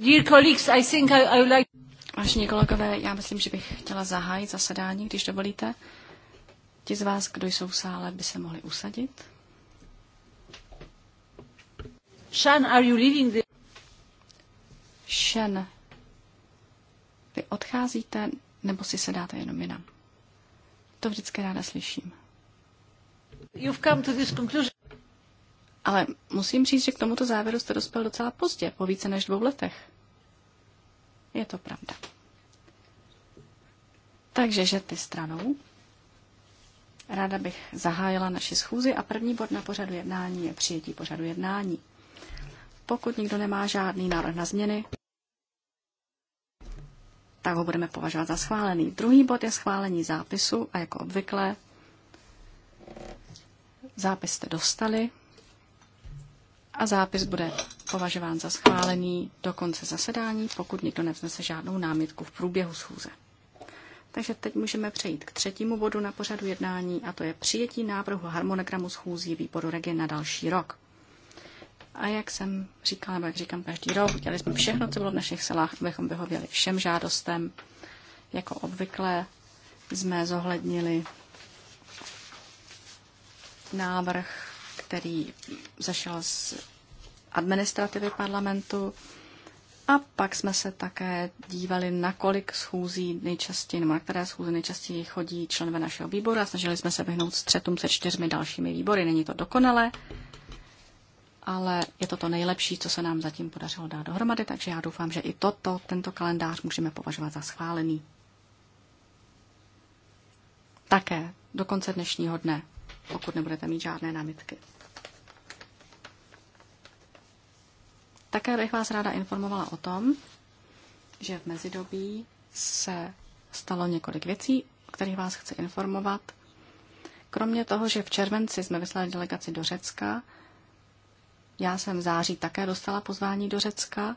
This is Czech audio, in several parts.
Dear colleagues, I think I, I would like... Vážení kolegové, já myslím, že bych chtěla zahájit zasedání, když dovolíte. Ti z vás, kdo jsou v sále, by se mohli usadit. Shan, are you leaving the... Shen, vy odcházíte nebo si sedáte jenom jinam? To vždycky ráda slyším. You've come to this conclusion. Ale musím říct, že k tomuto závěru jste dospěl docela pozdě, po více než dvou letech. Je to pravda. Takže žerty stranou. Ráda bych zahájila naši schůzi a první bod na pořadu jednání je přijetí pořadu jednání. Pokud nikdo nemá žádný návrh na změny, tak ho budeme považovat za schválený. Druhý bod je schválení zápisu a jako obvykle zápis jste dostali a zápis bude považován za schválený do konce zasedání, pokud nikdo nevznese žádnou námitku v průběhu schůze. Takže teď můžeme přejít k třetímu bodu na pořadu jednání a to je přijetí návrhu harmonogramu schůzí výboru Regi na další rok. A jak jsem říkala, nebo jak říkám každý rok, dělali jsme všechno, co bylo v našich silách, abychom vyhověli všem žádostem. Jako obvykle jsme zohlednili návrh, který zašel z administrativy parlamentu. A pak jsme se také dívali, na kolik schůzí nejčastěji, nebo na které schůze nejčastěji chodí členové našeho výboru a snažili jsme se vyhnout střetům se čtyřmi dalšími výbory. Není to dokonalé, ale je to to nejlepší, co se nám zatím podařilo dát dohromady, takže já doufám, že i toto, tento kalendář můžeme považovat za schválený. Také do konce dnešního dne, pokud nebudete mít žádné námitky. Také bych vás ráda informovala o tom, že v mezidobí se stalo několik věcí, o kterých vás chci informovat. Kromě toho, že v červenci jsme vyslali delegaci do Řecka, já jsem v září také dostala pozvání do Řecka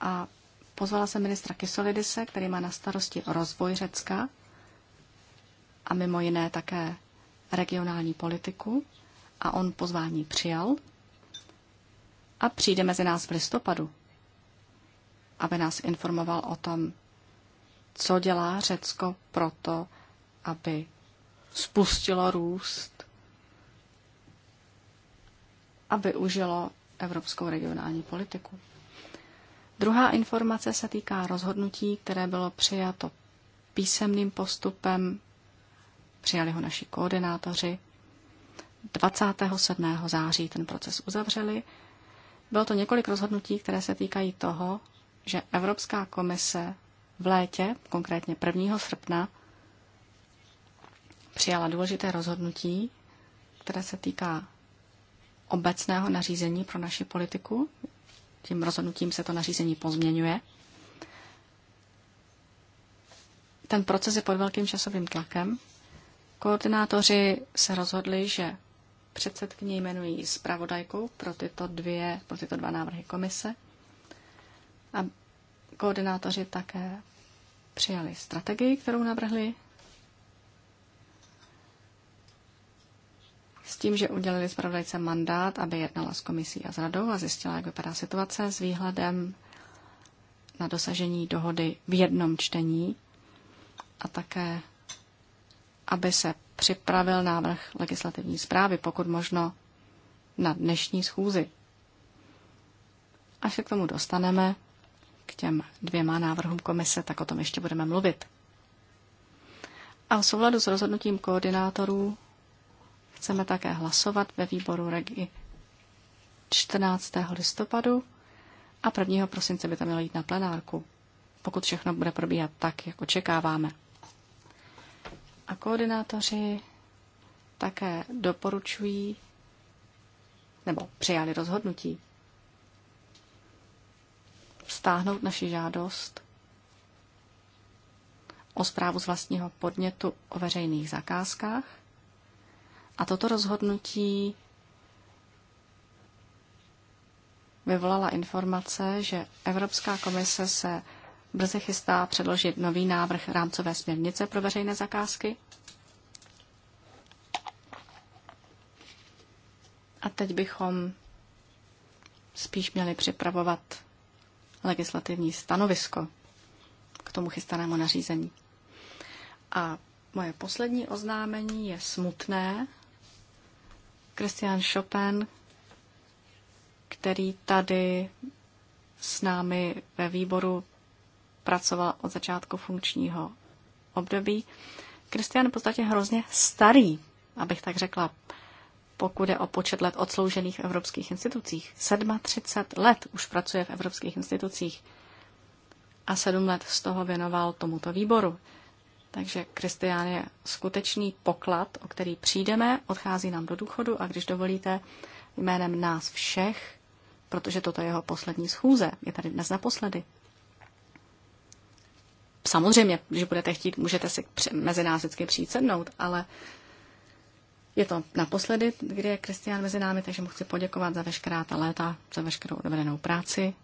a pozvala jsem ministra Kisolidise, který má na starosti rozvoj Řecka a mimo jiné také regionální politiku a on pozvání přijal a přijde mezi nás v listopadu, aby nás informoval o tom, co dělá Řecko proto, aby spustilo růst aby užilo evropskou regionální politiku. Druhá informace se týká rozhodnutí, které bylo přijato písemným postupem, přijali ho naši koordinátoři. 27. září ten proces uzavřeli bylo to několik rozhodnutí, které se týkají toho, že Evropská komise v létě, konkrétně 1. srpna, přijala důležité rozhodnutí, které se týká obecného nařízení pro naši politiku. Tím rozhodnutím se to nařízení pozměňuje. Ten proces je pod velkým časovým tlakem. Koordinátoři se rozhodli, že předsedkyně jmenují zpravodajkou pro tyto, dvě, pro tyto dva návrhy komise. A koordinátoři také přijali strategii, kterou navrhli, s tím, že udělili zpravodajce mandát, aby jednala s komisí a s radou a zjistila, jak vypadá situace s výhledem na dosažení dohody v jednom čtení a také, aby se připravil návrh legislativní zprávy, pokud možno na dnešní schůzi. Až se k tomu dostaneme, k těm dvěma návrhům komise, tak o tom ještě budeme mluvit. A v souladu s rozhodnutím koordinátorů chceme také hlasovat ve výboru REGI 14. listopadu a 1. prosince by to mělo jít na plenárku, pokud všechno bude probíhat tak, jak očekáváme. A koordinátoři také doporučují nebo přijali rozhodnutí stáhnout naši žádost o zprávu z vlastního podnětu o veřejných zakázkách. A toto rozhodnutí vyvolala informace, že Evropská komise se brzy chystá předložit nový návrh rámcové směrnice pro veřejné zakázky. A teď bychom spíš měli připravovat legislativní stanovisko k tomu chystanému nařízení. A moje poslední oznámení je smutné. Christian Chopin, který tady s námi ve výboru pracoval od začátku funkčního období. Kristian je v podstatě hrozně starý, abych tak řekla, pokud je o počet let odsloužených v evropských institucích. 37 let už pracuje v evropských institucích a 7 let z toho věnoval tomuto výboru. Takže Kristián je skutečný poklad, o který přijdeme, odchází nám do důchodu a když dovolíte jménem nás všech, protože toto je jeho poslední schůze, je tady dnes naposledy, samozřejmě, když budete chtít, můžete si mezi nás vždycky přijít sednout, ale je to naposledy, kdy je Kristián mezi námi, takže mu chci poděkovat za veškerá ta léta, za veškerou odvedenou práci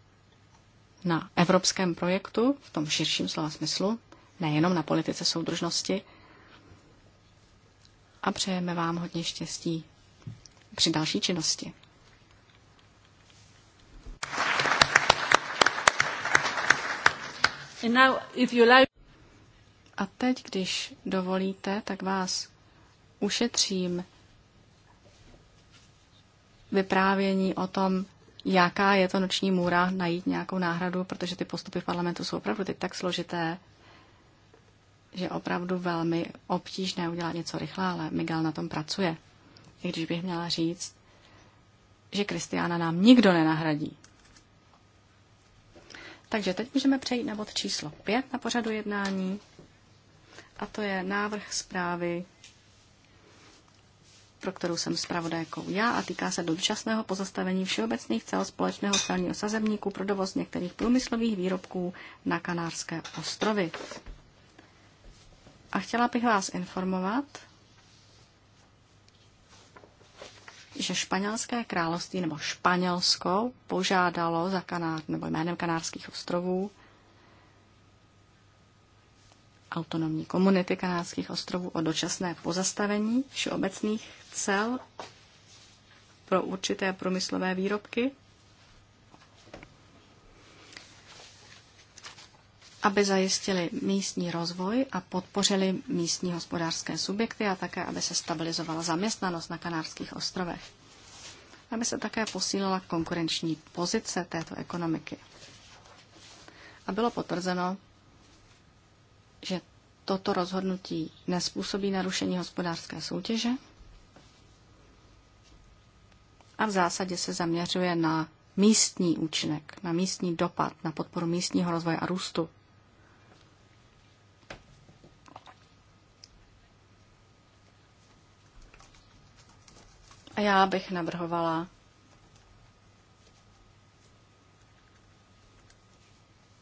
na evropském projektu, v tom širším slova smyslu, nejenom na politice soudržnosti. A přejeme vám hodně štěstí při další činnosti. A teď, když dovolíte, tak vás ušetřím vyprávění o tom, jaká je to noční můra najít nějakou náhradu, protože ty postupy v parlamentu jsou opravdu teď tak složité, že opravdu velmi obtížné udělat něco rychle, ale Miguel na tom pracuje. I když bych měla říct, že Kristiána nám nikdo nenahradí. Takže teď můžeme přejít na bod číslo 5 na pořadu jednání. A to je návrh zprávy, pro kterou jsem zpravodajkou já a týká se dočasného pozastavení všeobecných cel společného celního sazebníku pro dovoz některých průmyslových výrobků na Kanárské ostrovy. A chtěla bych vás informovat, že španělské království nebo Španělsko požádalo za Kanár, nebo jménem Kanárských ostrovů autonomní komunity Kanárských ostrovů o dočasné pozastavení všeobecných cel pro určité průmyslové výrobky aby zajistili místní rozvoj a podpořili místní hospodářské subjekty a také, aby se stabilizovala zaměstnanost na Kanárských ostrovech. Aby se také posílila konkurenční pozice této ekonomiky. A bylo potvrzeno, že toto rozhodnutí nespůsobí narušení hospodářské soutěže a v zásadě se zaměřuje na místní účinek, na místní dopad, na podporu místního rozvoje a růstu. A já bych navrhovala,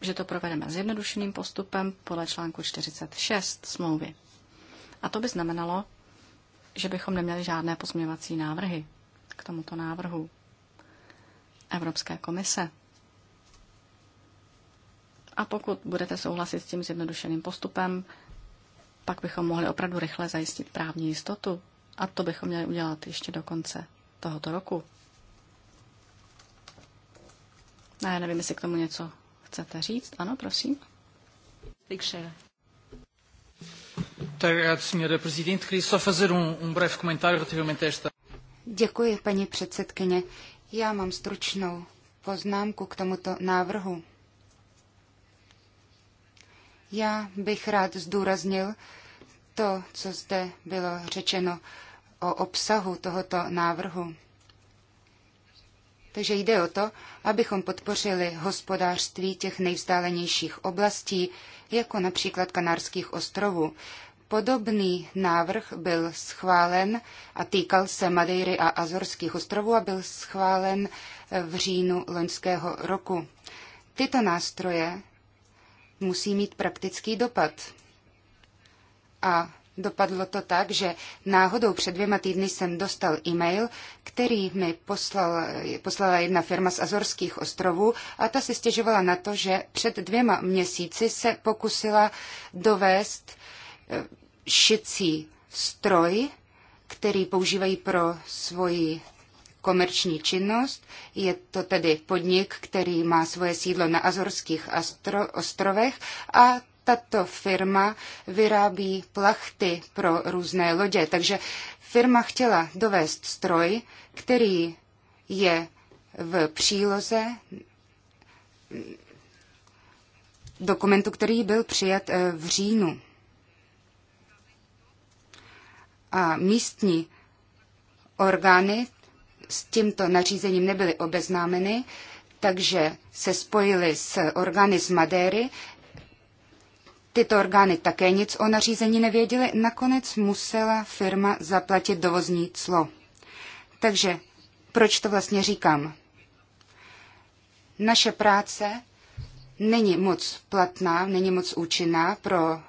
že to provedeme zjednodušeným postupem podle článku 46 smlouvy. A to by znamenalo, že bychom neměli žádné pozměňovací návrhy k tomuto návrhu Evropské komise. A pokud budete souhlasit s tím zjednodušeným postupem, pak bychom mohli opravdu rychle zajistit právní jistotu a to bychom měli udělat ještě do konce tohoto roku. A já nevím, jestli k tomu něco chcete říct. Ano, prosím. Teixeira. Um, um Děkuji, paní předsedkyně. Já mám stručnou poznámku k tomuto návrhu. Já bych rád zdůraznil, to, co zde bylo řečeno o obsahu tohoto návrhu. Takže jde o to, abychom podpořili hospodářství těch nejvzdálenějších oblastí, jako například Kanárských ostrovů. Podobný návrh byl schválen a týkal se Madeiry a Azorských ostrovů a byl schválen eh, v říjnu loňského roku. Tyto nástroje musí mít praktický dopad a dopadlo to tak, že náhodou před dvěma týdny jsem dostal e-mail, který mi poslal, poslala jedna firma z Azorských ostrovů a ta se stěžovala na to, že před dvěma měsíci se pokusila dovést eh, šicí stroj, který používají pro svoji komerční činnost. Je to tedy podnik, který má svoje sídlo na Azorských ostrovech a tato firma vyrábí plachty pro různé lodě. Takže firma chtěla dovést stroj, který je v příloze dokumentu, který byl přijat eh, v říjnu. A místní orgány s tímto nařízením nebyly obeznámeny, takže se spojili s orgány z Madéry Tyto orgány také nic o nařízení nevěděly, nakonec musela firma zaplatit dovozní clo. Takže proč to vlastně říkám? Naše práce není moc platná, není moc účinná pro e,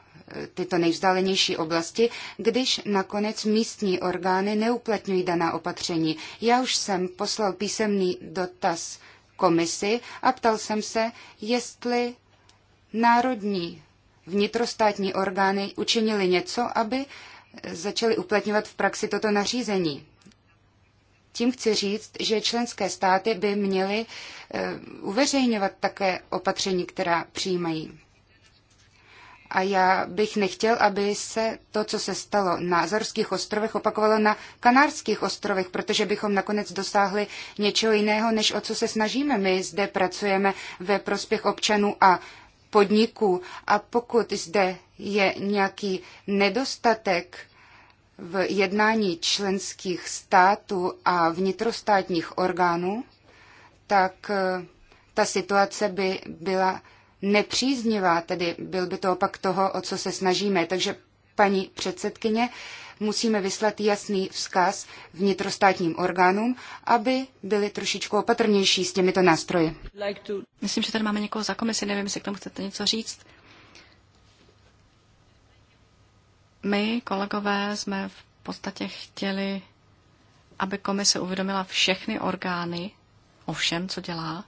tyto nejvzdálenější oblasti, když nakonec místní orgány neuplatňují daná opatření. Já už jsem poslal písemný dotaz komisi a ptal jsem se, jestli národní vnitrostátní orgány učinili něco, aby začaly uplatňovat v praxi toto nařízení. Tím chci říct, že členské státy by měly eh, uveřejňovat také opatření, která přijímají. A já bych nechtěl, aby se to, co se stalo na Azorských ostrovech, opakovalo na Kanárských ostrovech, protože bychom nakonec dosáhli něčeho jiného, než o co se snažíme. My zde pracujeme ve prospěch občanů a podniků. A pokud zde je nějaký nedostatek v jednání členských států a vnitrostátních orgánů, tak eh, ta situace by byla nepříznivá, tedy byl by to opak toho, o co se snažíme. Takže paní předsedkyně, musíme vyslat jasný vzkaz vnitrostátním orgánům, aby byli trošičku opatrnější s těmito nástroji. Myslím, že tady máme někoho za komisi, nevím, jestli k tomu chcete něco říct. My, kolegové, jsme v podstatě chtěli, aby komise uvědomila všechny orgány o všem, co dělá,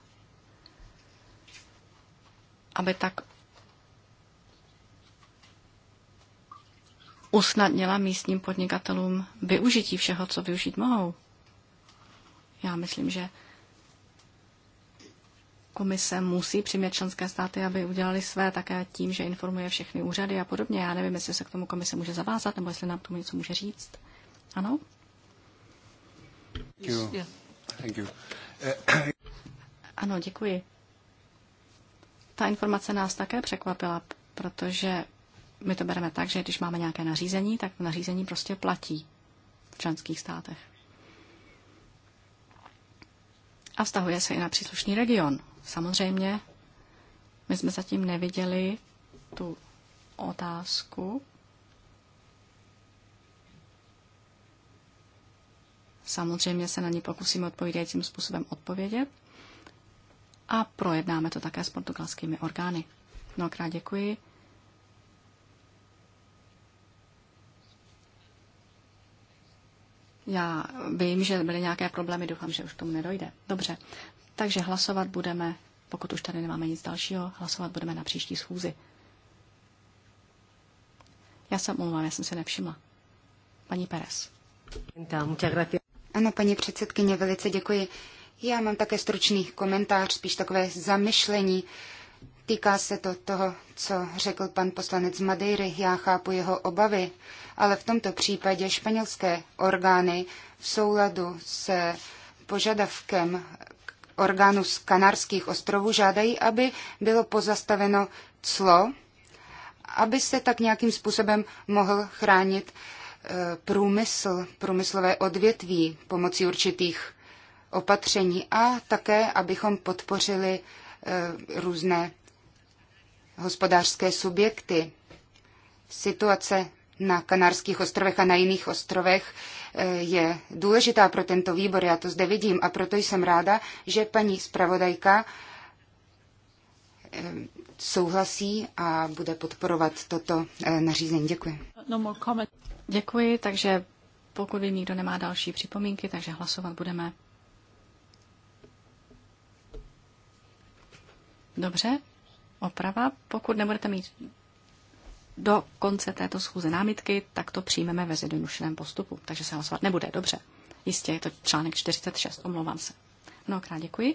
aby tak usnadnila místním podnikatelům využití všeho, co využít mohou. Já myslím, že komise musí přimět členské státy, aby udělali své také tím, že informuje všechny úřady a podobně. Já nevím, jestli se k tomu komise může zavázat, nebo jestli nám k tomu něco může říct. Ano? Děkuji. Eh, ano, děkuji. Ta informace nás také překvapila, protože my to bereme tak, že když máme nějaké nařízení, tak nařízení prostě platí v členských státech. A vztahuje se i na příslušný region. Samozřejmě, my jsme zatím neviděli tu otázku. Samozřejmě se na ní pokusíme odpovídajícím způsobem odpovědět a projednáme to také s portugalskými orgány. Mnohokrát děkuji. Já vím, že byly nějaké problémy, doufám, že už k tomu nedojde. Dobře, takže hlasovat budeme, pokud už tady nemáme nic dalšího, hlasovat budeme na příští schůzi. Já se omlouvám, já jsem se nevšimla. Paní Perez. Ano, paní předsedkyně, velice děkuji. Já mám také stručný komentář, spíš takové zamyšlení. Uh, Týká se to toho, co řekl pan poslanec Madeiry. Já chápu jeho obavy, ale v tomto případě španělské orgány v souladu se požadavkem orgánů z Kanárských ostrovů žádají, aby bylo pozastaveno clo, aby se tak nějakým způsobem mohl chránit e, průmysl, průmyslové odvětví pomocí určitých opatření a také, abychom podpořili e, různé hospodářské subjekty. Situace na Kanárských ostrovech a na jiných ostrovech eh, je důležitá pro tento výbor, já to zde vidím a proto jsem ráda, že paní zpravodajka eh, souhlasí a bude podporovat toto eh, nařízení. Děkuji. No Děkuji, takže pokud by nikdo nemá další připomínky, takže hlasovat budeme. Dobře, oprava. Pokud nebudete mít do konce této schůze námitky, tak to přijmeme ve zjednodušeném postupu. Takže se hlasovat nebude. Dobře. Jistě je to článek 46, omlouvám se. Mnohokrát děkuji.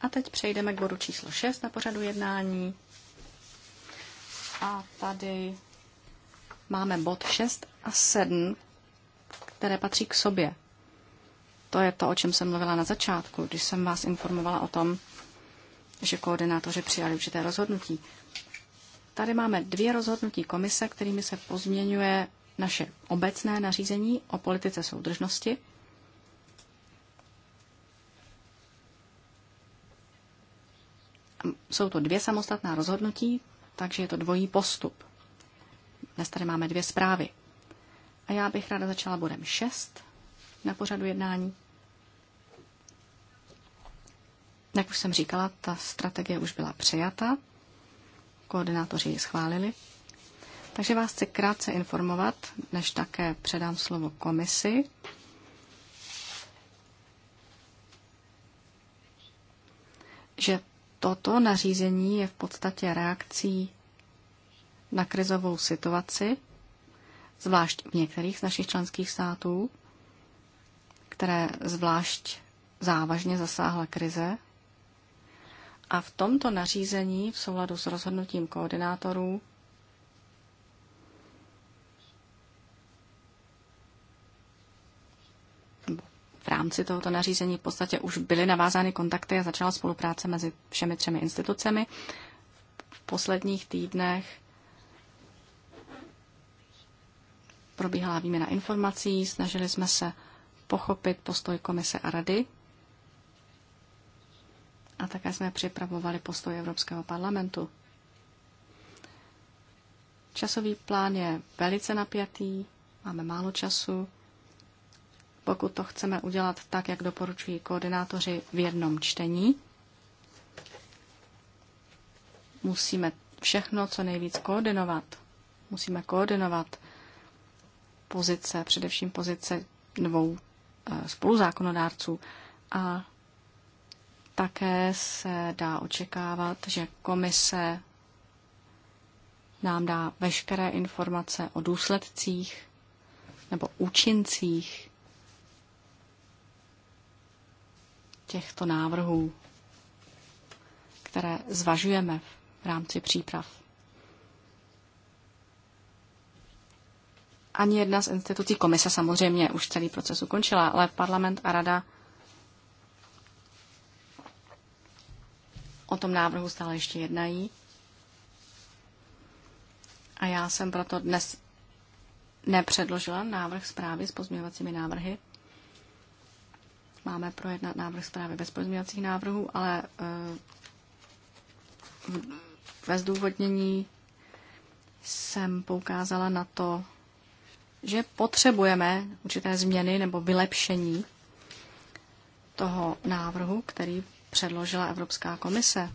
A teď přejdeme k bodu číslo 6 na pořadu jednání. A tady máme bod 6 a 7, které patří k sobě. To je to, o čem jsem mluvila na začátku, když jsem vás informovala o tom, že koordinátoři přijali určité rozhodnutí. Tady máme dvě rozhodnutí komise, kterými se pozměňuje naše obecné nařízení o politice soudržnosti. Jsou to dvě samostatná rozhodnutí, takže je to dvojí postup. Dnes tady máme dvě zprávy. A já bych ráda začala bodem 6 na pořadu jednání. Jak už jsem říkala, ta strategie už byla přijata, koordinátoři ji schválili. Takže vás chci krátce informovat, než také předám slovo komisi. že toto nařízení je v podstatě reakcí na krizovou situaci, zvlášť v některých z našich členských států, které zvlášť závažně zasáhla krize a v tomto nařízení v souladu s rozhodnutím koordinátorů v rámci tohoto nařízení v podstatě už byly navázány kontakty a začala spolupráce mezi všemi třemi institucemi. V posledních týdnech probíhala výměna informací, snažili jsme se pochopit postoj komise a rady a také jsme připravovali postoj Evropského parlamentu. Časový plán je velice napjatý, máme málo času. Pokud to chceme udělat tak, jak doporučují koordinátoři v jednom čtení, musíme všechno co nejvíc koordinovat. Musíme koordinovat pozice, především pozice dvou eh, spoluzákonodárců a také se dá očekávat, že komise nám dá veškeré informace o důsledcích nebo účincích těchto návrhů, které zvažujeme v rámci příprav. Ani jedna z institucí komise samozřejmě už celý proces ukončila, ale parlament a rada o tom návrhu stále ještě jednají. A já jsem proto dnes nepředložila návrh zprávy s pozměňovacími návrhy. Máme projednat návrh zprávy bez pozměňovacích návrhů, ale eh, ve zdůvodnění jsem poukázala na to, že potřebujeme určité změny nebo vylepšení toho návrhu, který předložila Evropská komise.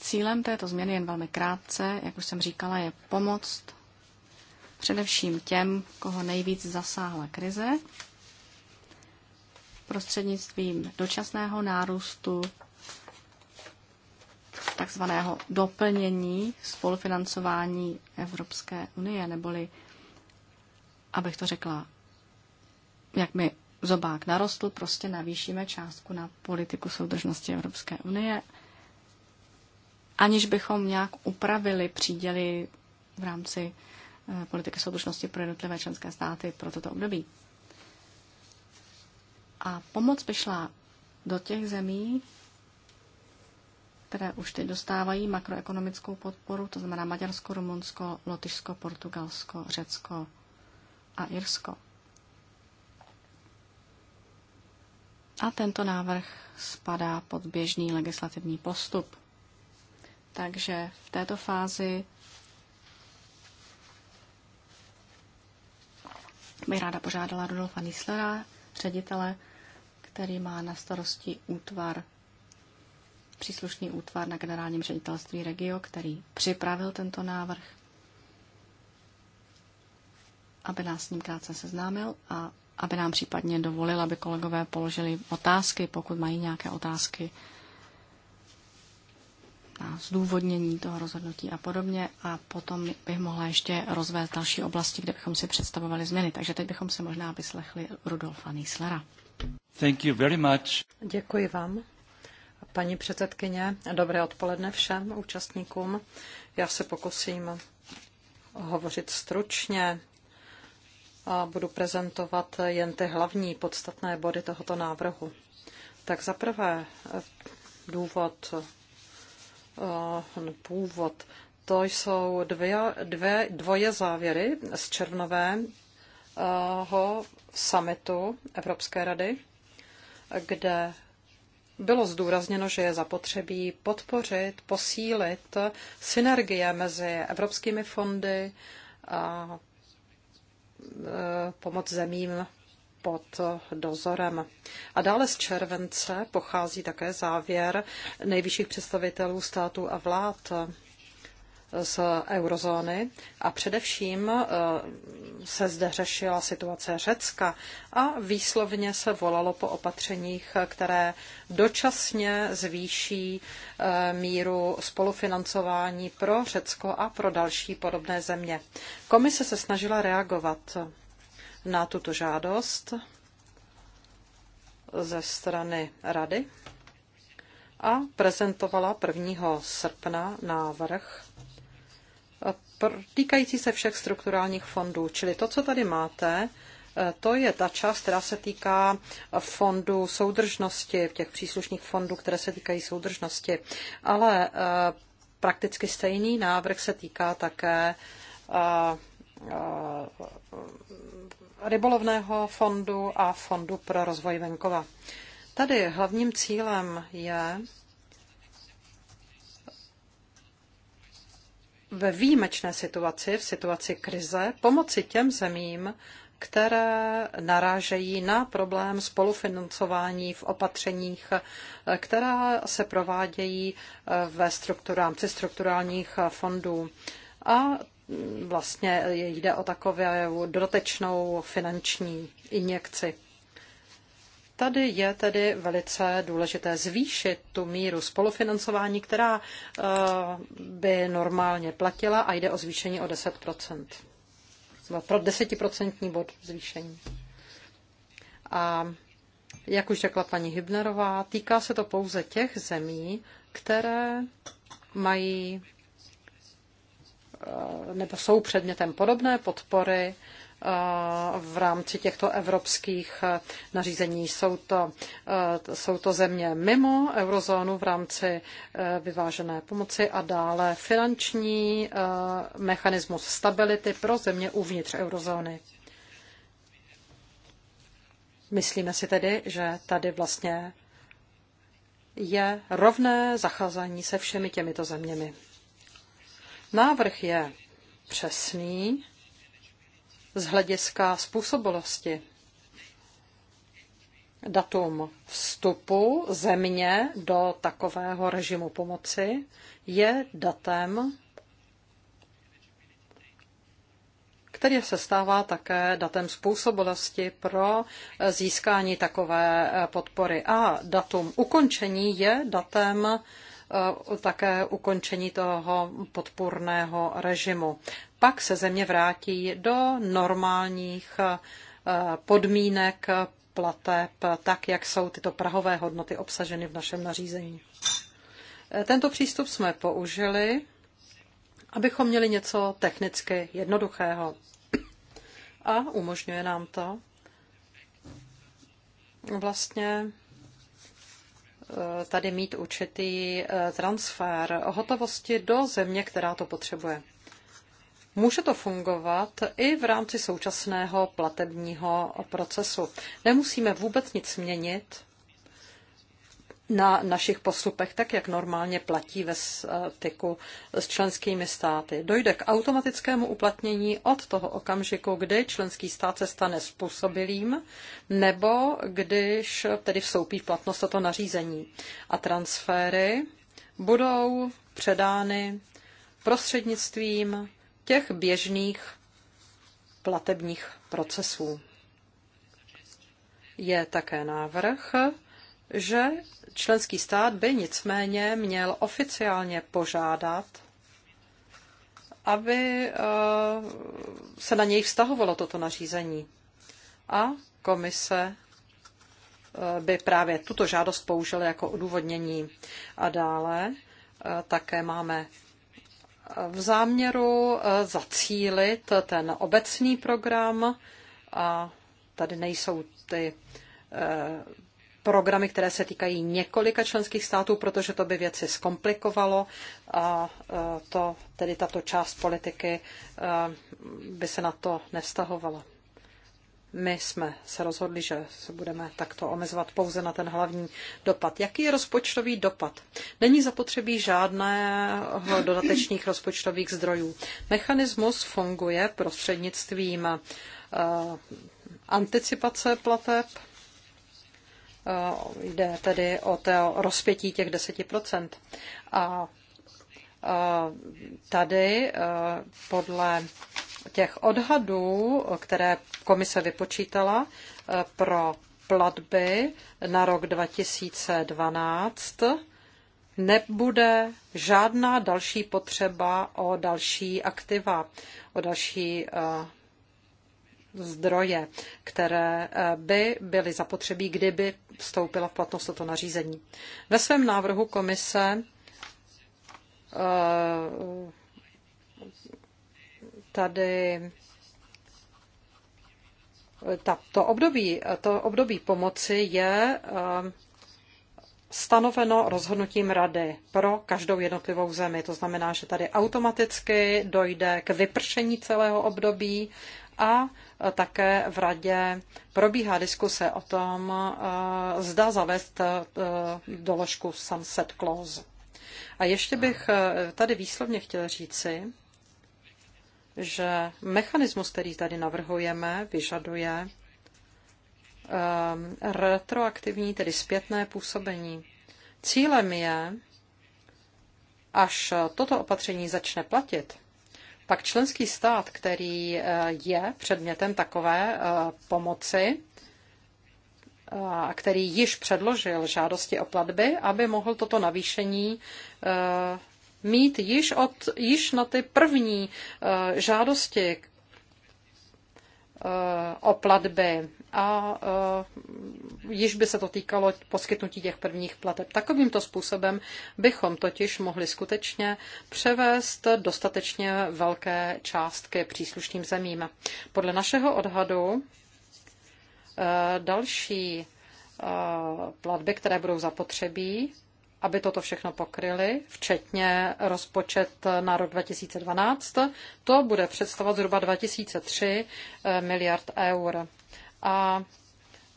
Cílem této změny jen velmi krátce, jak už jsem říkala, je pomoc především těm, koho nejvíc zasáhla krize, prostřednictvím dočasného nárůstu takzvaného doplnění spolufinancování Evropské unie, neboli, abych to řekla, jak my zobák narostl, prostě navýšíme částku na politiku soudržnosti Evropské unie, aniž bychom nějak upravili příděly v rámci eh, politiky soudržnosti pro jednotlivé členské státy pro toto období. A pomoc by šla do těch zemí, které už teď dostávají makroekonomickou podporu, to znamená Maďarsko, Rumunsko, Lotyšsko, Portugalsko, Řecko a Irsko. A tento návrh spadá pod běžný legislativní postup. Takže v této fázi bych ráda požádala Rudolfa Nislera, ředitele, který má na starosti útvar, příslušný útvar na generálním ředitelství Regio, který připravil tento návrh, aby nás s ním krátce seznámil a aby nám případně dovolil, aby kolegové položili otázky, pokud mají nějaké otázky na zdůvodnění toho rozhodnutí a podobně. A potom bych mohla ještě rozvést další oblasti, kde bychom si představovali změny. Takže teď bychom se možná vyslechli Rudolfa Nýslera. Thank you very much. Děkuji vám. Paní předsedkyně, dobré odpoledne všem účastníkům. Já se pokusím hovořit stručně a budu prezentovat jen ty hlavní podstatné body tohoto návrhu. Tak za prvé eh, důvod, eh, původ, to jsou dvě, dvě, dvoje závěry z červnového summitu Evropské rady, kde bylo zdůrazněno, že je zapotřebí podpořit, posílit synergie mezi evropskými fondy a Eh, pomoc zemím pod dozorem. A dále z července pochází také závěr nejvyšších představitelů států a vlád z eurozóny a především eh, se zde řešila situace Řecka a výslovně se volalo po opatřeních, které dočasně zvýší eh, míru spolufinancování pro Řecko a pro další podobné země. Komise se snažila reagovat na tuto žádost ze strany Rady a prezentovala 1. srpna návrh týkající se všech strukturálních fondů. Čili to, co tady máte, eh, to je ta část, která se týká fondu soudržnosti, těch příslušných fondů, které se týkají soudržnosti. Ale eh, prakticky stejný návrh se týká také eh, rybolovného fondu a fondu pro rozvoj venkova. Tady hlavním cílem je ve výjimečné situaci, v situaci krize, pomoci těm zemím, které narážejí na problém spolufinancování v opatřeních, která se provádějí eh, ve rámci strukturálních eh, fondů. A mm, vlastně jde o takovou dodatečnou finanční injekci. Tady je tedy velice důležité zvýšit tu míru spolufinancování, která eh, by normálně platila a jde o zvýšení o 10 no, pro desetiprocentní bod zvýšení. A jak už řekla paní Hybnerová, týká se to pouze těch zemí, které mají eh, nebo jsou předmětem podobné podpory v rámci těchto evropských nařízení. Jsou to, eh, jsou to země mimo eurozónu v rámci eh, vyvážené pomoci a dále finanční eh, mechanismus stability pro země uvnitř eurozóny. Myslíme si tedy, že tady vlastně je rovné zacházení se všemi těmito zeměmi. Návrh je přesný, z hlediska způsobilosti. Datum vstupu země do takového režimu pomoci je datem, který se stává také datem způsobilosti pro získání takové eh, podpory. A datum ukončení je datem eh, také ukončení toho podpůrného režimu pak se země vrátí do normálních eh, podmínek plateb, tak jak jsou tyto prahové hodnoty obsaženy v našem nařízení. Eh, tento přístup jsme použili, abychom měli něco technicky jednoduchého. A umožňuje nám to vlastně eh, tady mít určitý transfer hotovosti do země, která to potřebuje. Může to fungovat i v rámci současného platebního procesu. Nemusíme vůbec nic měnit na našich postupech, tak jak normálně platí ve styku eh, s členskými státy. Dojde k automatickému uplatnění od toho okamžiku, kdy členský stát se stane způsobilým, nebo když tedy vstoupí v platnost toto nařízení. A transfery budou předány prostřednictvím těch běžných platebních procesů. Je také návrh, že členský stát by nicméně měl oficiálně požádat, aby eh, se na něj vztahovalo toto nařízení. A komise eh, by právě tuto žádost použila jako odůvodnění. A dále eh, také máme v záměru eh, zacílit ten obecný program a tady nejsou ty eh, programy, které se týkají několika členských států, protože to by věci zkomplikovalo a eh, to, tedy tato část politiky by se na to nevztahovala my jsme se rozhodli, že se budeme takto omezovat pouze na ten hlavní dopad. Jaký je rozpočtový dopad? Není zapotřebí žádné dodatečných rozpočtových zdrojů. Mechanismus funguje prostřednictvím eh, anticipace plateb, eh, jde tedy o to rozpětí těch 10%. A eh, tady podle těch odhadů, které komise vypočítala eh, pro platby na rok 2012, nebude žádná další potřeba o další aktiva, o další eh, zdroje, které eh, by byly zapotřebí, kdyby vstoupila v platnost toto nařízení. Ve svém návrhu komise tady to období, to období pomoci je eh, stanoveno rozhodnutím rady pro každou jednotlivou zemi. To znamená, že tady automaticky dojde k vypršení celého období a eh, také v radě probíhá diskuse o tom, eh, zda zavést doložku sunset clause. A ještě bych tady výslovně chtěl říci, že mechanismus, který tady navrhujeme, vyžaduje ehm, retroaktivní, tedy zpětné působení. Cílem je, až toto opatření začne platit, pak členský stát, který eh, je předmětem takové eh, pomoci, eh, a který již předložil žádosti o platby, aby mohl toto navýšení mít již, od, již na ty první eh, žádosti eh, o platby a eh, již by se to týkalo poskytnutí těch prvních plateb. Takovýmto způsobem bychom totiž mohli skutečně převést dostatečně velké částky příslušným zemím. Podle našeho odhadu další platby, které budou zapotřebí, aby toto všechno pokryli, včetně rozpočet na rok 2012. To bude představovat zhruba 2003 eh, miliard eur. A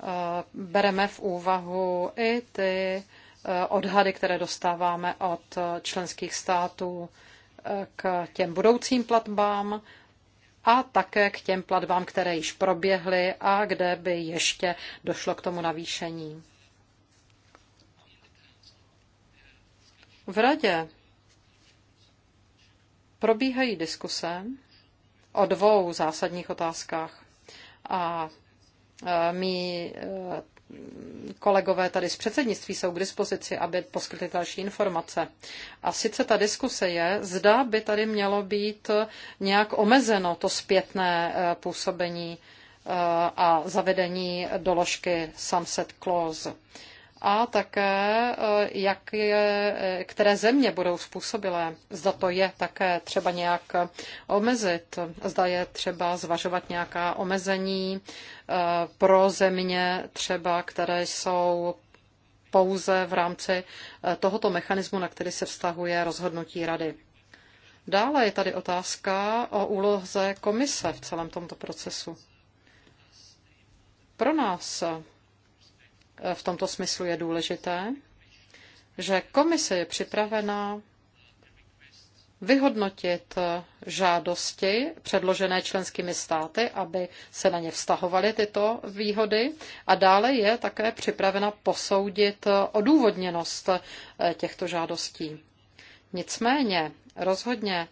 eh, bereme v úvahu i ty eh, odhady, které dostáváme od členských států k těm budoucím platbám a také k těm platbám, které již proběhly a kde by ještě došlo k tomu navýšení. V radě probíhají diskuse o dvou zásadních otázkách. A e, mý e, kolegové tady z předsednictví jsou k dispozici, aby poskytli další informace. A sice ta diskuse je, zda by tady mělo být nějak omezeno to zpětné e, působení a zavedení doložky Sunset Clause a také, eh, jak je, eh, které země budou způsobilé. Zda to je také třeba nějak omezit, zda je třeba zvažovat nějaká omezení eh, pro země třeba, které jsou pouze v rámci tohoto mechanismu, na který se vztahuje rozhodnutí rady. Dále je tady otázka o úloze komise v celém tomto procesu. Pro nás v tomto smyslu je důležité, že komise je připravena vyhodnotit žádosti předložené členskými státy, aby se na ně vztahovaly tyto výhody a dále je také připravena posoudit odůvodněnost eh, těchto žádostí. Nicméně rozhodně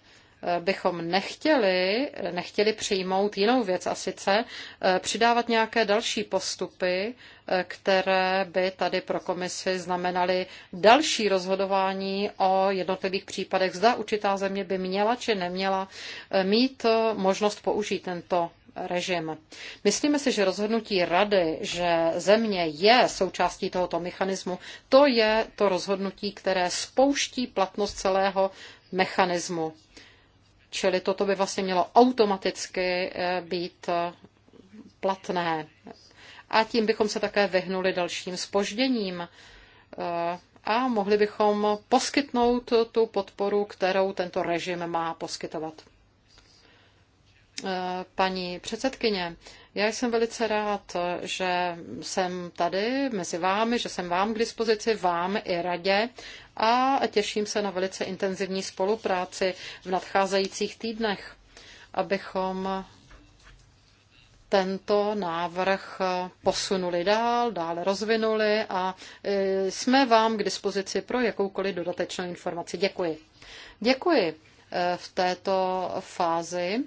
bychom nechtěli, nechtěli přijmout jinou věc a sice eh, přidávat nějaké další postupy, eh, které by tady pro komisi znamenaly další rozhodování o jednotlivých případech. Zda určitá země by měla či neměla eh, mít možnost použít tento režim. Myslíme si, že rozhodnutí rady, že země je součástí tohoto mechanismu, to je to rozhodnutí, které spouští platnost celého mechanismu. Čili toto by vlastně mělo automaticky eh, být eh, platné. A tím bychom se také vyhnuli dalším spožděním eh, a mohli bychom poskytnout tu podporu, kterou tento režim má poskytovat. Paní předsedkyně, já jsem velice rád, že jsem tady mezi vámi, že jsem vám k dispozici, vám i radě a těším se na velice intenzivní spolupráci v nadcházejících týdnech, abychom tento návrh posunuli dál, dále rozvinuli a e, jsme vám k dispozici pro jakoukoliv dodatečnou informaci. Děkuji. Děkuji e, v této fázi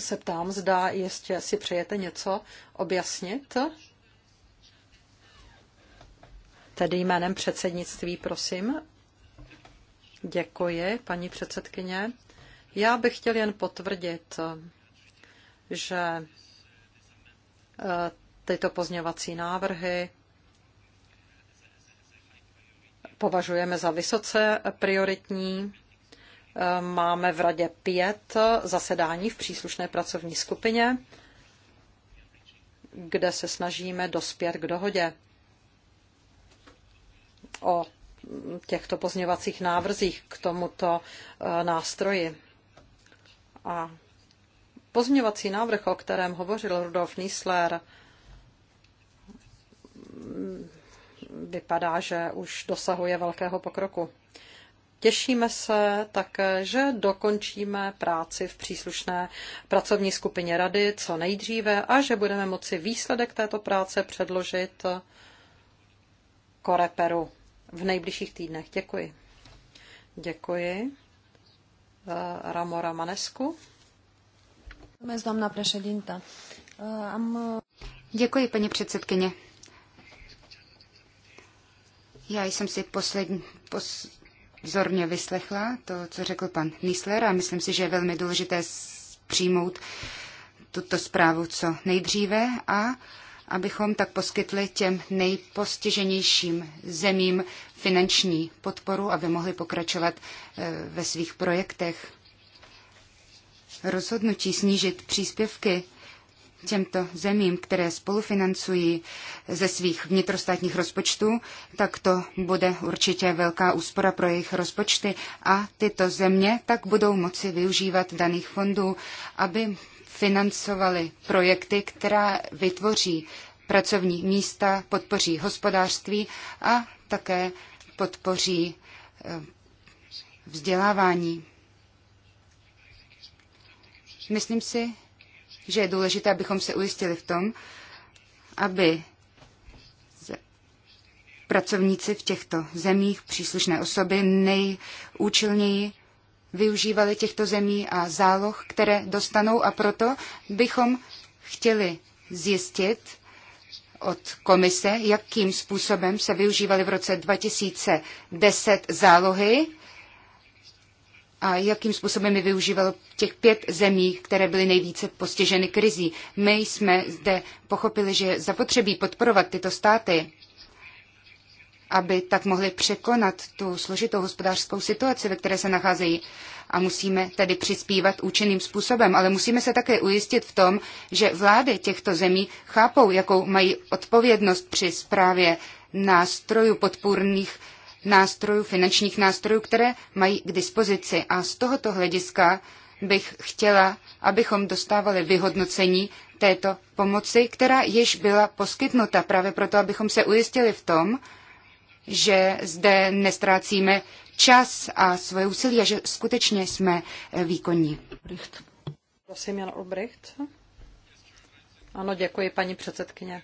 se ptám, zda ještě si přejete něco objasnit. Tedy jménem předsednictví, prosím. Děkuji, paní předsedkyně. Já bych chtěl jen potvrdit, že eh, tyto pozněvací návrhy považujeme za vysoce prioritní Máme v radě pět zasedání v příslušné pracovní skupině, kde se snažíme dospět k dohodě o těchto pozměvacích návrzích k tomuto eh, nástroji. A pozměvací návrh, o kterém hovořil Rudolf Niesler, mm, vypadá, že už dosahuje velkého pokroku. Těšíme se také, že dokončíme práci v příslušné pracovní skupině rady co nejdříve a že budeme moci výsledek této práce předložit Koreperu v nejbližších týdnech. Děkuji. Děkuji. Eh, Ramora Manesku. Děkuji, paní předsedkyně. Já jsem si poslední, pos, vzorně vyslechla to, co řekl pan Nisler a myslím si, že je velmi důležité přijmout tuto zprávu co nejdříve a abychom tak poskytli těm nejpostiženějším zemím finanční podporu, aby mohli pokračovat eh, ve svých projektech. Rozhodnutí snížit příspěvky těmto zemím, které spolufinancují ze svých vnitrostátních rozpočtů, tak to bude určitě velká úspora pro jejich rozpočty a tyto země tak budou moci využívat daných fondů, aby financovali projekty, která vytvoří pracovní místa, podpoří hospodářství a také podpoří eh, vzdělávání. Myslím si, že je důležité, abychom se ujistili v tom, aby pracovníci v těchto zemích, příslušné osoby, nejúčilněji využívali těchto zemí a záloh, které dostanou a proto bychom chtěli zjistit od komise, jakým způsobem se využívaly v roce 2010 zálohy a jakým způsobem je využíval těch pět zemí, které byly nejvíce postiženy krizí. My jsme zde pochopili, že zapotřebí podporovat tyto státy, aby tak mohli překonat tu složitou hospodářskou situaci, ve které se nacházejí. A musíme tedy přispívat účinným způsobem, ale musíme se také ujistit v tom, že vlády těchto zemí chápou, jakou mají odpovědnost při zprávě nástrojů podpůrných nástrojů, finančních nástrojů, které mají k dispozici. A z tohoto hlediska bych chtěla, abychom dostávali vyhodnocení této pomoci, která již byla poskytnuta právě proto, abychom se ujistili v tom, že zde nestrácíme čas a svoje úsilí a že skutečně jsme eh, výkonní. Prosím, Jan Ulbricht. Ano, děkuji, paní předsedkyně.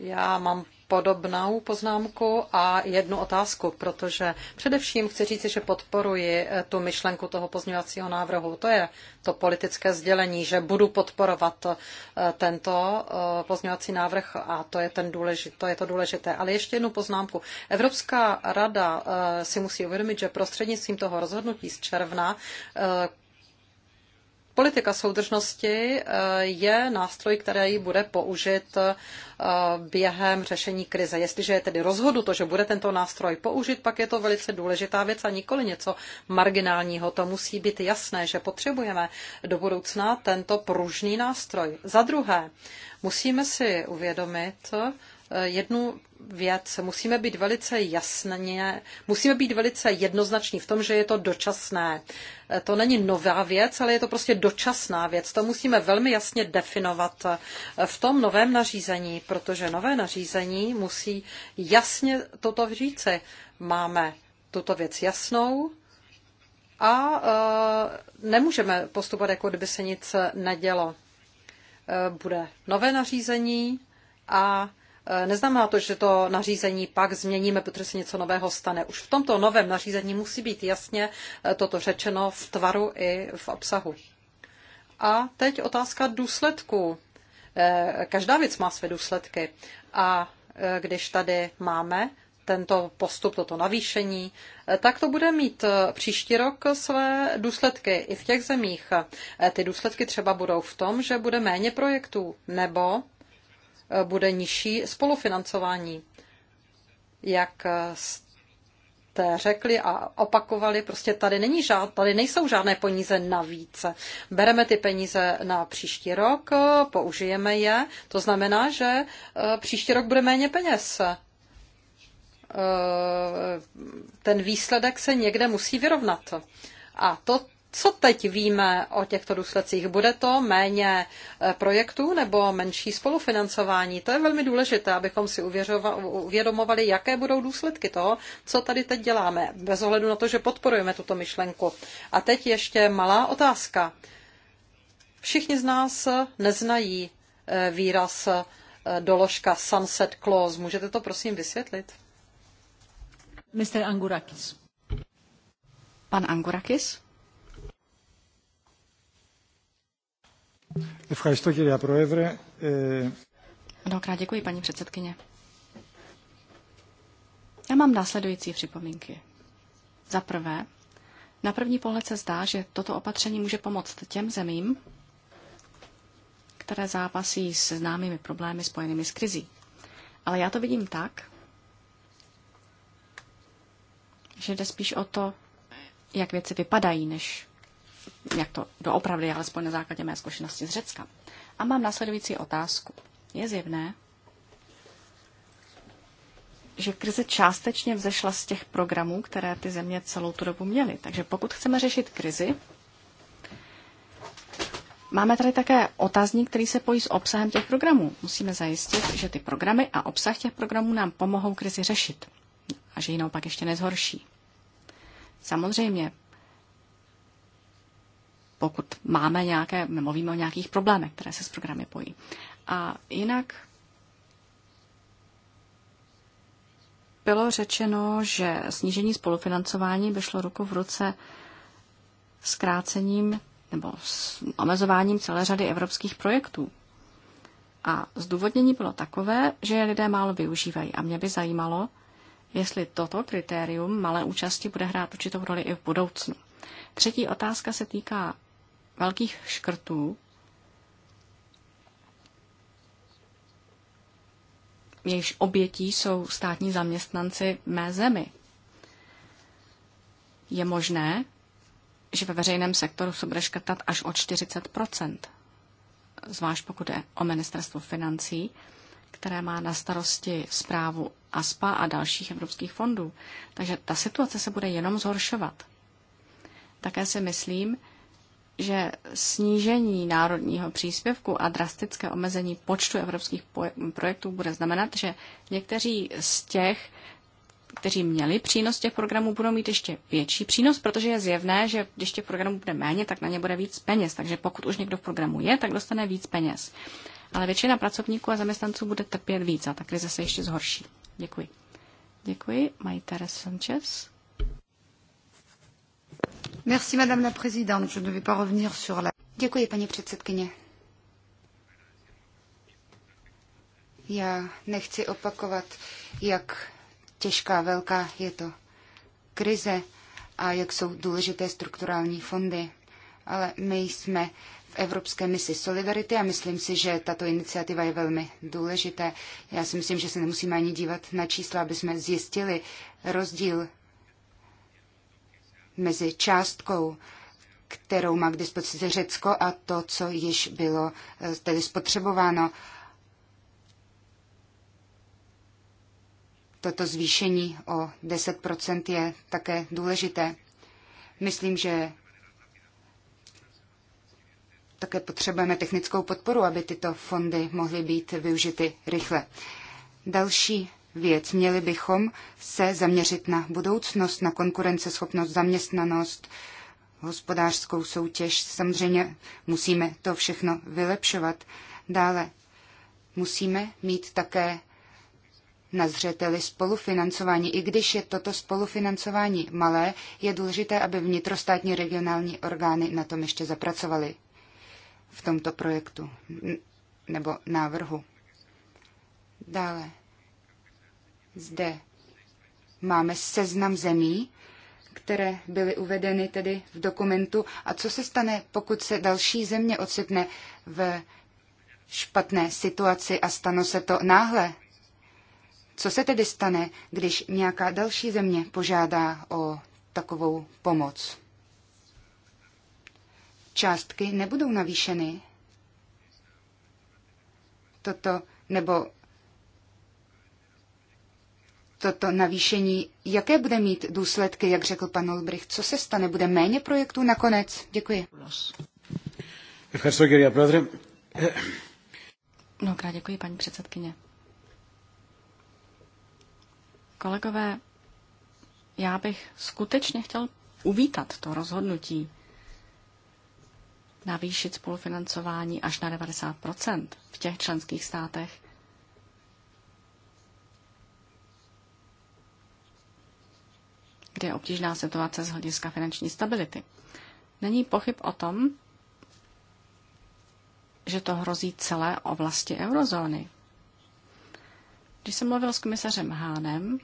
Já mám podobnou poznámku a jednu otázku, protože především chci říct, že podporuji eh, tu myšlenku toho pozměňovacího návrhu. To je to politické sdělení, že budu podporovat eh, tento eh, pozměňovací návrh a to je, ten důležit, to, je to důležité. Ale ještě jednu poznámku. Evropská rada si musí uvědomit, že prostřednictvím toho rozhodnutí z června Politika soudržnosti eh, je nástroj, který bude použit eh, během řešení krize. Jestliže je tedy rozhodnuto, že bude tento nástroj použit, pak je to velice důležitá věc a nikoli něco marginálního. To musí být jasné, že potřebujeme do budoucna tento pružný nástroj. Za druhé, musíme si uvědomit, jednu věc. Musíme být velice jasně, musíme být velice jednoznační v tom, že je to dočasné. To není nová věc, ale je to prostě dočasná věc. To musíme velmi jasně definovat v tom novém nařízení, protože nové nařízení musí jasně toto říci. Máme tuto věc jasnou, a e, nemůžeme postupovat, jako kdyby se nic nedělo. E, bude nové nařízení a Eh, neznamená to, že to nařízení pak změníme, protože se něco nového stane. Už v tomto novém nařízení musí být jasně eh, toto řečeno v tvaru i v obsahu. A teď otázka důsledků. Eh, každá věc má své důsledky. A když tady máme tento postup, toto navýšení, tak to bude mít příští rok své důsledky i v těch zemích. Ty důsledky třeba budou v tom, že bude méně projektů nebo bude nižší spolufinancování. Jak jste řekli a opakovali, prostě tady, není žád, tady nejsou žádné peníze navíc. Bereme ty peníze na příští rok, použijeme je, to znamená, že e, příští rok bude méně peněz. E, ten výsledek se někde musí vyrovnat. A to co teď víme o těchto důsledcích? Bude to méně e, projektů nebo menší spolufinancování? To je velmi důležité, abychom si uvědomovali, jaké budou důsledky toho, co tady teď děláme, bez ohledu na to, že podporujeme tuto myšlenku. A teď ještě malá otázka. Všichni z nás neznají e, výraz e, doložka sunset clause. Můžete to prosím vysvětlit? Mr. Angurakis. Pan Angurakis? Mnohokrát děkuji, paní předsedkyně. Já mám následující připomínky. Za prvé, na první pohled se zdá, že toto opatření může pomoct těm zemím, které zápasí s známými problémy spojenými s krizí. Ale já to vidím tak, že jde spíš o to, jak věci vypadají, než jak to doopravdy, alespoň na základě mé zkušenosti z Řecka. A mám následující otázku. Je zjevné, že krize částečně vzešla z těch programů, které ty země celou tu dobu měly. Takže pokud chceme řešit krizi, máme tady také otazník, který se pojí s obsahem těch programů. Musíme zajistit, že ty programy a obsah těch programů nám pomohou krizi řešit a že ji naopak ještě nezhorší. Samozřejmě pokud máme nějaké, mluvíme o nějakých problémech, které se s programy pojí. A jinak bylo řečeno, že snížení spolufinancování by šlo ruku v ruce s krácením nebo s omezováním celé řady evropských projektů. A zdůvodnění bylo takové, že je lidé málo využívají. A mě by zajímalo, jestli toto kritérium malé účasti bude hrát určitou roli i v budoucnu. Třetí otázka se týká velkých škrtů, jejichž obětí jsou státní zaměstnanci mé zemi. Je možné, že ve veřejném sektoru se bude škrtat až o 40 zvlášť pokud je o ministerstvo financí, které má na starosti zprávu ASPA a dalších evropských fondů. Takže ta situace se bude jenom zhoršovat. Také si myslím, že snížení národního příspěvku a drastické omezení počtu evropských projektů bude znamenat, že někteří z těch, kteří měli přínos těch programů, budou mít ještě větší přínos, protože je zjevné, že když těch programů bude méně, tak na ně bude víc peněz. Takže pokud už někdo v programu je, tak dostane víc peněz. Ale většina pracovníků a zaměstnanců bude trpět víc a ta krize se ještě zhorší. Děkuji. Děkuji. Mají Teres Sanchez. Je Děkuji, paní předsedkyně. Já nechci opakovat, jak těžká, velká je to krize a jak jsou důležité strukturální fondy. Ale my jsme v Evropské misi Solidarity a myslím si, že tato iniciativa je velmi důležitá. Já si myslím, že se nemusíme ani dívat na čísla, aby jsme zjistili rozdíl mezi částkou, kterou má k dispozici Řecko a to, co již bylo eh, tedy spotřebováno. Toto zvýšení o 10% je také důležité. Myslím, že také potřebujeme technickou podporu, aby tyto fondy mohly být využity rychle. Další věc. Měli bychom se zaměřit na budoucnost, na konkurenceschopnost, zaměstnanost, hospodářskou soutěž. Samozřejmě musíme to všechno vylepšovat. Dále musíme mít také na zřeteli spolufinancování. I když je toto spolufinancování malé, je důležité, aby vnitrostátní regionální orgány na tom ještě zapracovaly v tomto projektu nebo návrhu. Dále zde máme seznam zemí, které byly uvedeny tedy v dokumentu. A co se stane, pokud se další země ocitne v špatné situaci a stane se to náhle? Co se tedy stane, když nějaká další země požádá o takovou pomoc? Částky nebudou navýšeny. Toto nebo toto navýšení, jaké bude mít důsledky, jak řekl pan Olbrich? Co se stane? Bude méně projektů nakonec? Děkuji. Mnohokrát děkuji, paní předsedkyně. Kolegové, já bych skutečně chtěl uvítat to rozhodnutí navýšit spolufinancování až na 90 v těch členských státech, kde je obtížná situace z hlediska finanční stability. Není pochyb o tom, že to hrozí celé oblasti eurozóny. Když jsem mluvil s komisařem Hánem,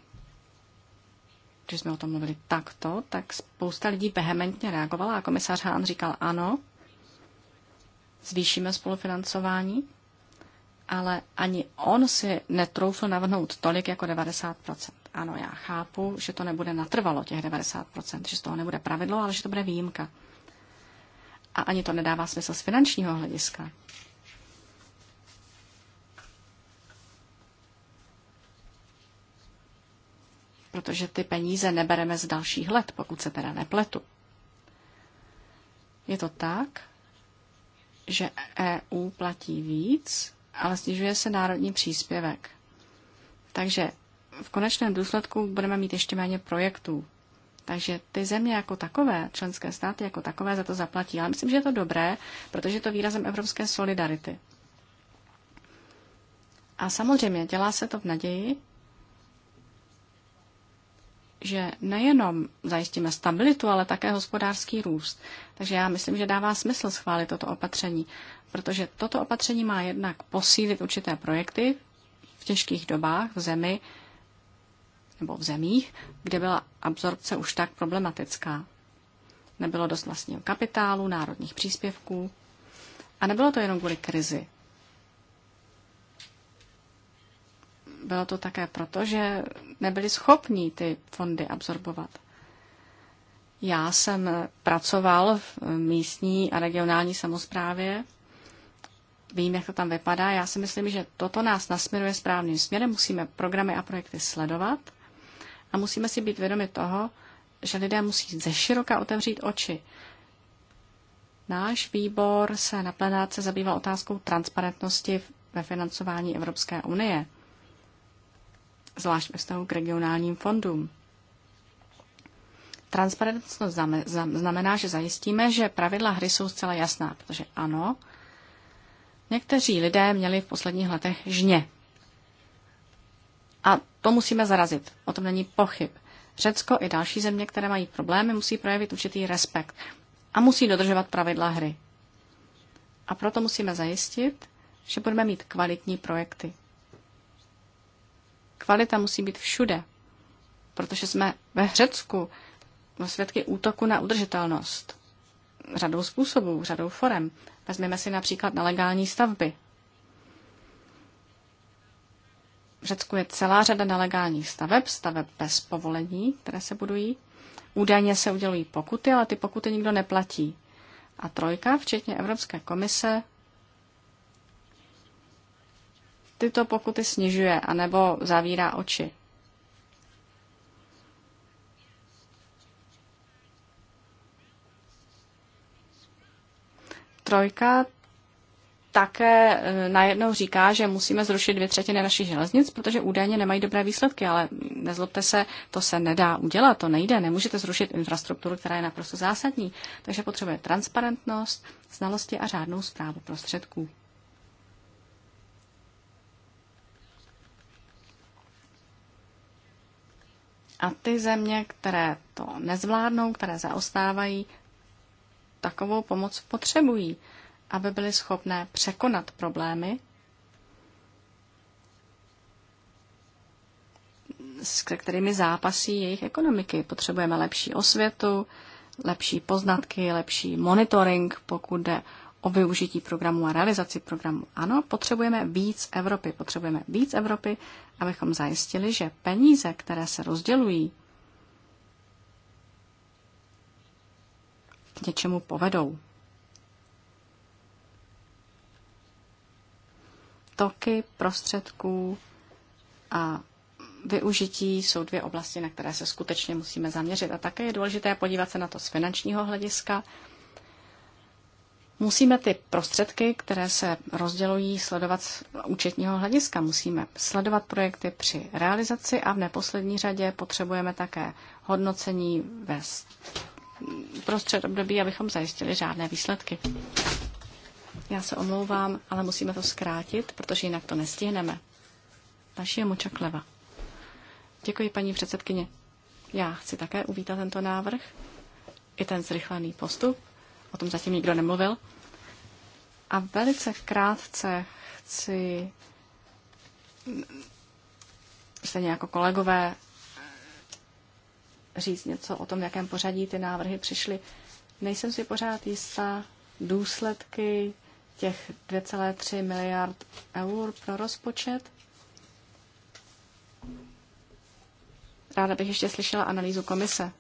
když jsme o tom mluvili takto, tak spousta lidí vehementně reagovala a komisař Hán říkal ano, zvýšíme spolufinancování, ale ani on si netroufl navrhnout tolik jako 90%. Ano, já chápu, že to nebude natrvalo těch 90%, že z toho nebude pravidlo, ale že to bude výjimka. A ani to nedává smysl z finančního hlediska. Protože ty peníze nebereme z dalších let, pokud se teda nepletu. Je to tak, že EU platí víc, ale snižuje se národní příspěvek. Takže v konečném důsledku budeme mít ještě méně projektů. Takže ty země jako takové, členské státy jako takové za to zaplatí. Ale myslím, že je to dobré, protože je to výrazem evropské solidarity. A samozřejmě dělá se to v naději, že nejenom zajistíme stabilitu, ale také hospodářský růst. Takže já myslím, že dává smysl schválit toto opatření, protože toto opatření má jednak posílit určité projekty v těžkých dobách v zemi, nebo v zemích, kde byla absorpce už tak problematická. Nebylo dost vlastního kapitálu, národních příspěvků a nebylo to jenom kvůli krizi. Bylo to také proto, že nebyli schopní ty fondy absorbovat. Já jsem pracoval v místní a regionální samozprávě. Vím, jak to tam vypadá. Já si myslím, že toto nás nasměruje správným směrem. Musíme programy a projekty sledovat a musíme si být vědomi toho, že lidé musí ze široka otevřít oči. Náš výbor se na plenáce zabývá otázkou transparentnosti ve financování Evropské unie, zvlášť ve vztahu k regionálním fondům. Transparentnost znamená, že zajistíme, že pravidla hry jsou zcela jasná, protože ano, někteří lidé měli v posledních letech žně a to musíme zarazit, o tom není pochyb. Řecko i další země, které mají problémy, musí projevit určitý respekt a musí dodržovat pravidla hry. A proto musíme zajistit, že budeme mít kvalitní projekty. Kvalita musí být všude, protože jsme ve Řecku svědky útoku na udržitelnost. Řadou způsobů, řadou forem. Vezmeme si například nelegální stavby, v Řecku je celá řada nelegálních staveb, staveb bez povolení, které se budují. Údajně se udělují pokuty, ale ty pokuty nikdo neplatí. A trojka, včetně Evropské komise, tyto pokuty snižuje anebo zavírá oči. Trojka také eh, najednou říká, že musíme zrušit dvě třetiny našich železnic, protože údajně nemají dobré výsledky, ale nezlobte se, to se nedá udělat, to nejde, nemůžete zrušit infrastrukturu, která je naprosto zásadní, takže potřebuje transparentnost, znalosti a řádnou zprávu prostředků. A ty země, které to nezvládnou, které zaostávají, takovou pomoc potřebují aby byly schopné překonat problémy, s kterými zápasí jejich ekonomiky. Potřebujeme lepší osvětu, lepší poznatky, lepší monitoring, pokud jde o využití programu a realizaci programu. Ano, potřebujeme víc Evropy. Potřebujeme víc Evropy, abychom zajistili, že peníze, které se rozdělují, k něčemu povedou. toky prostředků a využití jsou dvě oblasti, na které se skutečně musíme zaměřit. A také je důležité podívat se na to z finančního hlediska. Musíme ty prostředky, které se rozdělují, sledovat z účetního hlediska. Musíme sledovat projekty při realizaci a v neposlední řadě potřebujeme také hodnocení ve prostřed období, abychom zajistili řádné výsledky. Já se omlouvám, ale musíme to zkrátit, protože jinak to nestihneme. Naši je Muča Kleva. Děkuji, paní předsedkyně. Já chci také uvítat tento návrh, i ten zrychlený postup, o tom zatím nikdo nemluvil. A velice krátce chci, stejně jako kolegové, říct něco o tom, v jakém pořadí ty návrhy přišly. Nejsem si pořád jistá důsledky těch 2,3 miliard eur pro rozpočet. Ráda bych ještě slyšela analýzu komise.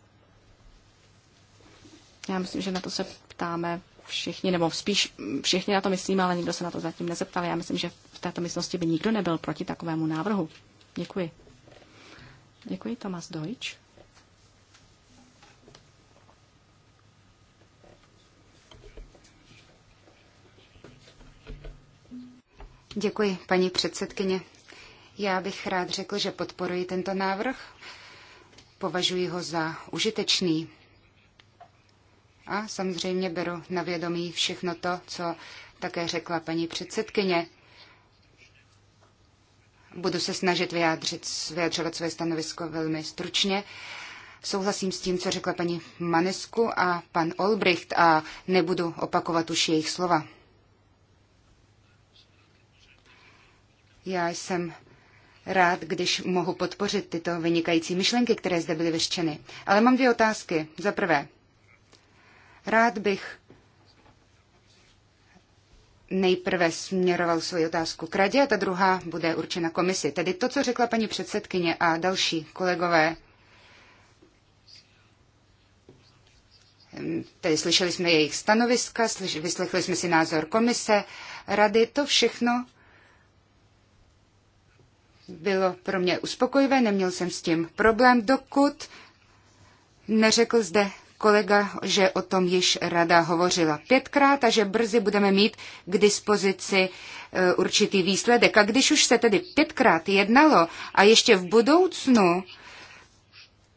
Já myslím, že na to se ptáme všichni, nebo spíš všichni na to myslíme, ale nikdo se na to zatím nezeptal. Já myslím, že v této místnosti by nikdo nebyl proti takovému návrhu. Děkuji. Děkuji, Tomas Deutsch. Děkuji, paní předsedkyně. Já bych rád řekl, že podporuji tento návrh. Považuji ho za užitečný. A samozřejmě beru na vědomí všechno to, co také řekla paní předsedkyně. Budu se snažit vyjádřit, vyjadřovat své stanovisko velmi stručně. Souhlasím s tím, co řekla paní Manesku a pan Olbricht a nebudu opakovat už jejich slova. Já jsem rád, když mohu podpořit tyto vynikající myšlenky, které zde byly vyřčeny. Ale mám dvě otázky. Za prvé, rád bych nejprve směroval svoji otázku k radě a ta druhá bude určena komisi. Tedy to, co řekla paní předsedkyně a další kolegové, tedy slyšeli jsme jejich stanoviska, vyslechli jsme si názor komise, rady, to všechno bylo pro mě uspokojivé, neměl jsem s tím problém, dokud neřekl zde kolega, že o tom již rada hovořila pětkrát a že brzy budeme mít k dispozici e, určitý výsledek. A když už se tedy pětkrát jednalo a ještě v budoucnu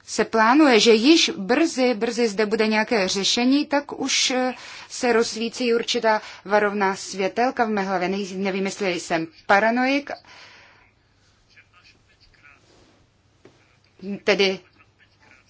se plánuje, že již brzy, brzy zde bude nějaké řešení, tak už e, se rozsvící určitá varovná světelka v mé hlavě. Nevím, jestli jsem paranoik, tedy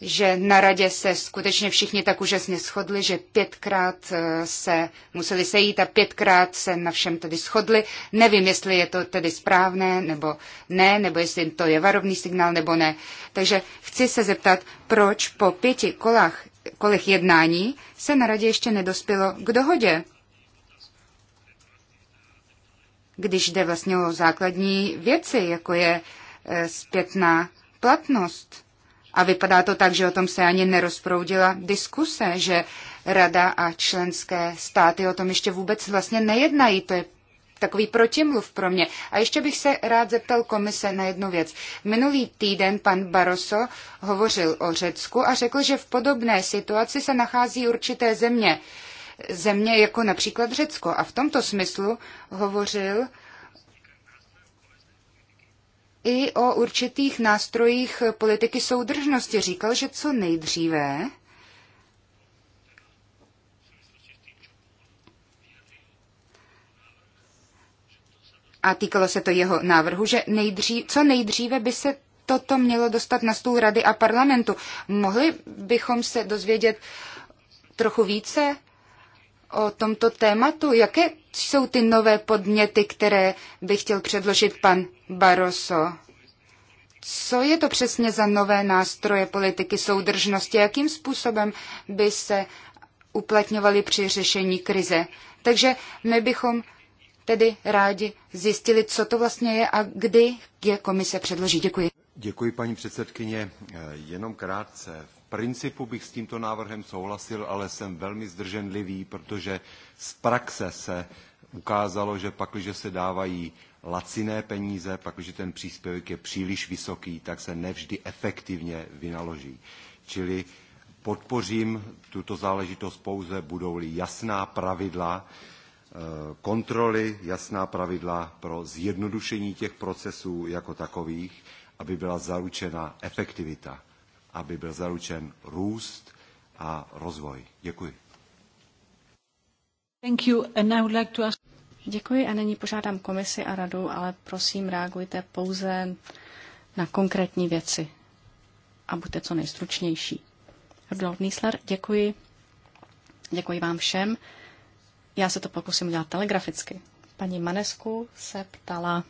že na radě se skutečně všichni tak úžasně shodli, že pětkrát eh, se museli sejít a pětkrát se na všem tedy shodli. Nevím, jestli je to tedy správné nebo ne, nebo jestli to je varovný signál nebo ne. Takže chci se zeptat, proč po pěti kolách, kolech jednání se na radě ještě nedospělo k dohodě? Když jde vlastně o základní věci, jako je eh, zpětná platnost. A vypadá to tak, že o tom se ani nerozproudila diskuse, že rada a členské státy o tom ještě vůbec vlastně nejednají. To je takový protimluv pro mě. A ještě bych se rád zeptal komise na jednu věc. Minulý týden pan Barroso hovořil o Řecku a řekl, že v podobné situaci se nachází určité země. Země jako například Řecko. A v tomto smyslu hovořil i o určitých nástrojích politiky soudržnosti. Říkal, že co nejdříve a týkalo se to jeho návrhu, že nejdřív, co nejdříve by se toto mělo dostat na stůl rady a parlamentu. Mohli bychom se dozvědět trochu více o tomto tématu? Jaké jsou ty nové podněty, které by chtěl předložit pan Barroso? Co je to přesně za nové nástroje politiky soudržnosti? Jakým způsobem by se uplatňovaly při řešení krize? Takže my bychom tedy rádi zjistili, co to vlastně je a kdy je komise předloží. Děkuji. Děkuji, paní předsedkyně. Jenom krátce principu bych s tímto návrhem souhlasil, ale jsem velmi zdrženlivý, protože z praxe se ukázalo, že pakliže se dávají laciné peníze, pakliže ten příspěvek je příliš vysoký, tak se nevždy efektivně vynaloží. Čili podpořím tuto záležitost pouze, budou-li jasná pravidla eh, kontroly, jasná pravidla pro zjednodušení těch procesů jako takových, aby byla zaručena efektivita aby byl zaručen růst a rozvoj. Děkuji. Thank you. And I would like to ask... Děkuji a nyní požádám komisi a radu, ale prosím, reagujte pouze na konkrétní věci a buďte co nejstručnější. Rudolf Niesler, děkuji. Děkuji vám všem. Já se to pokusím udělat telegraficky. Paní Manesku se ptala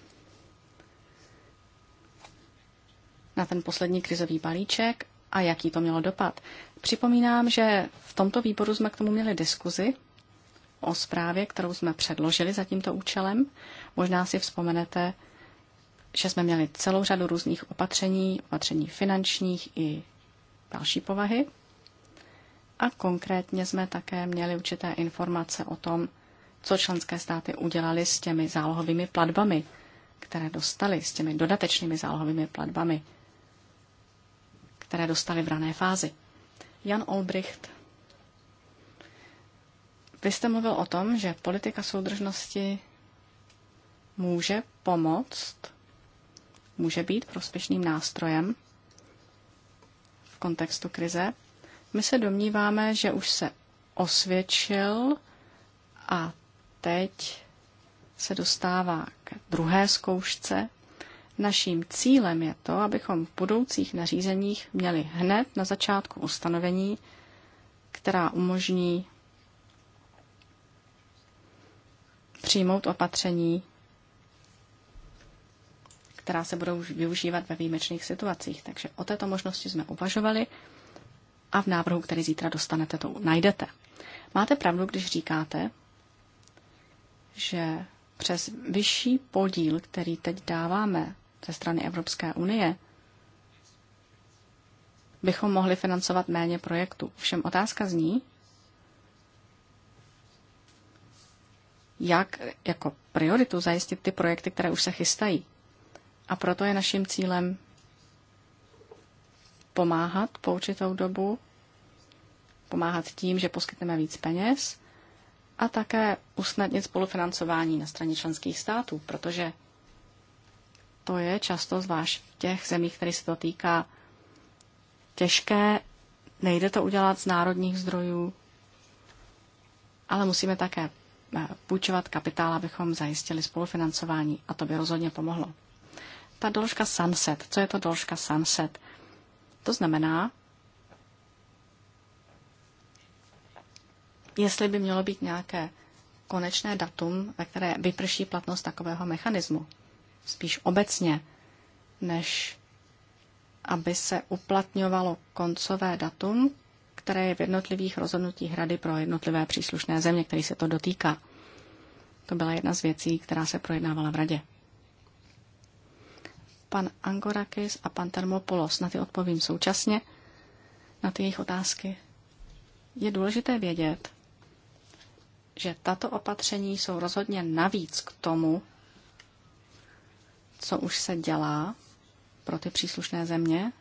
na ten poslední krizový balíček a jaký to mělo dopad. Připomínám, že v tomto výboru jsme k tomu měli diskuzi o zprávě, kterou jsme předložili za tímto účelem. Možná si vzpomenete, že jsme měli celou řadu různých opatření, opatření finančních i další povahy. A konkrétně jsme také měli určité informace o tom, co členské státy udělali s těmi zálohovými platbami, které dostali s těmi dodatečnými zálohovými platbami které dostali v rané fázi. Jan Olbricht. Vy jste mluvil o tom, že politika soudržnosti může pomoct, může být prospěšným nástrojem v kontextu krize. My se domníváme, že už se osvědčil a teď se dostává k druhé zkoušce Naším cílem je to, abychom v budoucích nařízeních měli hned na začátku ustanovení, která umožní přijmout opatření, která se budou využívat ve výjimečných situacích. Takže o této možnosti jsme uvažovali a v návrhu, který zítra dostanete, to najdete. Máte pravdu, když říkáte, že přes vyšší podíl, který teď dáváme ze strany Evropské unie, bychom mohli financovat méně projektů. Všem otázka zní, jak jako prioritu zajistit ty projekty, které už se chystají. A proto je naším cílem pomáhat po určitou dobu, pomáhat tím, že poskytneme víc peněz a také usnadnit spolufinancování na straně členských států, protože to je často, zvlášť v těch zemích, které se to týká, těžké. Nejde to udělat z národních zdrojů, ale musíme také eh, půjčovat kapitál, abychom zajistili spolufinancování a to by rozhodně pomohlo. Ta doložka sunset, co je to doložka sunset? To znamená, jestli by mělo být nějaké konečné datum, ve které vyprší platnost takového mechanismu spíš obecně, než aby se uplatňovalo koncové datum, které je v jednotlivých rozhodnutích Rady pro jednotlivé příslušné země, který se to dotýká. To byla jedna z věcí, která se projednávala v Radě. Pan Angorakis a pan Termopolos, na ty odpovím současně, na ty jejich otázky. Je důležité vědět, že tato opatření jsou rozhodně navíc k tomu, co už se dělá pro ty příslušné země,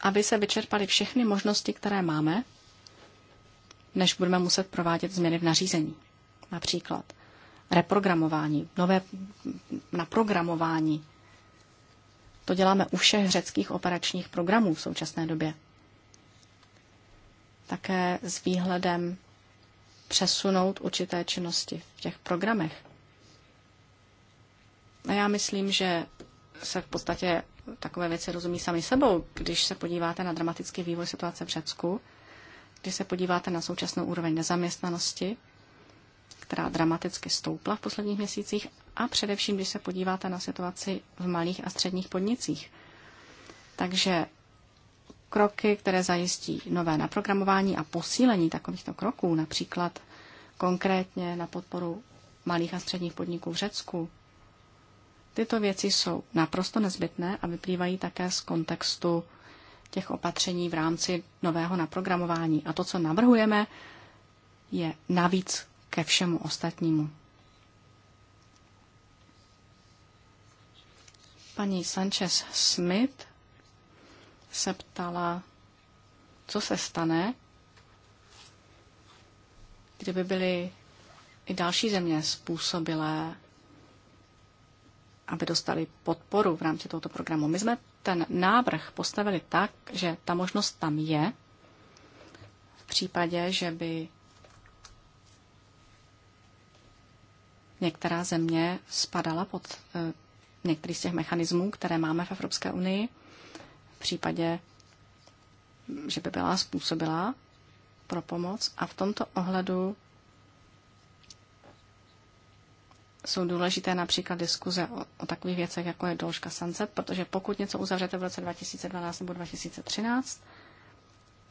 aby se vyčerpaly všechny možnosti, které máme, než budeme muset provádět změny v nařízení. Například reprogramování, nové naprogramování. To děláme u všech řeckých operačních programů v současné době. Také s výhledem přesunout určité činnosti v těch programech. A já myslím, že se v podstatě takové věci rozumí sami sebou. Když se podíváte na dramatický vývoj situace v Řecku, když se podíváte na současnou úroveň nezaměstnanosti, která dramaticky stoupla v posledních měsících, a především, když se podíváte na situaci v malých a středních podnicích. Takže kroky, které zajistí nové naprogramování a posílení takovýchto kroků, například konkrétně na podporu malých a středních podniků v Řecku, Tyto věci jsou naprosto nezbytné a vyplývají také z kontextu těch opatření v rámci nového naprogramování. A to, co navrhujeme, je navíc ke všemu ostatnímu. Paní Sanchez Smith se ptala, co se stane, kdyby byly i další země způsobilé aby dostali podporu v rámci tohoto programu. My jsme ten návrh postavili tak, že ta možnost tam je v případě, že by některá země spadala pod eh, některý z těch mechanismů, které máme v Evropské unii, v případě, že by byla způsobila pro pomoc. A v tomto ohledu jsou důležité například diskuze o, o takových věcech, jako je doložka sunset, protože pokud něco uzavřete v roce 2012 nebo 2013,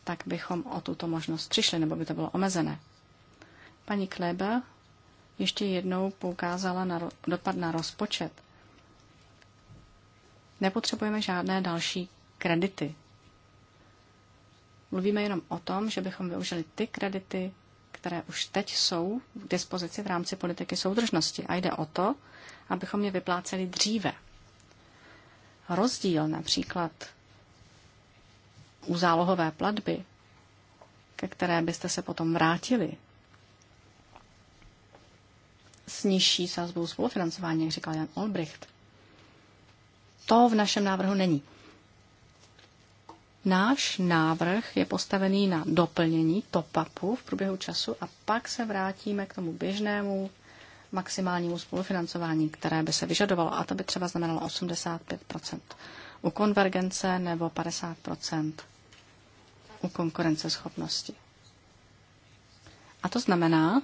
tak bychom o tuto možnost přišli, nebo by to bylo omezené. Paní Kleber ještě jednou poukázala na dopad na rozpočet. Nepotřebujeme žádné další kredity. Mluvíme jenom o tom, že bychom využili ty kredity, které už teď jsou k dispozici v rámci politiky soudržnosti. A jde o to, abychom je vypláceli dříve. Rozdíl například u zálohové platby, ke které byste se potom vrátili, s nižší sazbou spolufinancování, jak říkal Jan Olbricht, to v našem návrhu není. Náš návrh je postavený na doplnění top-upu v průběhu času a pak se vrátíme k tomu běžnému maximálnímu spolufinancování, které by se vyžadovalo, a to by třeba znamenalo 85 u konvergence nebo 50 u konkurenceschopnosti. A to znamená,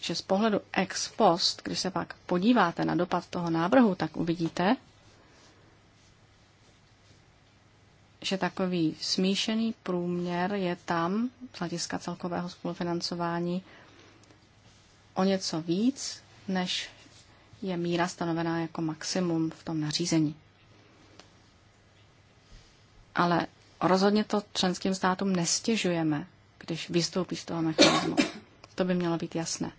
že z pohledu ex post, když se pak podíváte na dopad toho návrhu, tak uvidíte, že takový smíšený průměr je tam z hlediska celkového spolufinancování o něco víc, než je míra stanovená jako maximum v tom nařízení. Ale rozhodně to členským státům nestěžujeme, když vystoupí z toho mechanismu. To by mělo být jasné.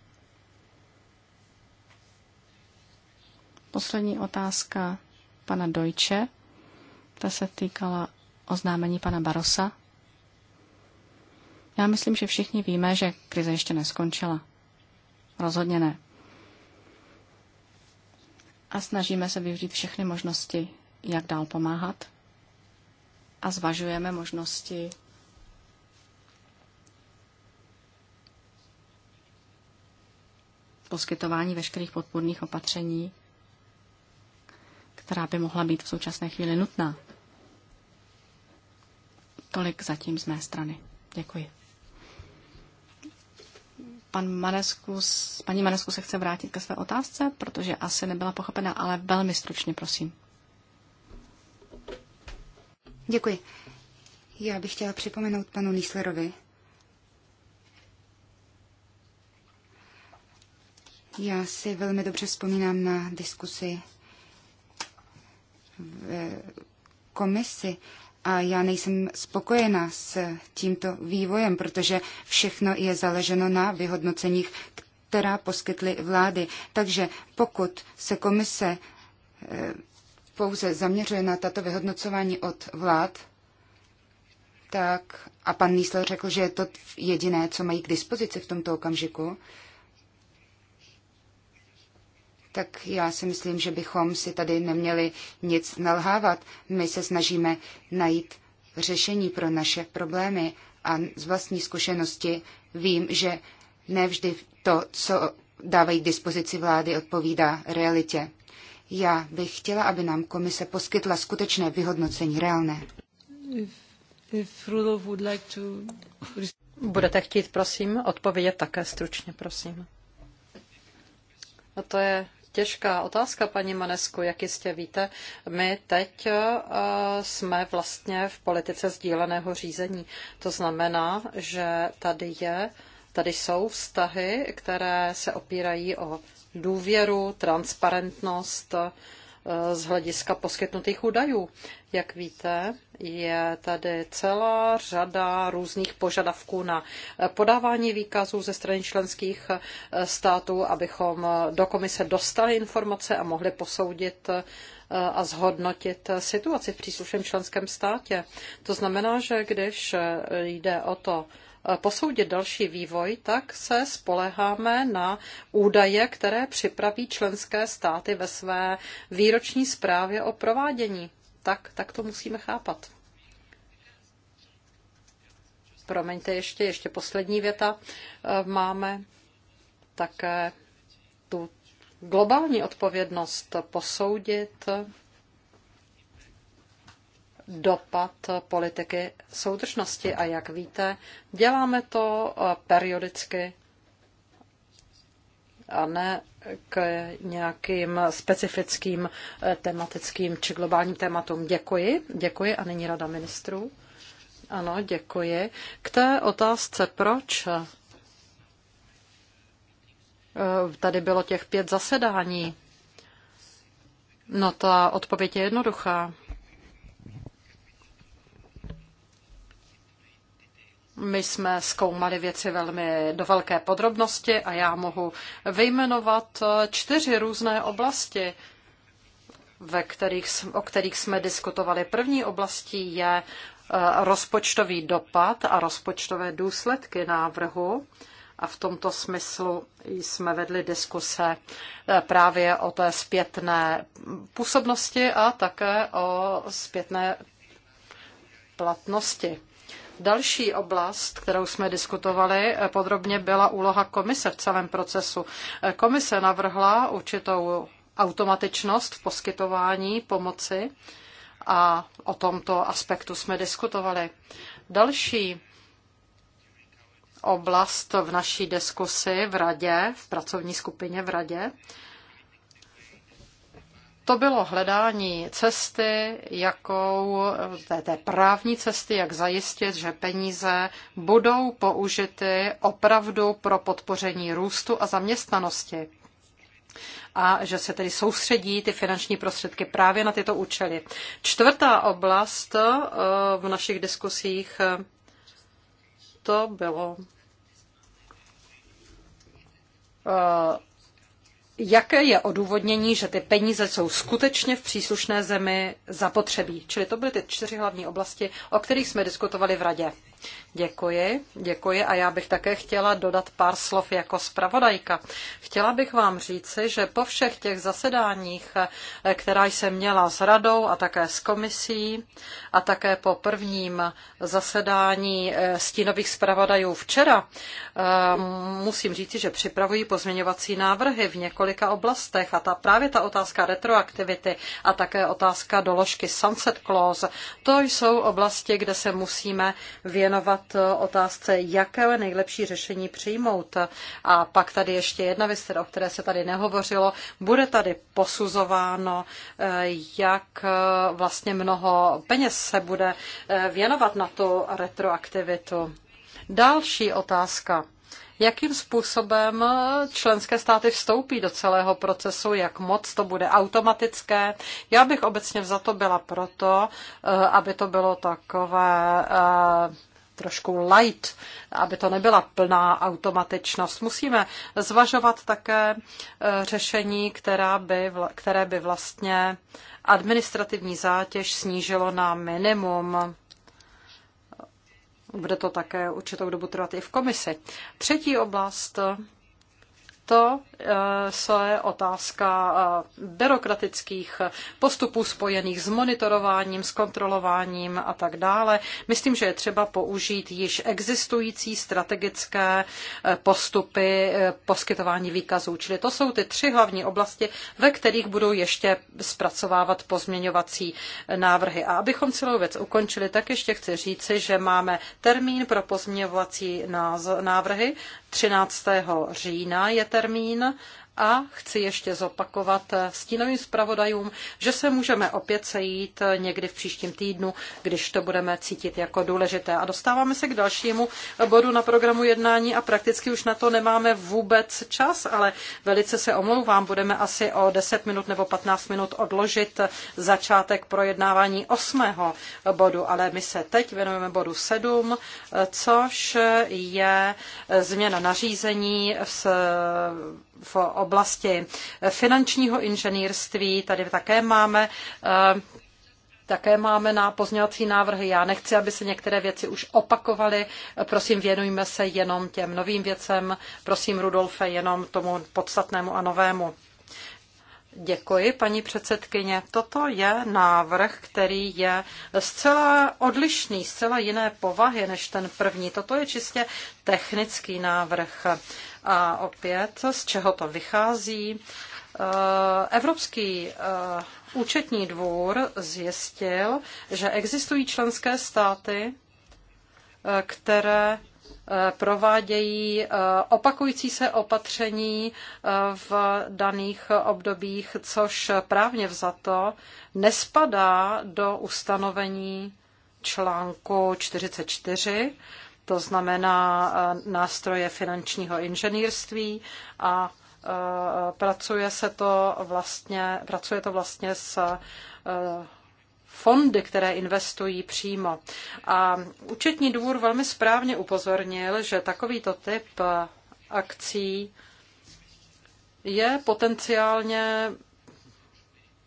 Poslední otázka pana Dojče. Ta se týkala oznámení pana Barosa? Já myslím, že všichni víme, že krize ještě neskončila. Rozhodně ne. A snažíme se využít všechny možnosti, jak dál pomáhat. A zvažujeme možnosti poskytování veškerých podpůrných opatření, která by mohla být v současné chvíli nutná. Tolik zatím z mé strany. Děkuji. Pan Manesku, paní Manesku se chce vrátit ke své otázce, protože asi nebyla pochopena, ale velmi stručně, prosím. Děkuji. Já bych chtěla připomenout panu Nýslerovi. Já si velmi dobře vzpomínám na diskusi v komisi a já nejsem spokojena s tímto vývojem, protože všechno je založeno na vyhodnoceních, která poskytly vlády. Takže pokud se komise eh, pouze zaměřuje na tato vyhodnocování od vlád, tak a pan Nýsler řekl, že je to jediné, co mají k dispozici v tomto okamžiku, tak já si myslím, že bychom si tady neměli nic nalhávat. My se snažíme najít řešení pro naše problémy a z vlastní zkušenosti vím, že nevždy to, co dávají k dispozici vlády, odpovídá realitě. Já bych chtěla, aby nám komise poskytla skutečné vyhodnocení reálné. If, if like to... Budete chtít, prosím, odpovědět také stručně, prosím. No to je těžká otázka, paní Manesku, jak jistě víte. My teď eh, jsme vlastně v politice sdíleného řízení. To znamená, že tady je, tady jsou vztahy, které se opírají o důvěru, transparentnost, z hlediska poskytnutých údajů. Jak víte, je tady celá řada různých požadavků na podávání výkazů ze strany členských eh, států, abychom do komise dostali informace a mohli posoudit eh, a zhodnotit situaci v příslušném členském státě. To znamená, že když eh, jde o to, posoudit další vývoj, tak se spoleháme na údaje, které připraví členské státy ve své výroční zprávě o provádění. Tak, tak to musíme chápat. Promiňte ještě, ještě poslední věta. Eh, máme také tu globální odpovědnost posoudit dopad politiky soudržnosti. A jak víte, děláme to eh, periodicky a ne k nějakým specifickým eh, tematickým či globálním tématům. Děkuji, děkuji a nyní rada ministrů. Ano, děkuji. K té otázce, proč eh, tady bylo těch pět zasedání, no ta odpověď je jednoduchá. My jsme zkoumali věci velmi do velké podrobnosti a já mohu vyjmenovat eh, čtyři různé oblasti, ve kterých, o kterých jsme diskutovali. První oblastí je eh, rozpočtový dopad a rozpočtové důsledky návrhu. A v tomto smyslu jsme vedli diskuse eh, právě o té zpětné působnosti a také o zpětné platnosti. Další oblast, kterou jsme diskutovali eh, podrobně, byla úloha komise v celém procesu. Eh, komise navrhla určitou automatičnost v poskytování pomoci a o tomto aspektu jsme diskutovali. Další oblast v naší diskusi v radě, v pracovní skupině v radě, to bylo hledání cesty, jakou, té, té právní cesty, jak zajistit, že peníze budou použity opravdu pro podpoření růstu a zaměstnanosti a že se tedy soustředí ty finanční prostředky právě na tyto účely. Čtvrtá oblast eh, v našich diskusích eh, to bylo eh, jaké je odůvodnění, že ty peníze jsou skutečně v příslušné zemi zapotřebí. Čili to byly ty čtyři hlavní oblasti, o kterých jsme diskutovali v Radě. Děkuji, děkuji a já bych také chtěla dodat pár slov jako zpravodajka. Chtěla bych vám říci, že po všech těch zasedáních, eh, která jsem měla s radou a také s komisí a také po prvním zasedání eh, stínových zpravodajů včera, eh, musím říci, že připravují pozměňovací návrhy v několika oblastech a ta, právě ta otázka retroaktivity a také otázka doložky Sunset Clause, to jsou oblasti, kde se musíme věnovat věnovat otázce, jaké nejlepší řešení přijmout. A pak tady ještě jedna věc, o které se tady nehovořilo. Bude tady posuzováno, eh, jak eh, vlastně mnoho peněz se bude eh, věnovat na tu retroaktivitu. Další otázka jakým způsobem členské státy vstoupí do celého procesu, jak moc to bude automatické. Já bych obecně za to byla proto, aby to bylo takové trošku light, aby to nebyla plná automatičnost. Musíme zvažovat také eh, řešení, která by, které by vlastně administrativní zátěž snížilo na minimum. Bude to také určitou dobu trvat i v komisi. Třetí oblast to eh, je otázka eh, byrokratických postupů spojených s monitorováním, s kontrolováním a tak dále. Myslím, že je třeba použít již existující strategické eh, postupy poskytování výkazů. Čili to jsou ty tři hlavní oblasti, ve kterých budou ještě zpracovávat pozměňovací návrhy. A abychom celou věc ukončili, tak ještě chci říci, že máme termín pro pozměňovací návrhy 13. října. Je ten termín a chci ještě zopakovat stínovým zpravodajům, že se můžeme opět sejít někdy v příštím týdnu, když to budeme cítit jako důležité. A dostáváme se k dalšímu bodu na programu jednání a prakticky už na to nemáme vůbec čas, ale velice se omlouvám, budeme asi o 10 minut nebo 15 minut odložit začátek projednávání osmého bodu, ale my se teď věnujeme bodu 7, což je změna nařízení s v oblasti finančního inženýrství. Tady také máme eh, také máme na pozměňovací návrhy. Já nechci, aby se některé věci už opakovaly. Prosím, věnujme se jenom těm novým věcem. Prosím, Rudolfe, jenom tomu podstatnému a novému. Děkuji, paní předsedkyně. Toto je návrh, který je zcela odlišný, zcela jiné povahy než ten první. Toto je čistě technický návrh. A opět, z čeho to vychází? Eh, Evropský eh, účetní dvůr zjistil, že existují členské státy, eh, které provádějí opakující se opatření v daných obdobích, což právně vzato nespadá do ustanovení článku 44 to znamená eh, nástroje finančního inženýrství a eh, pracuje se to vlastně, pracuje to vlastně s eh, fondy, které investují přímo. A účetní dvůr velmi správně upozornil, že takovýto typ akcí je potenciálně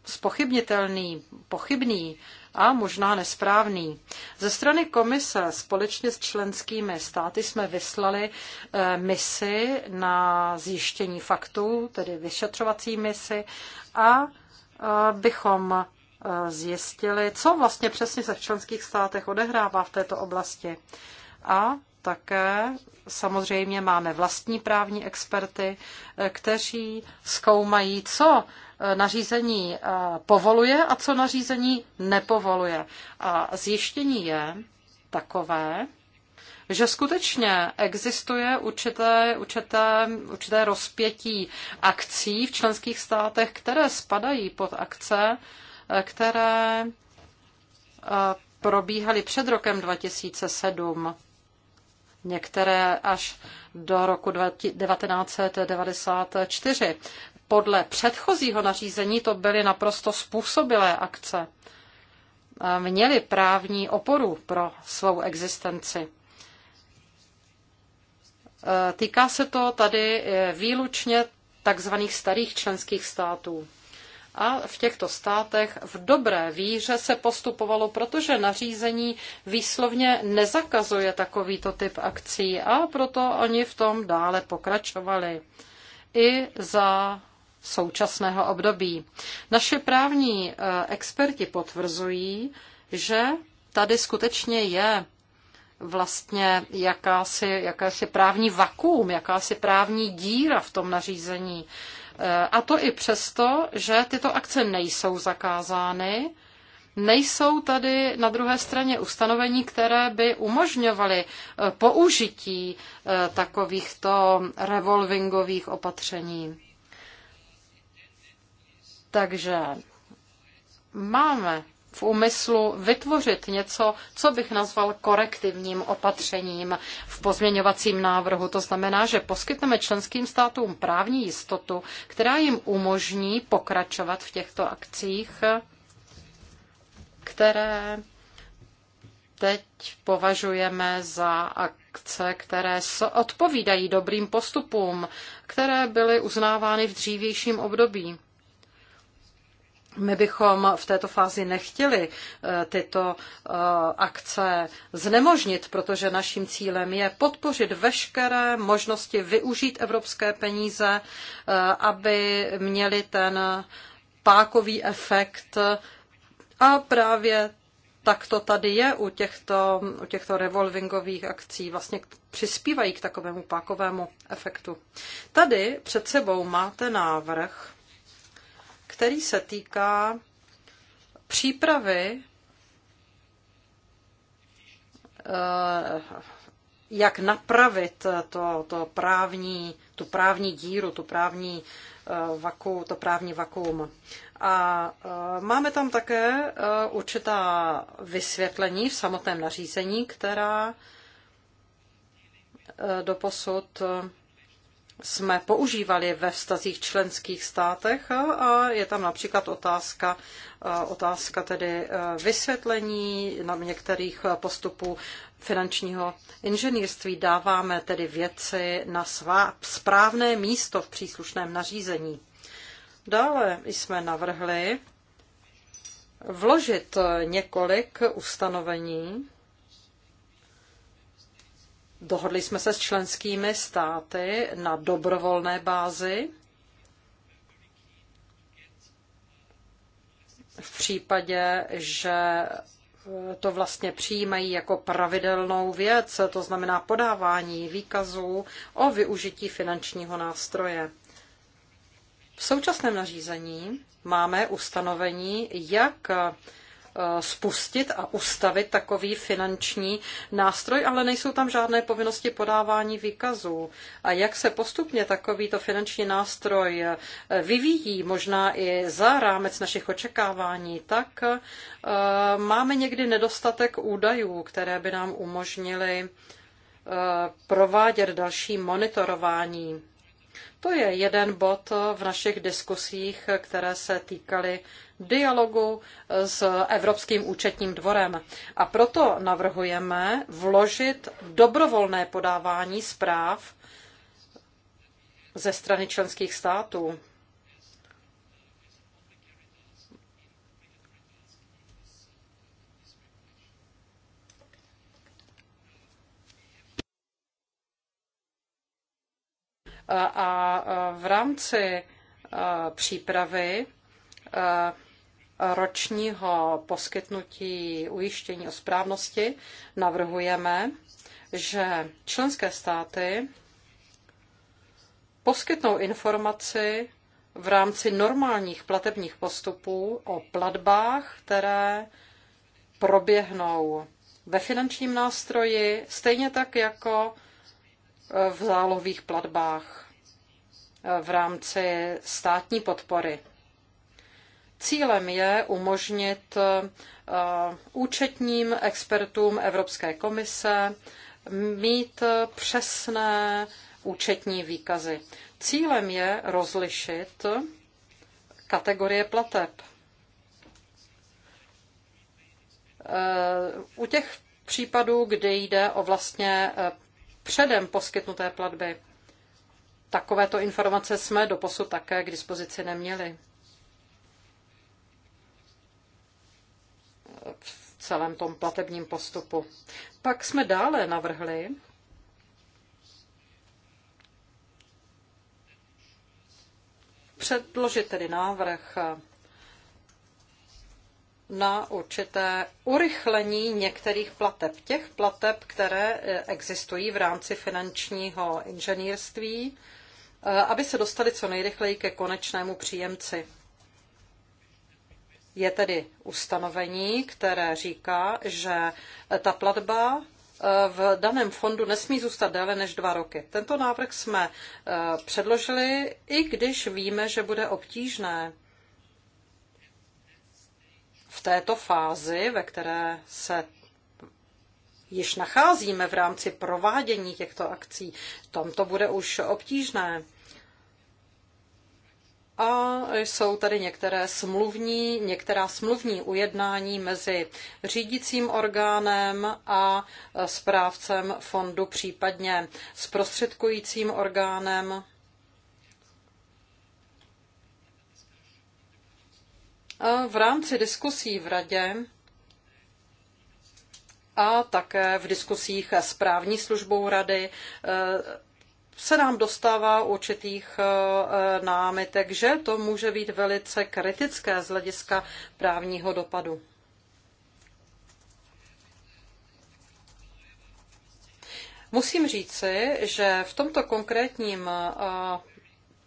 spochybnitelný, pochybný, a možná nesprávný. Ze strany komise společně s členskými státy jsme vyslali eh, misi na zjištění faktů, tedy vyšetřovací misi, a eh, bychom eh, zjistili, co vlastně přesně se v členských státech odehrává v této oblasti. A také samozřejmě máme vlastní právní experty, eh, kteří zkoumají, co eh, nařízení eh, povoluje a co nařízení nepovoluje. A zjištění je takové, že skutečně existuje určité, určité, určité rozpětí akcí v členských státech, které spadají pod akce, které probíhaly před rokem 2007 některé až do roku 1994. Podle předchozího nařízení to byly naprosto způsobilé akce. Měly právní oporu pro svou existenci. E, týká se to tady e, výlučně takzvaných starých členských států. A v těchto státech v dobré víře se postupovalo, protože nařízení výslovně nezakazuje takovýto typ akcí a proto oni v tom dále pokračovali. I za současného období. Naše právní eh, experti potvrzují, že tady skutečně je vlastně jakási, jakási právní vakuum, jakási právní díra v tom nařízení. A to i přesto, že tyto akce nejsou zakázány, nejsou tady na druhé straně ustanovení, které by umožňovaly eh, použití eh, takovýchto revolvingových opatření. Takže máme v úmyslu vytvořit něco, co bych nazval korektivním opatřením v pozměňovacím návrhu. To znamená, že poskytneme členským státům právní jistotu, která jim umožní pokračovat v těchto akcích, které teď považujeme za akce, které odpovídají dobrým postupům, které byly uznávány v dřívějším období. My bychom v této fázi nechtěli eh, tyto eh, akce znemožnit, protože naším cílem je podpořit veškeré možnosti využít evropské peníze, eh, aby měli ten pákový efekt a právě tak to tady je u těchto, u těchto revolvingových akcí, vlastně přispívají k takovému pákovému efektu. Tady před sebou máte návrh který se týká přípravy eh, jak napravit to, to právní, tu právní díru, tu právní eh, vaku, to právní vakuum. A eh, máme tam také určitá vysvětlení v samotném nařízení, která doposud posud jsme používali ve vztazích členských státech a je tam například otázka, otázka tedy e, vysvětlení na některých e, postupů finančního inženýrství. Dáváme tedy věci na svá správné místo v příslušném nařízení. Dále jsme navrhli vložit e, několik ustanovení Dohodli jsme se s členskými státy na dobrovolné bázi. V případě, že eh, to vlastně přijímají jako pravidelnou věc, to znamená podávání výkazů o využití finančního nástroje. V současném nařízení máme ustanovení, jak Eh, spustit a ustavit takový finanční nástroj, ale nejsou tam žádné povinnosti podávání výkazů. A jak se postupně takovýto finanční nástroj eh, vyvíjí, možná i za rámec našich očekávání, tak eh, máme někdy nedostatek údajů, které by nám umožnily provádět další monitorování to je jeden bod v našich diskusích, které se týkaly dialogu s Evropským účetním dvorem. A proto navrhujeme vložit dobrovolné podávání zpráv ze strany členských států. a v rámci e, přípravy e, ročního poskytnutí ujištění o správnosti navrhujeme, že členské státy poskytnou informaci v rámci normálních platebních postupů o platbách, které proběhnou ve finančním nástroji, stejně tak jako v zálových platbách eh, v rámci státní podpory. Cílem je umožnit eh, účetním expertům Evropské komise mít přesné účetní výkazy. Cílem je rozlišit kategorie plateb. Eh, u těch případů, kde jde o vlastně předem poskytnuté platby. Takovéto informace jsme doposud také k dispozici neměli. V celém tom platebním postupu. Pak jsme dále navrhli, předložit tedy návrh na určité urychlení některých plateb, těch plateb, které eh, existují v rámci finančního inženýrství, eh, aby se dostali co nejrychleji ke konečnému příjemci. Je tedy ustanovení, které říká, že eh, ta platba v daném fondu nesmí zůstat déle než dva roky. Tento návrh jsme předložili, i když víme, že bude obtížné v této fázi, ve které se již nacházíme v rámci provádění těchto akcí, tam to bude už obtížné. A jsou tady některé smluvní, některá smluvní ujednání mezi řídícím orgánem a správcem fondu, případně zprostředkujícím orgánem v rámci diskusí v radě a také v diskusích s právní službou rady eh, se nám dostává určitých eh, námitek, že to může být velice kritické z hlediska právního dopadu. Musím říci, že v tomto konkrétním eh,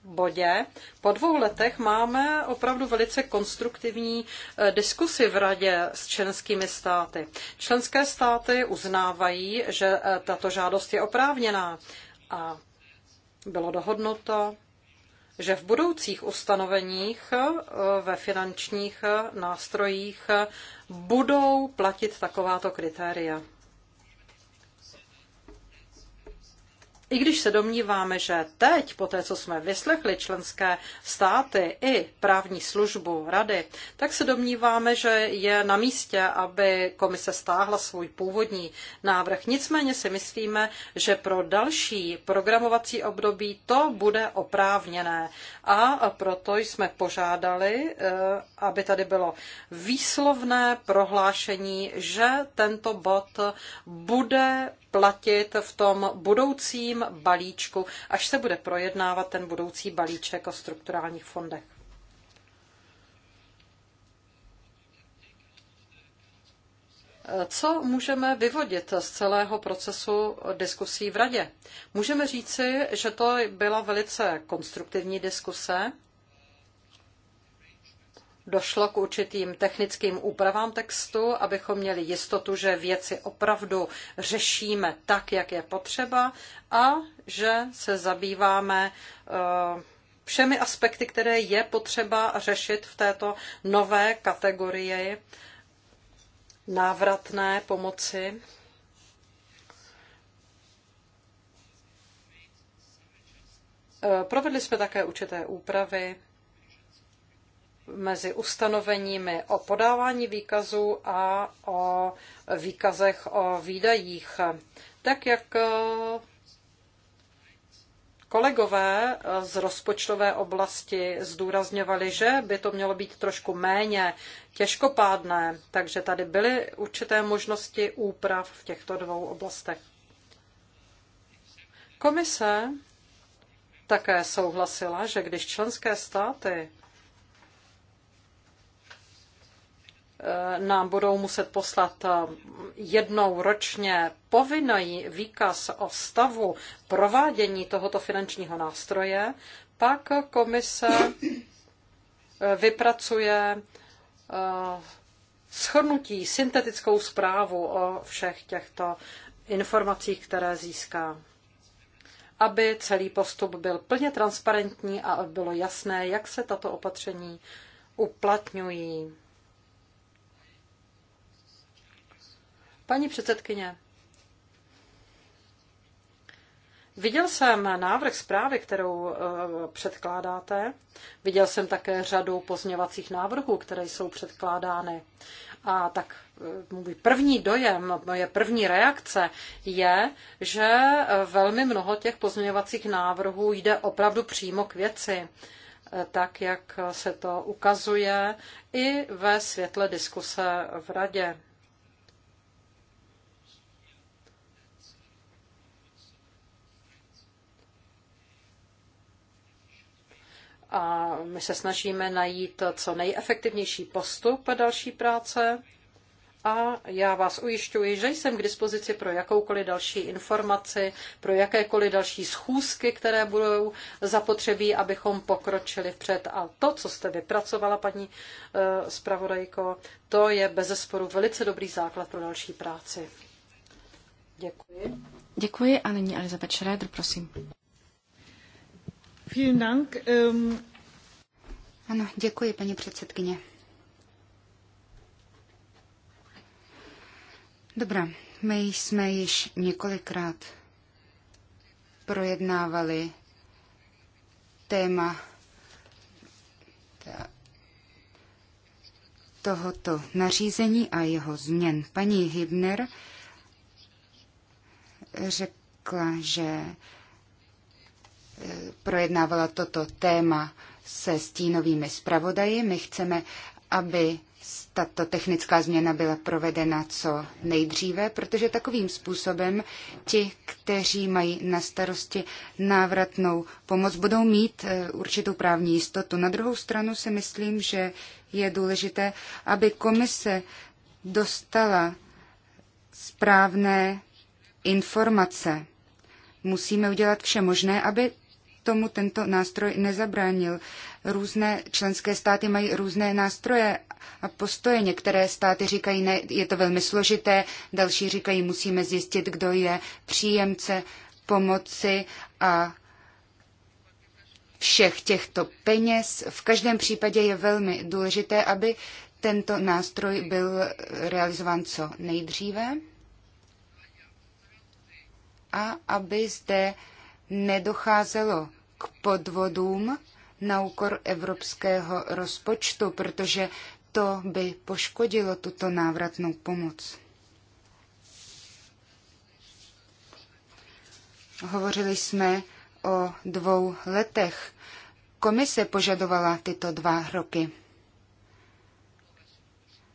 bodě. Po dvou letech máme opravdu velice konstruktivní eh, diskusy v radě s členskými státy. Členské státy uznávají, že eh, tato žádost je oprávněná a bylo dohodnuto, že v budoucích ustanoveních eh, ve finančních nástrojích budou platit takováto kritéria. I když se domníváme, že teď, po té, co jsme vyslechli členské státy i právní službu rady, tak se domníváme, že je na místě, aby komise stáhla svůj původní návrh. Nicméně si myslíme, že pro další programovací období to bude oprávněné. A proto jsme požádali, eh, aby tady bylo výslovné prohlášení, že tento bod bude platit v tom budoucím balíčku, až se bude projednávat ten budoucí balíček o strukturálních fondech. Co můžeme vyvodit z celého procesu diskusí v Radě? Můžeme říci, že to byla velice konstruktivní diskuse, došlo k určitým technickým úpravám textu, abychom měli jistotu, že věci opravdu řešíme tak, jak je potřeba a že se zabýváme eh, všemi aspekty, které je potřeba řešit v této nové kategorii návratné pomoci. Eh, provedli jsme také určité úpravy mezi ustanoveními o podávání výkazů a o výkazech o výdajích. Tak jak eh, kolegové z rozpočtové oblasti zdůrazňovali, že by to mělo být trošku méně těžkopádné, takže tady byly určité možnosti úprav v těchto dvou oblastech. Komise také souhlasila, že když členské státy Eh, nám budou muset poslat eh, jednou ročně povinný výkaz o stavu provádění tohoto finančního nástroje, pak komise eh, vypracuje schrnutí, syntetickou zprávu o všech těchto informacích, které získá aby celý postup byl plně transparentní a bylo jasné, jak se tato opatření uplatňují. Paní předsedkyně, Viděl jsem návrh zprávy, kterou eh, předkládáte. Viděl jsem také řadu pozměvacích návrhů, které jsou předkládány. A tak eh, můj první dojem, moje první reakce je, že eh, velmi mnoho těch pozměvacích návrhů jde opravdu přímo k věci, tak jak se to ukazuje i ve světle diskuse v radě. a my se snažíme najít co nejefektivnější postup další práce. A já vás ujišťuji, že jsem k dispozici pro jakoukoliv další informaci, pro jakékoliv další schůzky, které budou zapotřebí, abychom pokročili vpřed. A to, co jste vypracovala, paní eh, zpravodajko, to je bezesporu velice dobrý základ pro další práci. Děkuji. Děkuji a nyní Elizabeth Schroeder, prosím. Vielen Dank. Um... Ano, děkuji, paní předsedkyně. Dobrá, my jsme již několikrát projednávali téma tohoto nařízení a jeho změn. Paní Hibner řekla, že projednávala toto téma se stínovými zpravodaji. My chceme, aby tato technická změna byla provedena co nejdříve, protože takovým způsobem ti, kteří mají na starosti návratnou pomoc, budou mít eh, určitou právní jistotu. Na druhou stranu si myslím, že je důležité, aby komise dostala správné informace. Musíme udělat vše možné, aby tomu tento nástroj nezabránil. Různé členské státy mají různé nástroje a postoje. Některé státy říkají, ne, je to velmi složité, další říkají, musíme zjistit, kdo je příjemce pomoci a všech těchto peněz. V každém případě je velmi důležité, aby tento nástroj byl realizován co nejdříve a aby zde nedocházelo k podvodům na úkor evropského rozpočtu, protože to by poškodilo tuto návratnou pomoc. Hovořili jsme o dvou letech. Komise požadovala tyto dva roky.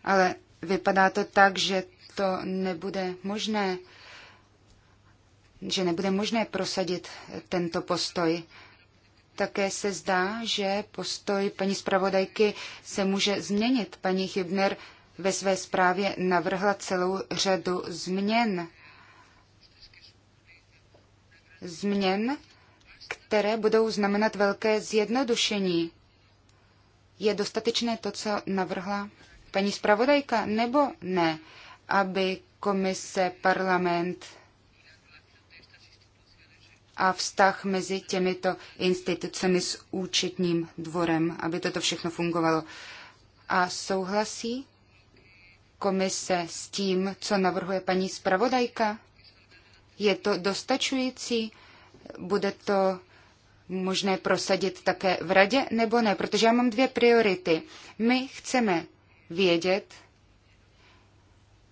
Ale vypadá to tak, že to nebude možné že nebude možné prosadit tento postoj. Také se zdá, že postoj paní zpravodajky se může změnit. Paní Hibner ve své zprávě navrhla celou řadu změn. Změn, které budou znamenat velké zjednodušení. Je dostatečné to, co navrhla paní zpravodajka, nebo ne, aby komise, parlament a vztah mezi těmito institucemi s účetním dvorem, aby toto všechno fungovalo. A souhlasí komise s tím, co navrhuje paní zpravodajka? Je to dostačující? Bude to možné prosadit také v radě nebo ne? Protože já mám dvě priority. My chceme vědět,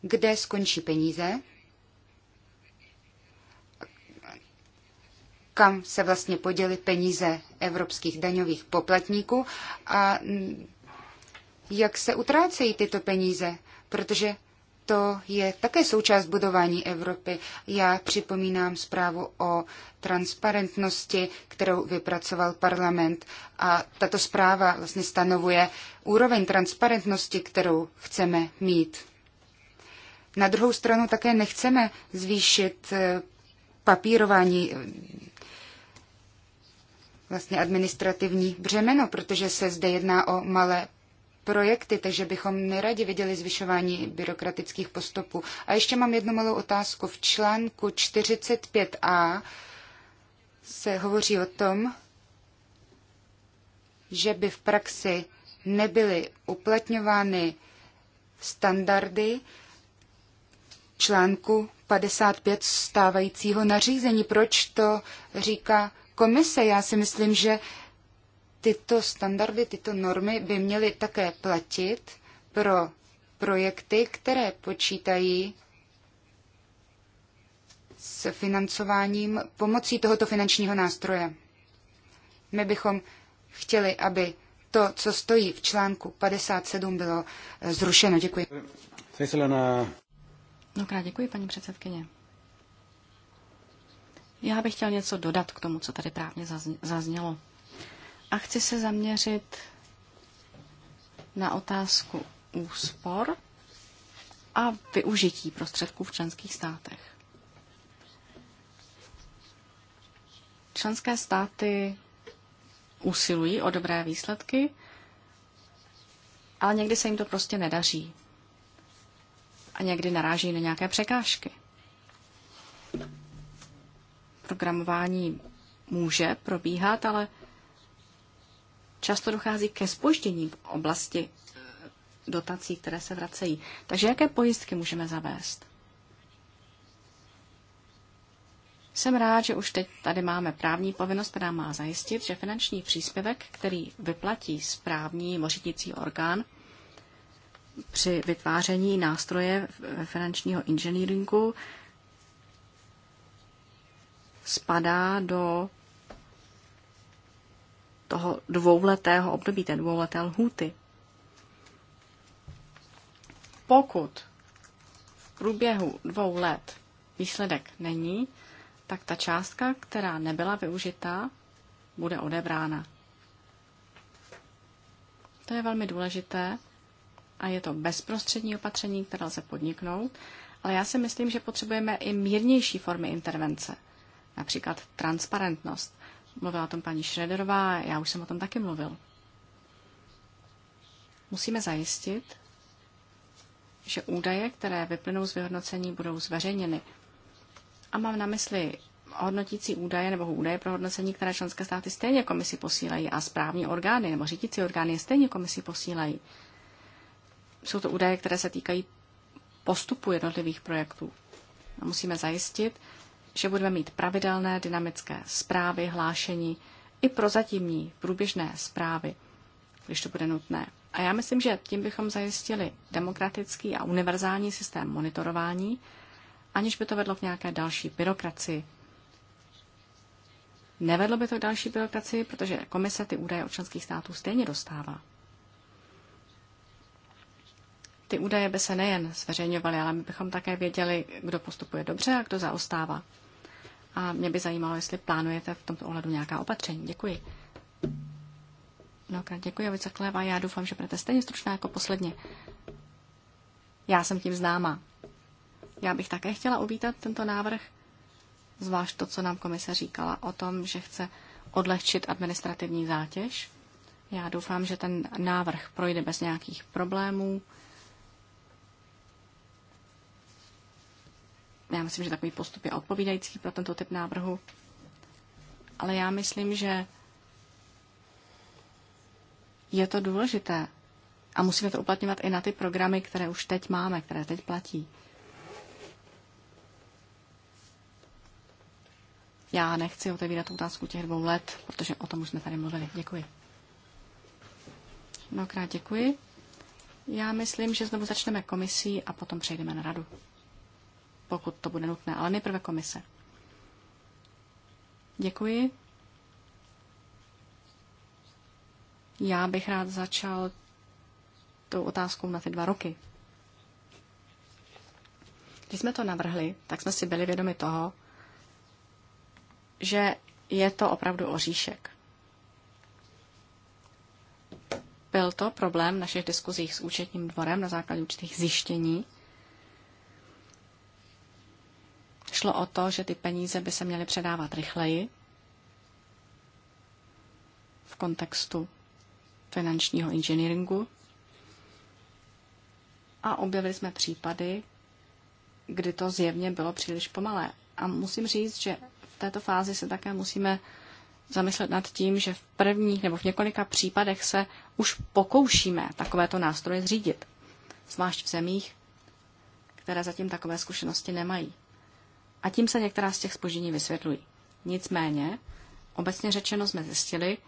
kde skončí peníze kam se vlastně poděly peníze evropských daňových poplatníků a jak se utrácejí tyto peníze, protože to je také součást budování Evropy. Já připomínám zprávu o transparentnosti, kterou vypracoval parlament a tato zpráva vlastně stanovuje úroveň transparentnosti, kterou chceme mít. Na druhou stranu také nechceme zvýšit eh, papírování vlastně administrativní břemeno, protože se zde jedná o malé projekty, takže bychom neradi viděli zvyšování byrokratických postupů. A ještě mám jednu malou otázku. V článku 45a se hovoří o tom, že by v praxi nebyly uplatňovány standardy článku 55 stávajícího nařízení. Proč to říká komise. Já si myslím, že tyto standardy, tyto normy by měly také platit pro projekty, které počítají s financováním pomocí tohoto finančního nástroje. My bychom chtěli, aby to, co stojí v článku 57, bylo zrušeno. Děkuji. Mnohokrát děkuji, paní předsedkyně. Já bych chtěl něco dodat k tomu, co tady právě zaznělo. A chci se zaměřit na otázku úspor a využití prostředků v členských státech. Členské státy usilují o dobré výsledky, ale někdy se jim to prostě nedaří. A někdy naráží na nějaké překážky programování může probíhat, ale často dochází ke spoždění v oblasti eh, dotací, které se vracejí. Takže jaké pojistky můžeme zavést? Jsem rád, že už teď tady máme právní povinnost, která má zajistit, že finanční příspěvek, který vyplatí správní mořitící orgán při vytváření nástroje finančního inženýringu, spadá do toho dvouletého období, té dvouleté lhůty. Pokud v průběhu dvou let výsledek není, tak ta částka, která nebyla využitá, bude odebrána. To je velmi důležité a je to bezprostřední opatření, které lze podniknout, ale já si myslím, že potřebujeme i mírnější formy intervence – Například transparentnost. Mluvila o tom paní Šrederová, já už jsem o tom taky mluvil. Musíme zajistit, že údaje, které vyplynou z vyhodnocení, budou zveřejněny. A mám na mysli hodnotící údaje nebo údaje pro hodnocení, které členské státy stejně komisi posílají a správní orgány nebo řídící orgány stejně komisi posílají. Jsou to údaje, které se týkají postupu jednotlivých projektů. A musíme zajistit, že budeme mít pravidelné dynamické zprávy, hlášení i prozatímní průběžné zprávy, když to bude nutné. A já myslím, že tím bychom zajistili demokratický a univerzální systém monitorování, aniž by to vedlo k nějaké další byrokracii. Nevedlo by to k další byrokracii, protože komise ty údaje od členských států stejně dostává. Ty údaje by se nejen zveřejňovaly, ale my bychom také věděli, kdo postupuje dobře a kdo zaostává. A mě by zajímalo, jestli plánujete v tomto ohledu nějaká opatření. Děkuji. No, děkuji, Ovice Kleva. Já doufám, že budete stejně stručná jako posledně. Já jsem tím známa. Já bych také chtěla uvítat tento návrh, zvlášť to, co nám komise říkala o tom, že chce odlehčit administrativní zátěž. Já doufám, že ten návrh projde bez nějakých problémů Já myslím, že takový postup je odpovídající pro tento typ návrhu. Ale já myslím, že je to důležité. A musíme to uplatňovat i na ty programy, které už teď máme, které teď platí. Já nechci otevírat otázku těch dvou let, protože o tom už jsme tady mluvili. Děkuji. Mnohokrát děkuji. Já myslím, že znovu začneme komisí a potom přejdeme na radu pokud to bude nutné, ale nejprve komise. Děkuji. Já bych rád začal tou otázkou na ty dva roky. Když jsme to navrhli, tak jsme si byli vědomi toho, že je to opravdu oříšek. Byl to problém v našich diskuzích s účetním dvorem na základě určitých zjištění, Šlo o to, že ty peníze by se měly předávat rychleji v kontextu finančního inženýringu. A objevili jsme případy, kdy to zjevně bylo příliš pomalé. A musím říct, že v této fázi se také musíme zamyslet nad tím, že v prvních nebo v několika případech se už pokoušíme takovéto nástroje zřídit, zvlášť v zemích, které zatím takové zkušenosti nemají. A tím se některá z těch spoždění vysvětlují. Nicméně, obecně řečeno jsme zjistili,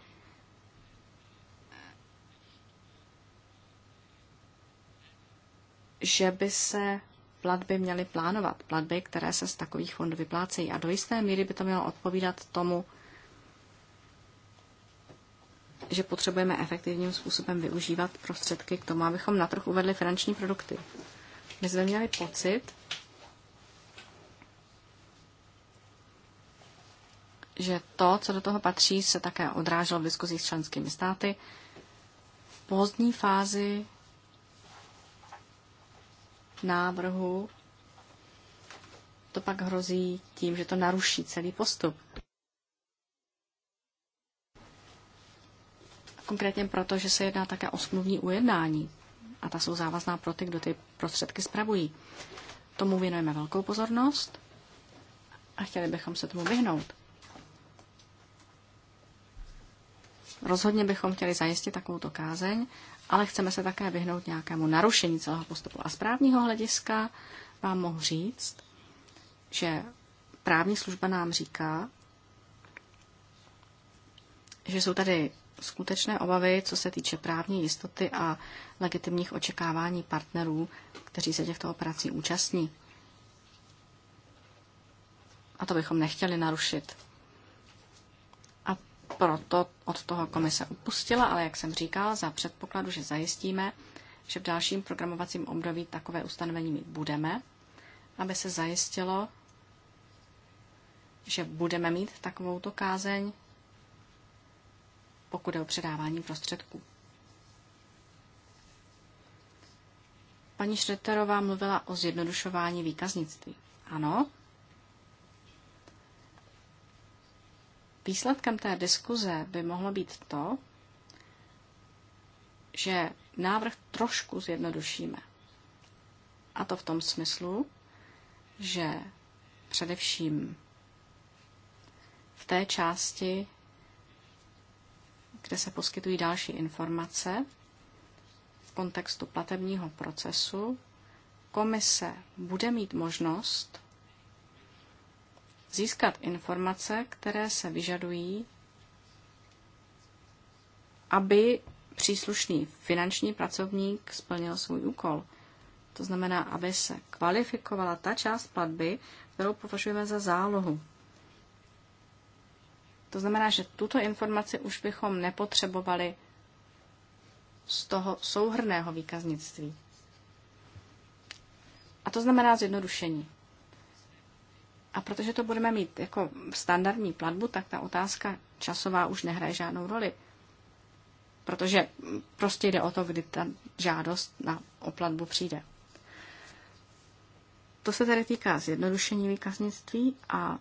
že by se platby měly plánovat, platby, které se z takových fondů vyplácejí. A do jisté míry by to mělo odpovídat tomu, že potřebujeme efektivním způsobem využívat prostředky k tomu, abychom na trh uvedli finanční produkty. My jsme měli pocit, že to, co do toho patří, se také odráželo v diskuzích s členskými státy. V pozdní fázi návrhu to pak hrozí tím, že to naruší celý postup. Konkrétně proto, že se jedná také o smluvní ujednání a ta jsou závazná pro ty, kdo ty prostředky spravují. Tomu věnujeme velkou pozornost a chtěli bychom se tomu vyhnout. Rozhodně bychom chtěli zajistit takovouto kázeň, ale chceme se také vyhnout nějakému narušení celého postupu. A z právního hlediska vám mohu říct, že právní služba nám říká, že jsou tady skutečné obavy, co se týče právní jistoty a legitimních očekávání partnerů, kteří se těchto operací účastní. A to bychom nechtěli narušit proto od toho komise upustila, ale jak jsem říkal, za předpokladu, že zajistíme, že v dalším programovacím období takové ustanovení mít budeme, aby se zajistilo, že budeme mít to kázeň, pokud je o předávání prostředků. Paní Šreterová mluvila o zjednodušování výkaznictví. Ano, Výsledkem té diskuze by mohlo být to, že návrh trošku zjednodušíme. A to v tom smyslu, že především v té části, kde se poskytují další informace v kontextu platebního procesu, komise bude mít možnost získat informace, které se vyžadují, aby příslušný finanční pracovník splnil svůj úkol. To znamená, aby se kvalifikovala ta část platby, kterou považujeme za zálohu. To znamená, že tuto informaci už bychom nepotřebovali z toho souhrného výkaznictví. A to znamená zjednodušení. A protože to budeme mít jako standardní platbu, tak ta otázka časová už nehraje žádnou roli. Protože prostě jde o to, kdy ta žádost na oplatbu přijde. To se tedy týká zjednodušení výkaznictví a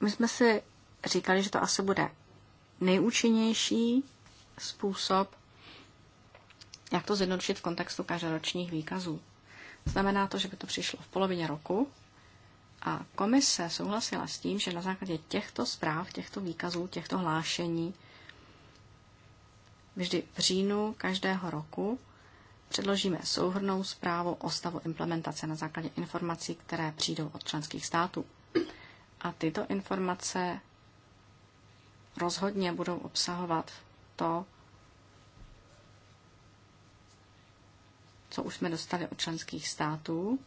my jsme si říkali, že to asi bude nejúčinnější způsob, jak to zjednodušit v kontextu každoročních výkazů. Znamená to, že by to přišlo v polovině roku, a komise souhlasila s tím, že na základě těchto zpráv, těchto výkazů, těchto hlášení vždy v říjnu každého roku předložíme souhrnou zprávu o stavu implementace na základě informací, které přijdou od členských států. A tyto informace rozhodně budou obsahovat to, co už jsme dostali od členských států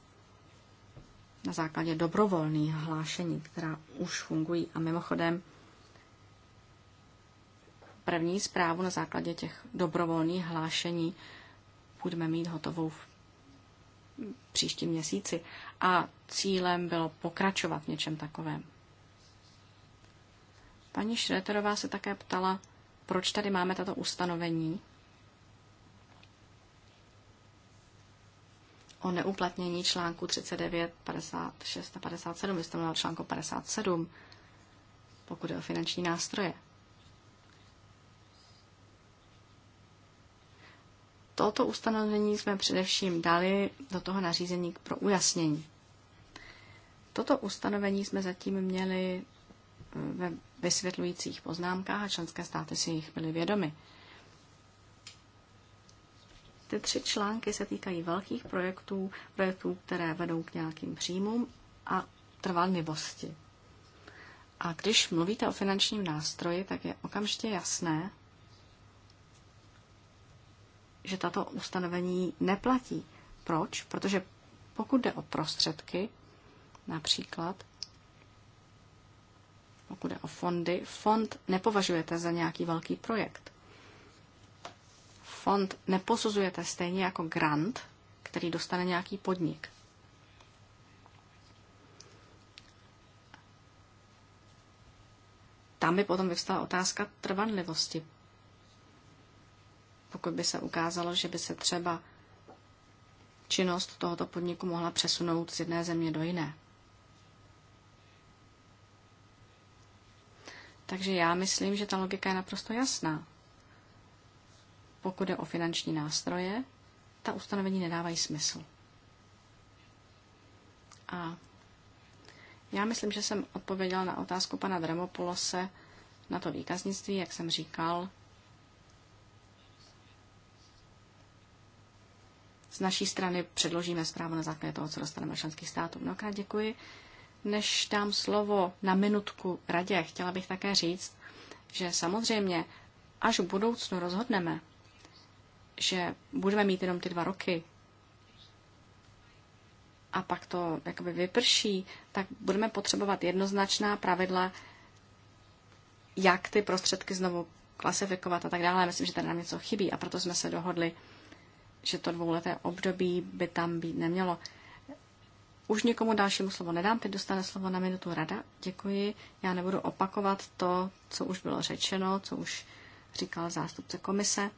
na základě dobrovolných hlášení, která už fungují. A mimochodem, první zprávu na základě těch dobrovolných hlášení budeme mít hotovou v příštím měsíci. A cílem bylo pokračovat v něčem takovém. Paní Šreterová se také ptala, proč tady máme tato ustanovení o neuplatnění článku 39, 56 a 57, jestli to mluvil článku 57, pokud je o finanční nástroje. Toto ustanovení jsme především dali do toho nařízení pro ujasnění. Toto ustanovení jsme zatím měli ve vysvětlujících poznámkách a členské státy si jich byly vědomy. Ty tři články se týkají velkých projektů, projektů, které vedou k nějakým příjmům a trvanlivosti. A když mluvíte o finančním nástroji, tak je okamžitě jasné, že tato ustanovení neplatí. Proč? Protože pokud jde o prostředky, například, pokud jde o fondy, fond nepovažujete za nějaký velký projekt fond neposuzujete stejně jako grant, který dostane nějaký podnik. Tam by potom vyvstala otázka trvanlivosti. Pokud by se ukázalo, že by se třeba činnost tohoto podniku mohla přesunout z jedné země do jiné. Takže já myslím, že ta logika je naprosto jasná pokud je o finanční nástroje, ta ustanovení nedávají smysl. A já myslím, že jsem odpověděl na otázku pana Dremopolose na to výkaznictví, jak jsem říkal. Z naší strany předložíme zprávu na základě toho, co dostaneme členských států. Mnohokrát děkuji. Než dám slovo na minutku radě, chtěla bych také říct, že samozřejmě, až v budoucnu rozhodneme, že budeme mít jenom ty dva roky a pak to jakoby vyprší, tak budeme potřebovat jednoznačná pravidla, jak ty prostředky znovu klasifikovat a tak dále. Myslím, že tady nám něco chybí a proto jsme se dohodli, že to dvouleté období by tam být nemělo. Už nikomu dalšímu slovo nedám, teď dostane slovo na minutu rada. Děkuji. Já nebudu opakovat to, co už bylo řečeno, co už říkal zástupce komise.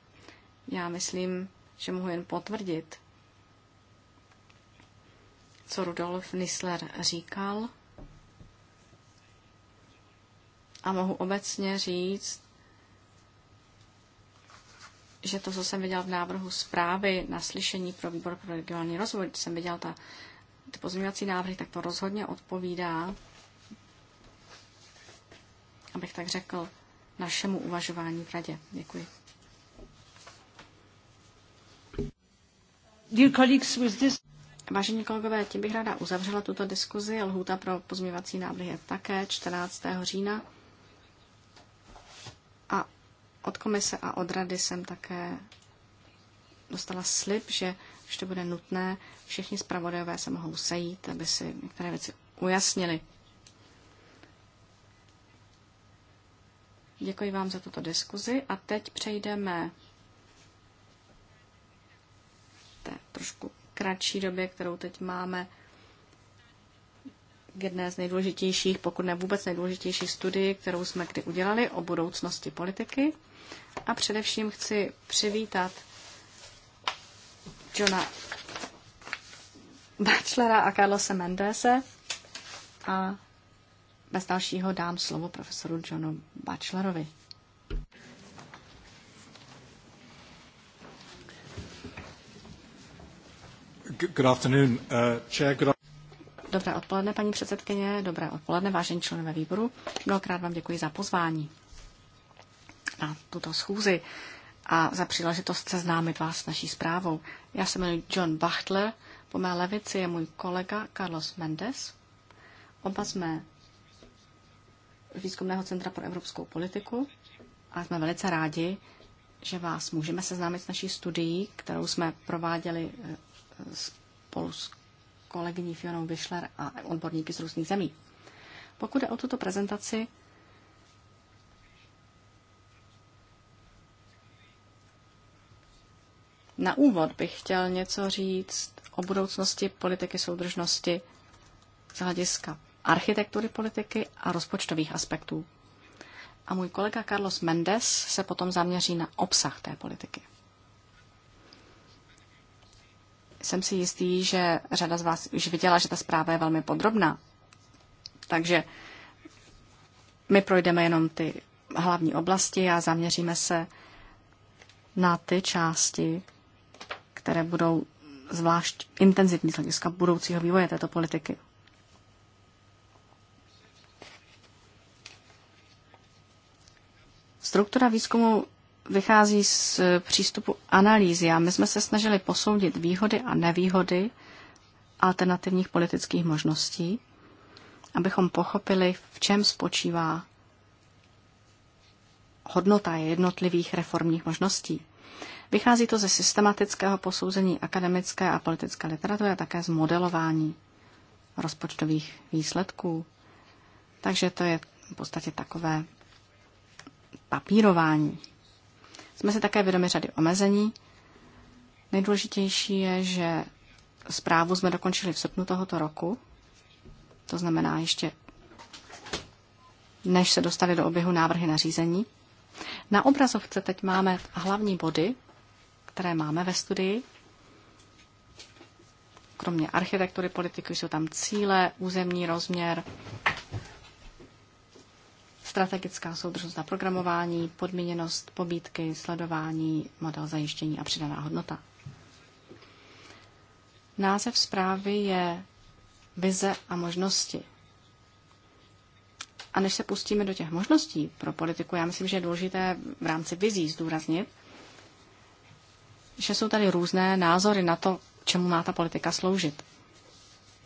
Já myslím, že mohu jen potvrdit, co Rudolf Nisler říkal. A mohu obecně říct, že to, co jsem viděl v návrhu zprávy na slyšení pro výbor pro regionální rozvoj, jsem viděl ta, ty pozměňovací návrhy, tak to rozhodně odpovídá, abych tak řekl, našemu uvažování v radě. Děkuji. Vážení kolegové, tím bych ráda uzavřela tuto diskuzi. Lhůta pro pozměvací návrhy je také 14. října. A od komise a od rady jsem také dostala slib, že když to bude nutné, všichni zpravodajové se mohou sejít, aby si některé věci ujasnili. Děkuji vám za tuto diskuzi a teď přejdeme té trošku kratší době, kterou teď máme, k jedné z nejdůležitějších, pokud ne vůbec nejdůležitější studií, kterou jsme kdy udělali o budoucnosti politiky. A především chci přivítat Johna Bachelora a Carlose Mendese a bez dalšího dám slovo profesoru Johnu Bachelorovi. Good afternoon, uh, chair. Good Dobré odpoledne, paní předsedkyně, dobré odpoledne, vážení členové výboru. Mnohokrát vám děkuji za pozvání na tuto schůzi a za příležitost seznámit vás s naší zprávou. Já se jmenuji John Bachtler, po mé levici je můj kolega Carlos Mendes. Oba jsme Výzkumného centra pro evropskou politiku a jsme velice rádi, že vás můžeme seznámit s naší studií, kterou jsme prováděli eh, spolu s kolegyní Fionou Vyšler a odborníky z různých zemí. Pokud je o tuto prezentaci, na úvod bych chtěl něco říct o budoucnosti politiky soudržnosti z hlediska architektury politiky a rozpočtových aspektů. A můj kolega Carlos Mendes se potom zaměří na obsah té politiky. Jsem si jistý, že řada z vás už viděla, že ta zpráva je velmi podrobná. Takže my projdeme jenom ty hlavní oblasti a zaměříme se na ty části, které budou zvlášť intenzivní z hlediska budoucího vývoje této politiky. Struktura výzkumu vychází z přístupu analýzy a my jsme se snažili posoudit výhody a nevýhody alternativních politických možností, abychom pochopili, v čem spočívá hodnota jednotlivých reformních možností. Vychází to ze systematického posouzení akademické a politické literatury a také z modelování rozpočtových výsledků. Takže to je v podstatě takové papírování. Jsme si také vědomi řady omezení. Nejdůležitější je, že zprávu jsme dokončili v srpnu tohoto roku. To znamená ještě než se dostali do oběhu návrhy na řízení. Na obrazovce teď máme hlavní body, které máme ve studii. Kromě architektury politiky jsou tam cíle, územní rozměr, strategická soudržnost na programování, podmíněnost pobídky, sledování, model zajištění a přidaná hodnota. Název zprávy je vize a možnosti. A než se pustíme do těch možností pro politiku, já myslím, že je důležité v rámci vizí zdůraznit, že jsou tady různé názory na to, čemu má ta politika sloužit.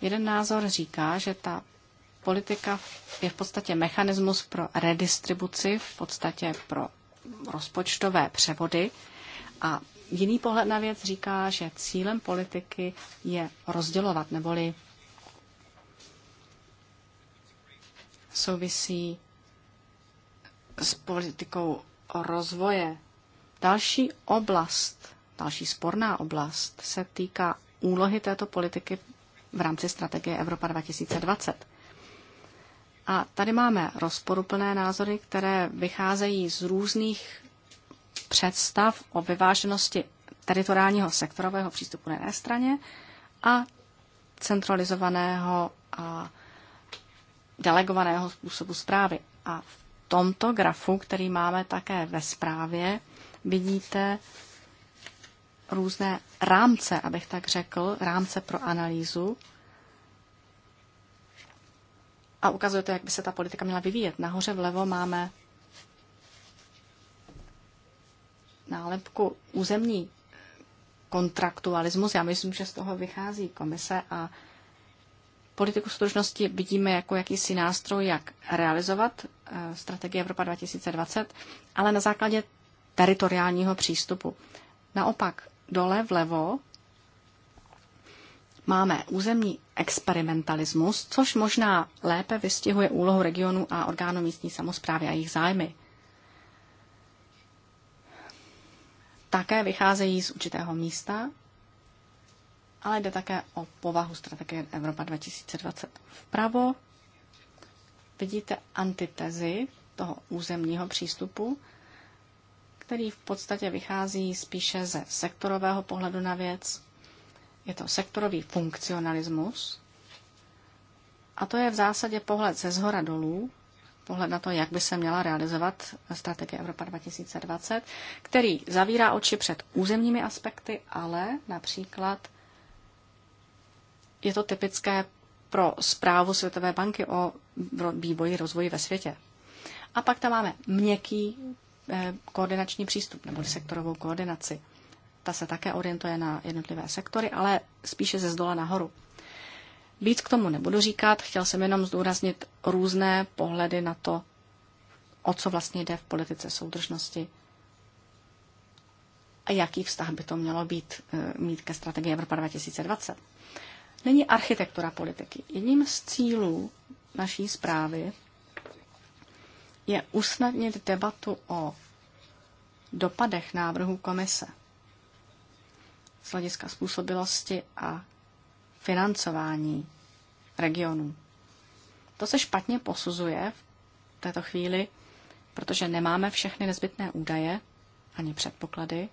Jeden názor říká, že ta politika je v podstatě mechanismus pro redistribuci, v podstatě pro rozpočtové převody. A jiný pohled na věc říká, že cílem politiky je rozdělovat, neboli souvisí s politikou rozvoje. Další oblast, další sporná oblast se týká úlohy této politiky v rámci strategie Evropa 2020. A tady máme rozporuplné názory, které vycházejí z různých představ o vyváženosti teritoriálního sektorového přístupu na jedné straně a centralizovaného a delegovaného způsobu zprávy. A v tomto grafu, který máme také ve zprávě, vidíte různé rámce, abych tak řekl, rámce pro analýzu a ukazuje to, jak by se ta politika měla vyvíjet. Nahoře vlevo máme nálepku územní kontraktualismus. Já myslím, že z toho vychází komise a politiku stručnosti vidíme jako jakýsi nástroj, jak realizovat eh, strategii Evropa 2020, ale na základě teritoriálního přístupu. Naopak, dole vlevo Máme územní experimentalismus, což možná lépe vystihuje úlohu regionu a orgánů místní samozprávy a jejich zájmy. Také vycházejí z určitého místa, ale jde také o povahu strategie Evropa 2020. Vpravo vidíte antitezi toho územního přístupu, který v podstatě vychází spíše ze sektorového pohledu na věc je to sektorový funkcionalismus a to je v zásadě pohled ze zhora dolů, pohled na to, jak by se měla realizovat strategie Evropa 2020, který zavírá oči před územními aspekty, ale například je to typické pro zprávu Světové banky o vývoji rozvoji ve světě. A pak tam máme měkký eh, koordinační přístup nebo sektorovou koordinaci ta se také orientuje na jednotlivé sektory, ale spíše ze zdola nahoru. Víc k tomu nebudu říkat, chtěl jsem jenom zdůraznit různé pohledy na to, o co vlastně jde v politice soudržnosti a jaký vztah by to mělo být, eh, mít ke strategii Evropa 2020. Není architektura politiky. Jedním z cílů naší zprávy je usnadnit debatu o dopadech návrhu komise – z hlediska způsobilosti a financování regionů. To se špatně posuzuje v této chvíli, protože nemáme všechny nezbytné údaje ani předpoklady,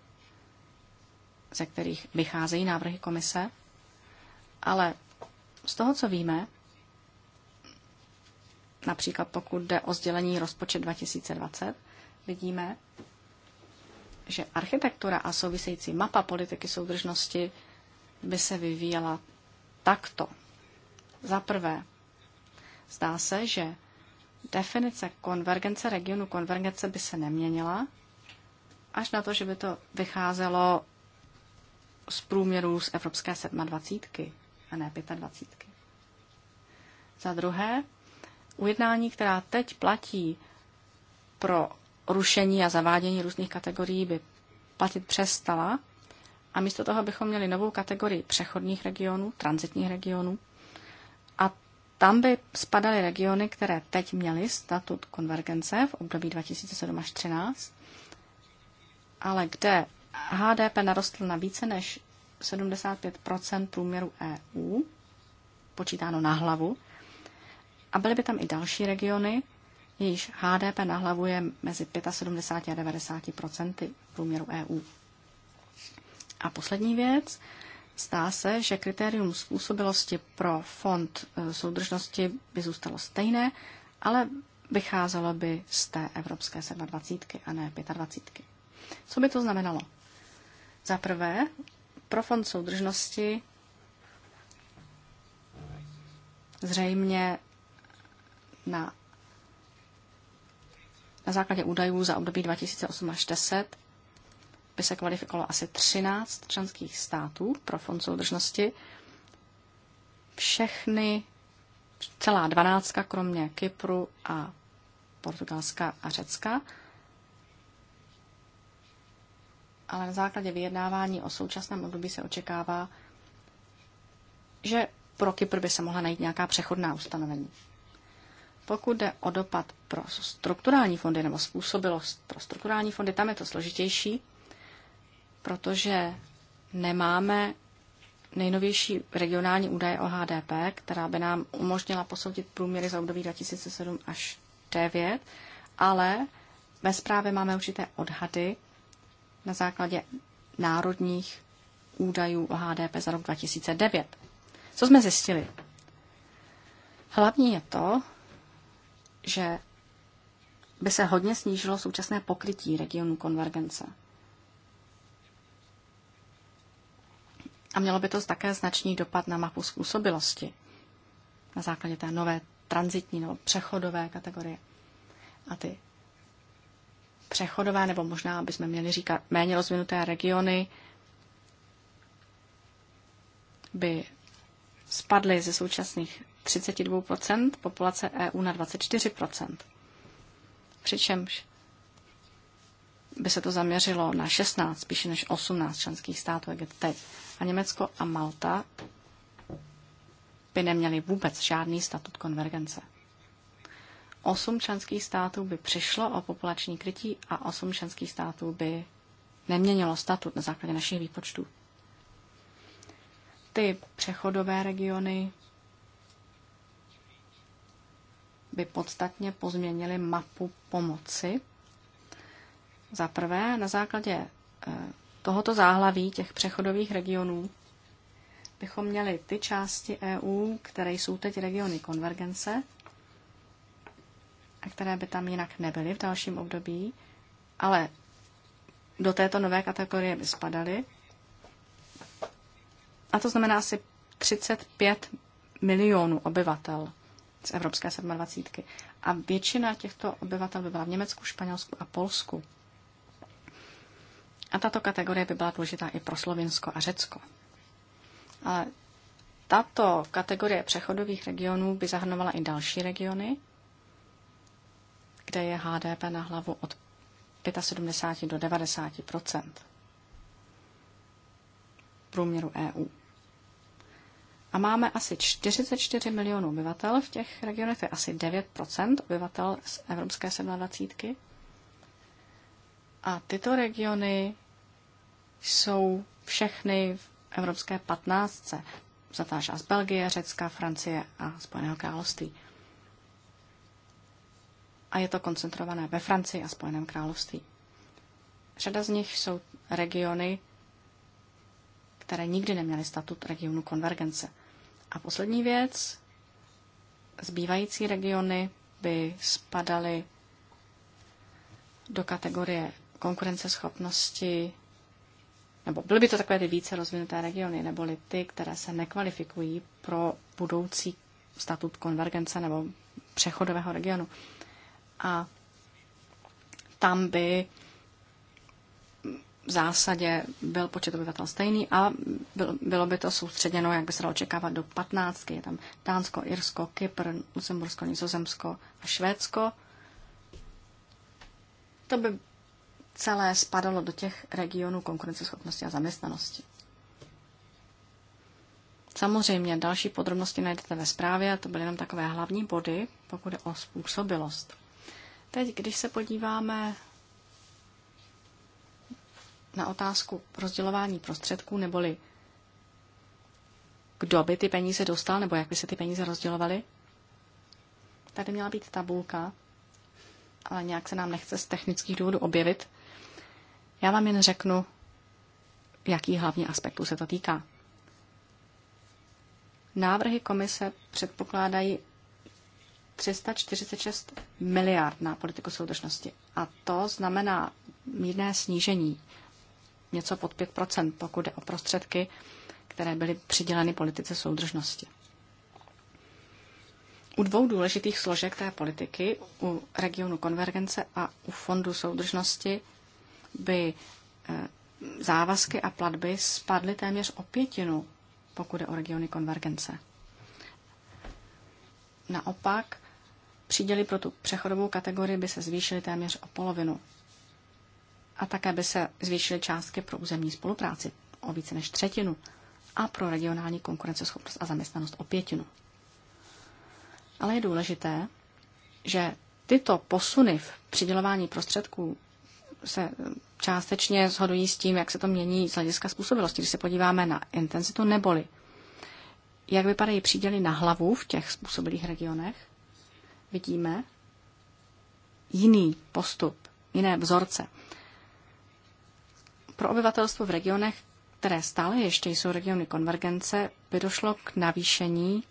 ze kterých vycházejí návrhy komise, ale z toho, co víme, například pokud jde o sdělení rozpočet 2020, vidíme, že architektura a související mapa politiky soudržnosti by se vyvíjela takto. Za prvé, zdá se, že definice konvergence regionu konvergence by se neměnila, až na to, že by to vycházelo z průměru z Evropské 27 a ne 25. Za druhé, ujednání, která teď platí pro rušení a zavádění různých kategorií by platit přestala a místo toho bychom měli novou kategorii přechodních regionů, transitních regionů a tam by spadaly regiony, které teď měly statut konvergence v období 2007 až 2013, ale kde HDP narostl na více než 75 průměru EU, počítáno na hlavu, a byly by tam i další regiony, jejíž HDP na hlavu je mezi 75 a 90 v průměru EU. A poslední věc. Stá se, že kritérium způsobilosti pro fond eh, soudržnosti by zůstalo stejné, ale vycházelo by z té evropské 27 a ne 25. Co by to znamenalo? Za prvé, pro fond soudržnosti zřejmě na na základě údajů za období 2008 až 2010 by se kvalifikovalo asi 13 členských států pro fond soudržnosti. Všechny, celá dvanáctka, kromě Kypru a Portugalska a Řecka, ale na základě vyjednávání o současném období se očekává, že pro Kypr by se mohla najít nějaká přechodná ustanovení. Pokud jde o dopad pro strukturální fondy nebo způsobilost pro strukturální fondy, tam je to složitější, protože nemáme nejnovější regionální údaje o HDP, která by nám umožnila posoudit průměry za období 2007 až 2009, ale ve zprávě máme určité odhady na základě národních údajů o HDP za rok 2009. Co jsme zjistili? Hlavní je to, že by se hodně snížilo současné pokrytí regionu konvergence. A mělo by to také značný dopad na mapu způsobilosti na základě té nové transitní nebo přechodové kategorie. A ty přechodové, nebo možná bychom měli říkat méně rozvinuté regiony, by spadly ze současných 32 populace EU na 24 Přičemž by se to zaměřilo na 16, spíše než 18 členských států, jak je to teď. A Německo a Malta by neměly vůbec žádný statut konvergence. Osm členských států by přišlo o populační krytí a osm členských států by neměnilo statut na základě našich výpočtů. Ty přechodové regiony by podstatně pozměnily mapu pomoci. Za prvé, na základě eh, tohoto záhlaví těch přechodových regionů bychom měli ty části EU, které jsou teď regiony konvergence a které by tam jinak nebyly v dalším období, ale do této nové kategorie by spadaly. A to znamená asi 35 milionů obyvatel z Evropské 27. A většina těchto obyvatel by byla v Německu, Španělsku a Polsku. A tato kategorie by byla důležitá i pro Slovinsko a Řecko. Ale tato kategorie přechodových regionů by zahrnovala i další regiony, kde je HDP na hlavu od 75 do 90 průměru EU. A máme asi 44 milionů obyvatel, v těch regionech to je asi 9 obyvatel z Evropské 27. A tyto regiony jsou všechny v Evropské 15. Zatážá z Belgie, Řecka, Francie a Spojeného království. A je to koncentrované ve Francii a Spojeném království. Řada z nich jsou regiony, které nikdy neměly statut regionu konvergence – a poslední věc, zbývající regiony by spadaly do kategorie konkurenceschopnosti, nebo byly by to takové ty více rozvinuté regiony, neboli ty, které se nekvalifikují pro budoucí statut konvergence nebo přechodového regionu. A tam by v zásadě byl počet obyvatel stejný a bylo by to soustředěno, jak by se dalo očekávat, do 15. Je tam Dánsko, Irsko, Kypr, Lucembursko, Nizozemsko a Švédsko. To by celé spadalo do těch regionů konkurenceschopnosti a zaměstnanosti. Samozřejmě další podrobnosti najdete ve zprávě, to byly jenom takové hlavní body, pokud je o způsobilost. Teď, když se podíváme na otázku rozdělování prostředků, neboli kdo by ty peníze dostal, nebo jak by se ty peníze rozdělovaly. Tady měla být tabulka, ale nějak se nám nechce z technických důvodů objevit. Já vám jen řeknu, jaký hlavně aspektů se to týká. Návrhy komise předpokládají 346 miliard na politiku soudržnosti. A to znamená mírné snížení něco pod 5%, pokud jde o prostředky, které byly přiděleny politice soudržnosti. U dvou důležitých složek té politiky, u regionu konvergence a u fondu soudržnosti, by e, závazky a platby spadly téměř o pětinu, pokud jde o regiony konvergence. Naopak, příděly pro tu přechodovou kategorii by se zvýšily téměř o polovinu, a také by se zvýšily částky pro územní spolupráci o více než třetinu a pro regionální konkurenceschopnost a zaměstnanost o pětinu. Ale je důležité, že tyto posuny v přidělování prostředků se částečně shodují s tím, jak se to mění z hlediska způsobilosti. Když se podíváme na intenzitu neboli, jak vypadají příděly na hlavu v těch způsobilých regionech, vidíme jiný postup, jiné vzorce. Pro obyvatelstvo v regionech, které stále ještě jsou regiony konvergence, by došlo k navýšení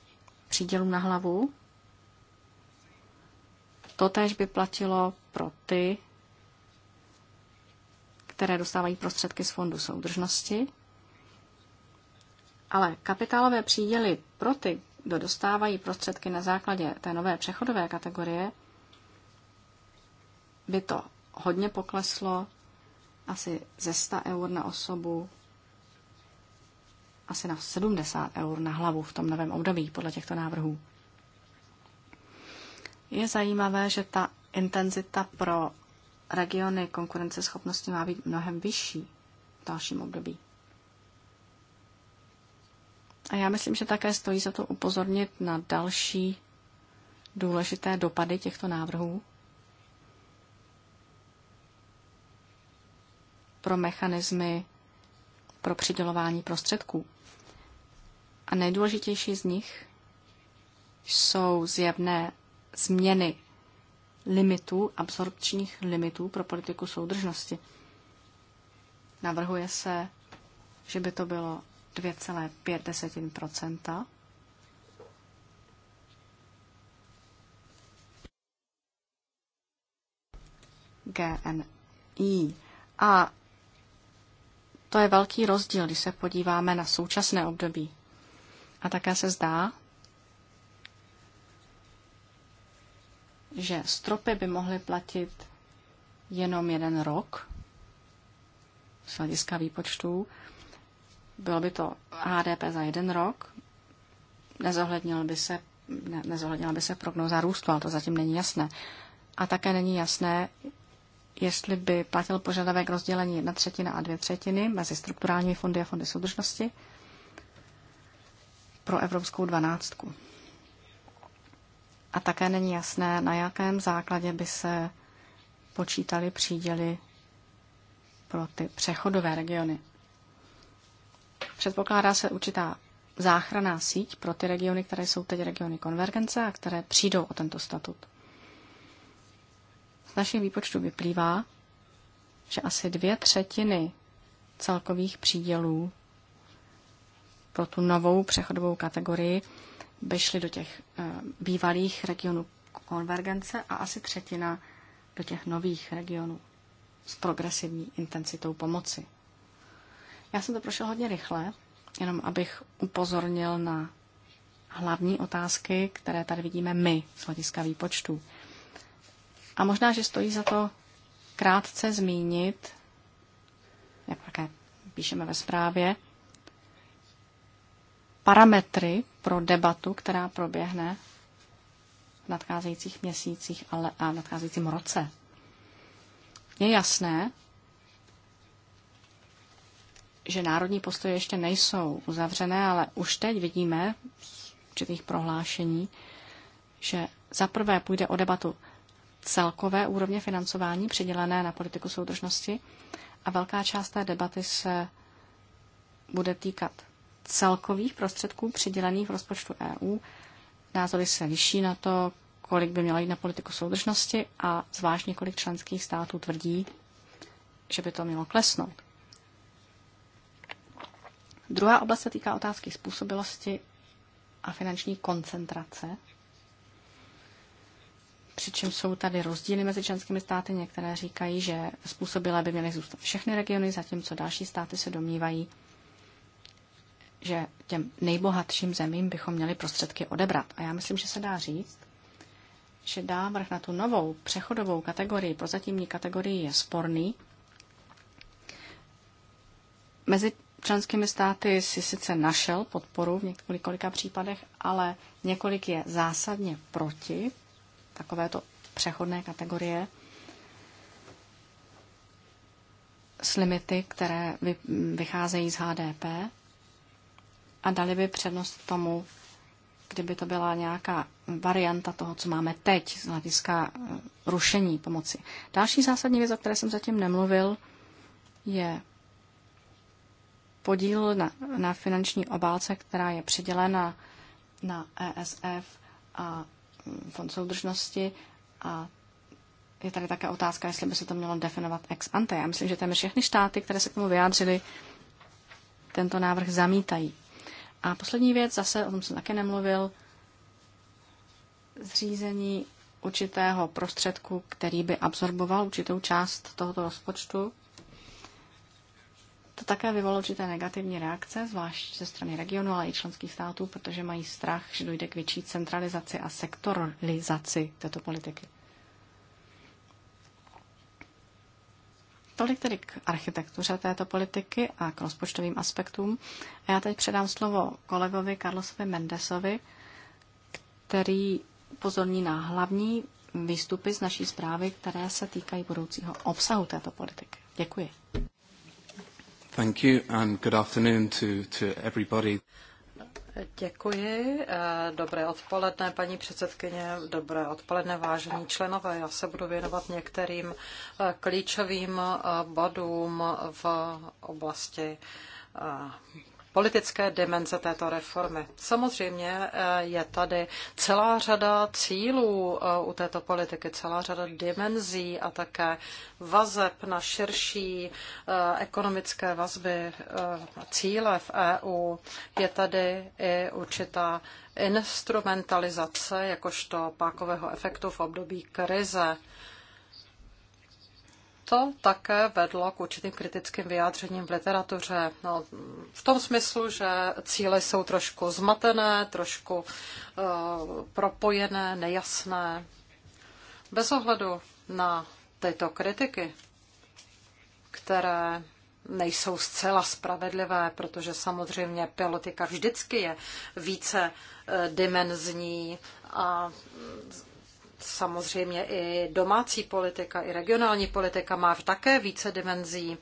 přídělu na hlavu. tež by platilo pro ty, které dostávají prostředky z Fondu soudržnosti. Ale kapitálové příděly pro ty, kdo dostávají prostředky na základě té nové přechodové kategorie, by to hodně pokleslo asi ze 100 eur na osobu asi na 70 eur na hlavu v tom novém období podle těchto návrhů. Je zajímavé, že ta intenzita pro regiony konkurenceschopnosti má být mnohem vyšší v dalším období. A já myslím, že také stojí za to upozornit na další důležité dopady těchto návrhů. pro mechanismy pro přidělování prostředků. A nejdůležitější z nich jsou zjevné změny limitů, absorpčních limitů pro politiku soudržnosti. Navrhuje se, že by to bylo 2,5 GNI. A to je velký rozdíl, když se podíváme na současné období. A také se zdá, že stropy by mohly platit jenom jeden rok z hlediska výpočtů. Bylo by to HDP za jeden rok, nezohlednil by se, ne, nezohlednila by se prognoza růstu, ale to zatím není jasné. A také není jasné, jestli by platil požadavek rozdělení jedna třetina a dvě třetiny mezi strukturální fondy a fondy soudržnosti pro Evropskou dvanáctku. A také není jasné, na jakém základě by se počítali příděly pro ty přechodové regiony. Předpokládá se určitá záchraná síť pro ty regiony, které jsou teď regiony konvergence a které přijdou o tento statut. Z našich výpočtů vyplývá, že asi dvě třetiny celkových přídělů pro tu novou přechodovou kategorii by šly do těch eh, bývalých regionů konvergence a asi třetina do těch nových regionů s progresivní intenzitou pomoci. Já jsem to prošel hodně rychle, jenom abych upozornil na hlavní otázky, které tady vidíme my z hlediska výpočtu. A možná, že stojí za to krátce zmínit, jak také píšeme ve zprávě, parametry pro debatu, která proběhne v nadcházejících měsících ale a v nadcházejícím roce. Je jasné, že národní postoje ještě nejsou uzavřené, ale už teď vidíme z určitých prohlášení, že za prvé půjde o debatu celkové úrovně financování přidělené na politiku soudržnosti a velká část té debaty se bude týkat celkových prostředků přidělených v rozpočtu EU. Názory se liší na to, kolik by mělo jít na politiku soudržnosti a zvlášť několik členských států tvrdí, že by to mělo klesnout. Druhá oblast se týká otázky způsobilosti a finanční koncentrace Přičem jsou tady rozdíly mezi členskými státy. Některé říkají, že způsobilé by měly zůstat všechny regiony, zatímco další státy se domnívají, že těm nejbohatším zemím bychom měli prostředky odebrat. A já myslím, že se dá říct, že návrh na tu novou přechodovou kategorii, prozatímní kategorii je sporný. Mezi členskými státy si sice našel podporu v několika případech, ale několik je zásadně proti takovéto přechodné kategorie s limity, které vycházejí z HDP a dali by přednost tomu, kdyby to byla nějaká varianta toho, co máme teď z hlediska eh, rušení pomoci. Další zásadní věc, o které jsem zatím nemluvil, je podíl na, na finanční obálce, která je přidělena na ESF a fond soudržnosti a je tady také otázka, jestli by se to mělo definovat ex ante. Já myslím, že téměř všechny státy, které se k tomu vyjádřily, tento návrh zamítají. A poslední věc, zase o tom jsem také nemluvil, zřízení určitého prostředku, který by absorboval určitou část tohoto rozpočtu. To také vyvolalo určité negativní reakce, zvlášť ze strany regionu, ale i členských států, protože mají strach, že dojde k větší centralizaci a sektoralizaci této politiky. Tolik tedy k architektuře této politiky a k rozpočtovým aspektům. A já teď předám slovo kolegovi Carlosovi Mendesovi, který pozorní na hlavní výstupy z naší zprávy, které se týkají budoucího obsahu této politiky. Děkuji. Thank you and good afternoon to, to everybody. Děkuji. Eh, dobré odpoledne, paní předsedkyně. Dobré odpoledne, vážení členové. Já se budu věnovat některým eh, klíčovým eh, bodům v oblasti politické dimenze této reformy. Samozřejmě eh, je tady celá řada cílů eh, u této politiky, celá řada dimenzí a také vazeb na širší eh, ekonomické vazby cíle v EU. Je tady i určitá instrumentalizace jakožto pákového efektu v období krize to také vedlo k určitým kritickým vyjádřením v literatuře. No, v tom smyslu, že cíle jsou trošku zmatené, trošku uh, propojené, nejasné. Bez ohledu na tyto kritiky, které nejsou zcela spravedlivé, protože samozřejmě pilotika vždycky je více eh, dimenzní a Samozřejmě i domácí politika, i regionální politika má také více dimenzí.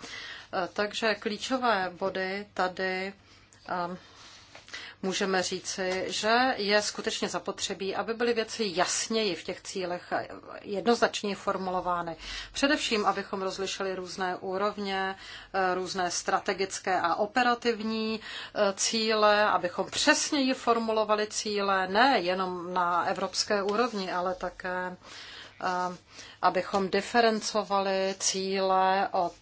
Eh, takže klíčové body tady eh, můžeme říci, že je skutečně zapotřebí, aby byly věci jasněji v těch cílech jednoznačně formulovány. Především, abychom rozlišili různé úrovně, eh, různé strategické a operativní eh, cíle, abychom přesněji formulovali cíle ne jenom na evropské úrovni, ale také eh, abychom diferencovali cíle od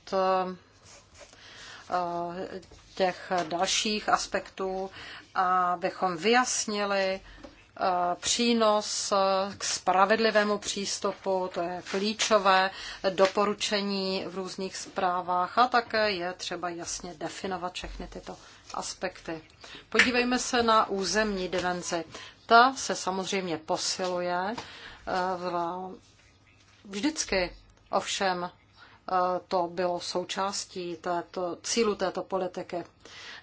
těch dalších aspektů abychom vyjasnili eh, přínos eh, k spravedlivému přístupu, to je klíčové doporučení v různých zprávách a také je třeba jasně definovat všechny tyto aspekty. Podívejme se na územní dimenzi. Ta se samozřejmě posiluje eh, vždycky, ovšem Eh, to bylo součástí této, cílu této politiky.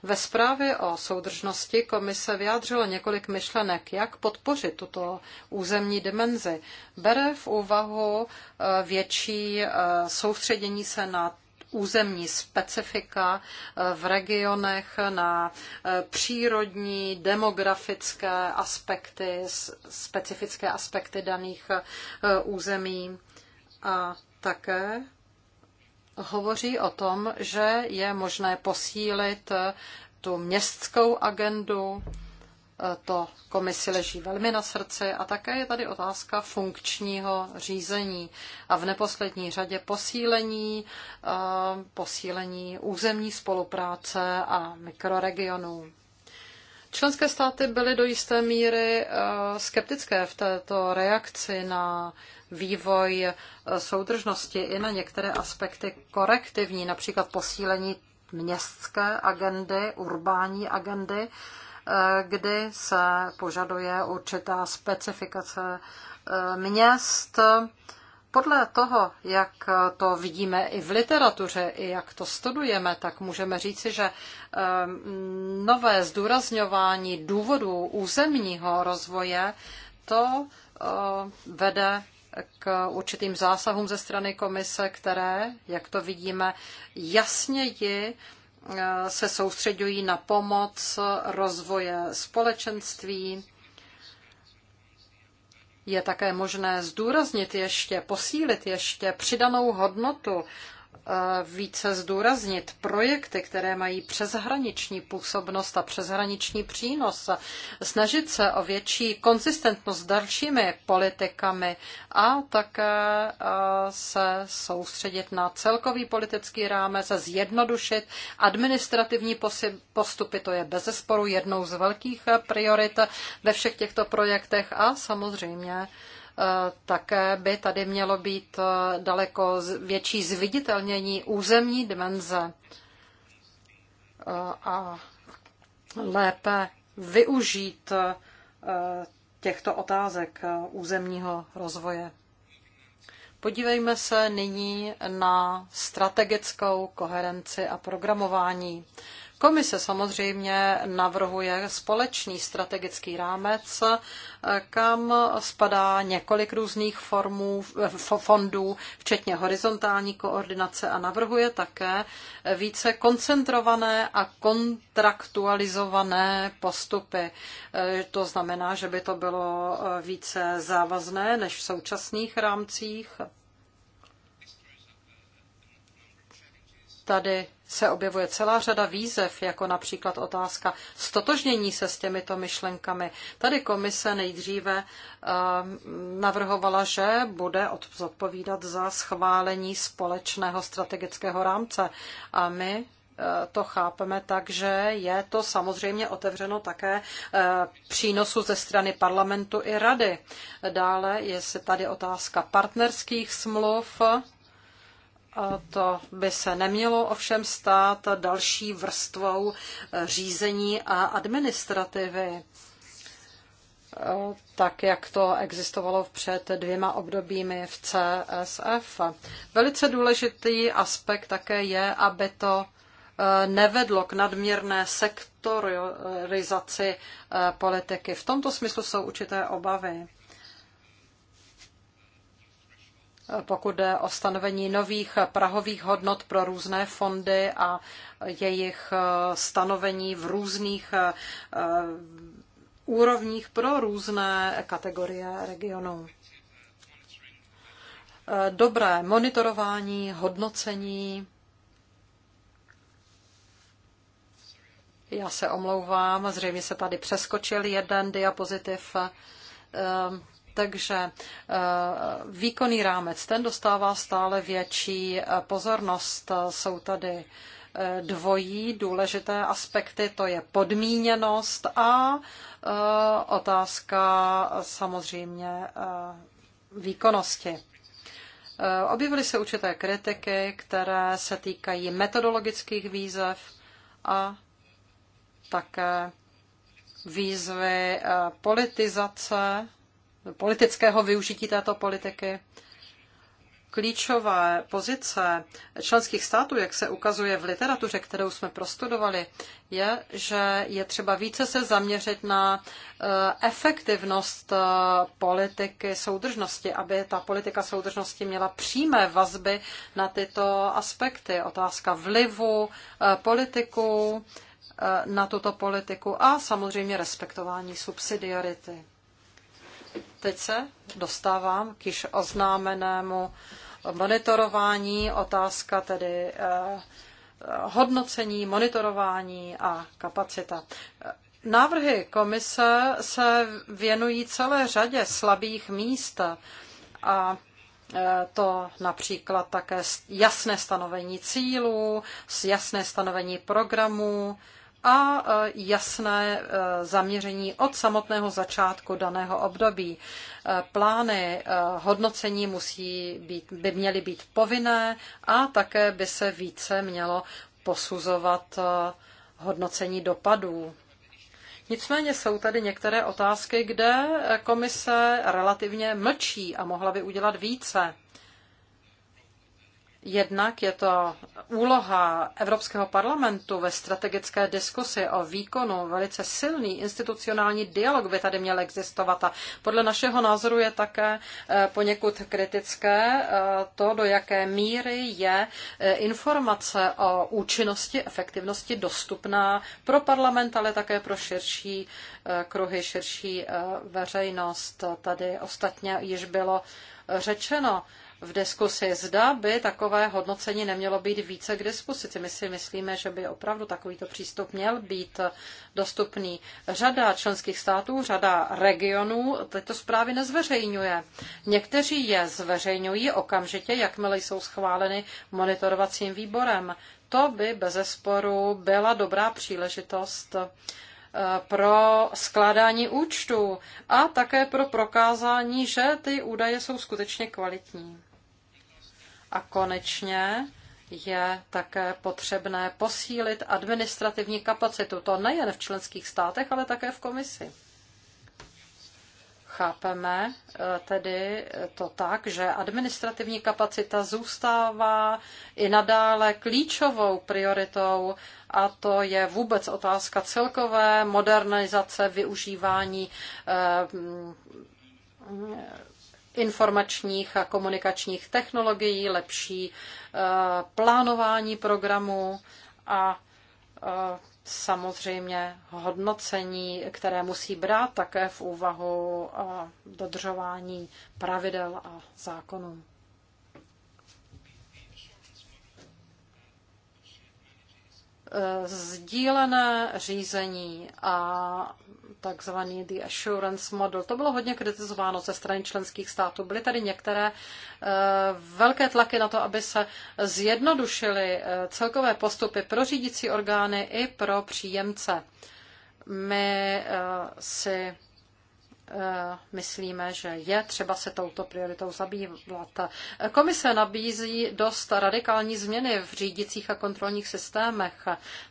Ve zprávě o soudržnosti komise vyjádřila několik myšlenek, jak podpořit tuto územní dimenzi. Bere v úvahu eh, větší eh, soustředění se na územní specifika v regionech, na přírodní, demografické aspekty, specifické aspekty daných území a také hovoří o tom, že je možné posílit eh, tu městskou agendu, eh, to komisi leží velmi na srdci a také je tady otázka funkčního řízení a v neposlední řadě posílení, eh, posílení územní spolupráce a mikroregionů. Členské státy byly do jisté míry eh, skeptické v této reakci na vývoj eh, soudržnosti i na některé aspekty korektivní, například posílení městské agendy, urbání agendy, eh, kdy se požaduje určitá specifikace měst, podle toho, jak to vidíme i v literatuře, i jak to studujeme, tak můžeme říci, že eh, nové zdůrazňování důvodů územního rozvoje to eh, vede k určitým zásahům ze strany komise, které, jak to vidíme, jasněji eh, se soustředují na pomoc rozvoje společenství, je také možné zdůraznit ještě, posílit ještě přidanou hodnotu Eh, více zdůraznit projekty, které mají přeshraniční působnost a přeshraniční přínos, snažit se o větší konzistentnost s dalšími politikami a také eh, se soustředit na celkový politický rámec a zjednodušit administrativní postupy. To je bezesporu jednou z velkých priorit ve všech těchto projektech a samozřejmě Eh, také by tady mělo být eh, daleko větší zviditelnění územní dimenze eh, a lépe využít těchto otázek územního rozvoje. Podívejme se nyní na strategickou koherenci a programování. Komise samozřejmě navrhuje společný strategický rámec, kam spadá několik různých formů, eh, fondů, včetně horizontální koordinace a navrhuje také více koncentrované a kontraktualizované postupy. Eh, to znamená, že by to bylo eh, více závazné než v současných rámcích Tady se objevuje celá řada výzev, jako například otázka stotožnění se s těmito myšlenkami. Tady komise nejdříve eh, navrhovala, že bude odpovídat za schválení společného strategického rámce. A my eh, to chápeme tak, že je to samozřejmě otevřeno také eh, přínosu ze strany parlamentu i rady. Dále je se tady otázka partnerských smluv to by se nemělo ovšem stát další vrstvou eh, řízení a administrativy, eh, tak jak to existovalo před dvěma obdobími v CSF. Velice důležitý aspekt také je, aby to eh, nevedlo k nadměrné sektorizaci politiky. V tomto smyslu jsou určité obavy pokud jde o stanovení nových prahových hodnot pro různé fondy a jejich eh, stanovení v různých eh, úrovních pro různé kategorie regionů. Eh, dobré monitorování, hodnocení. Já se omlouvám, zřejmě se tady přeskočil jeden diapozitiv takže eh, výkonný rámec, ten dostává stále větší eh, pozornost. Jsou tady eh, dvojí důležité aspekty, to je podmíněnost a otázka samozřejmě výkonnosti. Objevily se určité kritiky, které se týkají metodologických výzev a také výzvy politizace politického využití této politiky. Klíčové pozice členských států, jak se ukazuje v literatuře, kterou jsme prostudovali, je, že je třeba více se zaměřit na eh, efektivnost eh, politiky soudržnosti, aby ta politika soudržnosti měla přímé vazby na tyto aspekty. Otázka vlivu, eh, politiku, na tuto politiku a samozřejmě respektování subsidiarity. Teď se dostávám k již oznámenému monitorování, otázka tedy eh, hodnocení, monitorování a kapacita. Návrhy komise se věnují celé řadě slabých míst a eh, to například také jasné stanovení cílů, jasné stanovení programů, a e, jasné e, zaměření od samotného začátku daného období. E, plány hodnocení musí být, by měly být povinné a také by se více mělo posuzovat hodnocení dopadů. Nicméně jsou tady některé otázky, kde komise relativně mlčí a mohla by udělat více. Jednak je to úloha Evropského parlamentu ve strategické diskusi o výkonu. Velice silný institucionální dialog by tady měl existovat a podle našeho názoru je také eh, poněkud kritické eh, to, do jaké míry je eh, informace o účinnosti, efektivnosti dostupná pro parlament, ale také pro širší kruhy, širší veřejnost. Tady ostatně již bylo řečeno, v diskusi, zda by takové hodnocení nemělo být více k dispozici. My si myslíme, že by opravdu takovýto přístup měl být dostupný. Řada členských států, řada regionů tyto zprávy nezveřejňuje. Někteří je zveřejňují okamžitě, jakmile jsou schváleny monitorovacím výborem. To by bezesporu byla dobrá příležitost pro skládání účtů a také pro prokázání, že ty údaje jsou skutečně kvalitní. A konečně je také potřebné posílit administrativní kapacitu. To nejen v členských státech, ale také v komisi. Chápeme eh, tedy to tak, že administrativní kapacita zůstává i nadále klíčovou prioritou a to je vůbec otázka celkové modernizace využívání eh, informačních a komunikačních technologií, lepší eh, plánování programů a samozřejmě hodnocení, které musí brát také v úvahu eh, dodržování pravidel a zákonů. Eh, sdílené řízení a takzvaný The Assurance Model. To bylo hodně kritizováno ze strany členských států. Byly tady některé eh, velké tlaky na to, aby se zjednodušily eh, celkové postupy pro řídící orgány i pro příjemce. My si Eh, myslíme, že je třeba se touto prioritou zabývat. Komise nabízí dost radikální změny v řídicích a kontrolních systémech.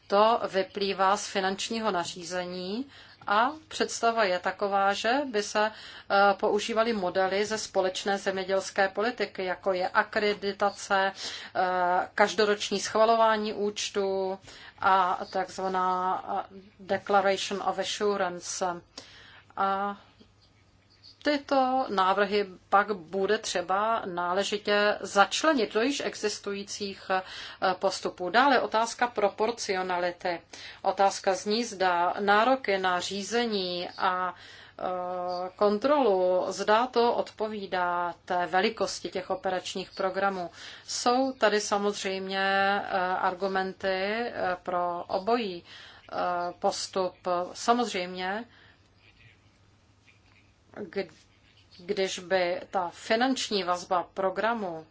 To vyplývá z finančního nařízení a představa je taková, že by se eh, používaly modely ze společné zemědělské politiky, jako je akreditace, eh, každoroční schvalování účtu a takzvaná Declaration of Assurance. A tyto návrhy pak bude třeba náležitě začlenit do již existujících eh, postupů. Dále otázka proporcionality. Otázka zní, zda nároky na řízení a eh, kontrolu, zda to odpovídá té velikosti těch operačních programů. Jsou tady samozřejmě eh, argumenty pro obojí postup. Samozřejmě když by ta finanční vazba programu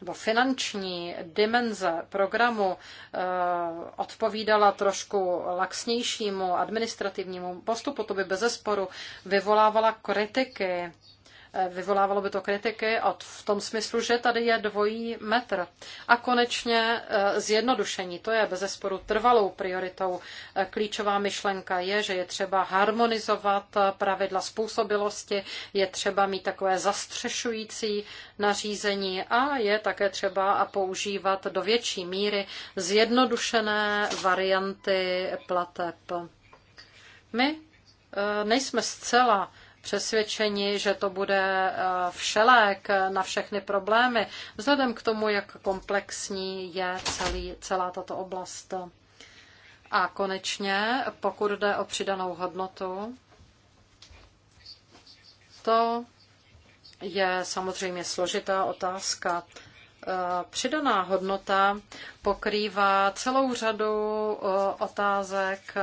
nebo finanční dimenze programu eh, odpovídala trošku laxnějšímu administrativnímu postupu, to by bezesporu vyvolávala kritiky Vyvolávalo by to kritiky od, v tom smyslu, že tady je dvojí metr. A konečně eh, zjednodušení. To je bezesporu trvalou prioritou. Eh, klíčová myšlenka je, že je třeba harmonizovat eh, pravidla způsobilosti, je třeba mít takové zastřešující nařízení a je také třeba používat do větší míry zjednodušené varianty plateb. My nejsme zcela přesvědčeni, že to bude eh, všelék na všechny problémy, vzhledem k tomu, jak komplexní je celý, celá tato oblast. A konečně, pokud jde o přidanou hodnotu, to je samozřejmě složitá otázka. Eh, přidaná hodnota pokrývá celou řadu eh, otázek,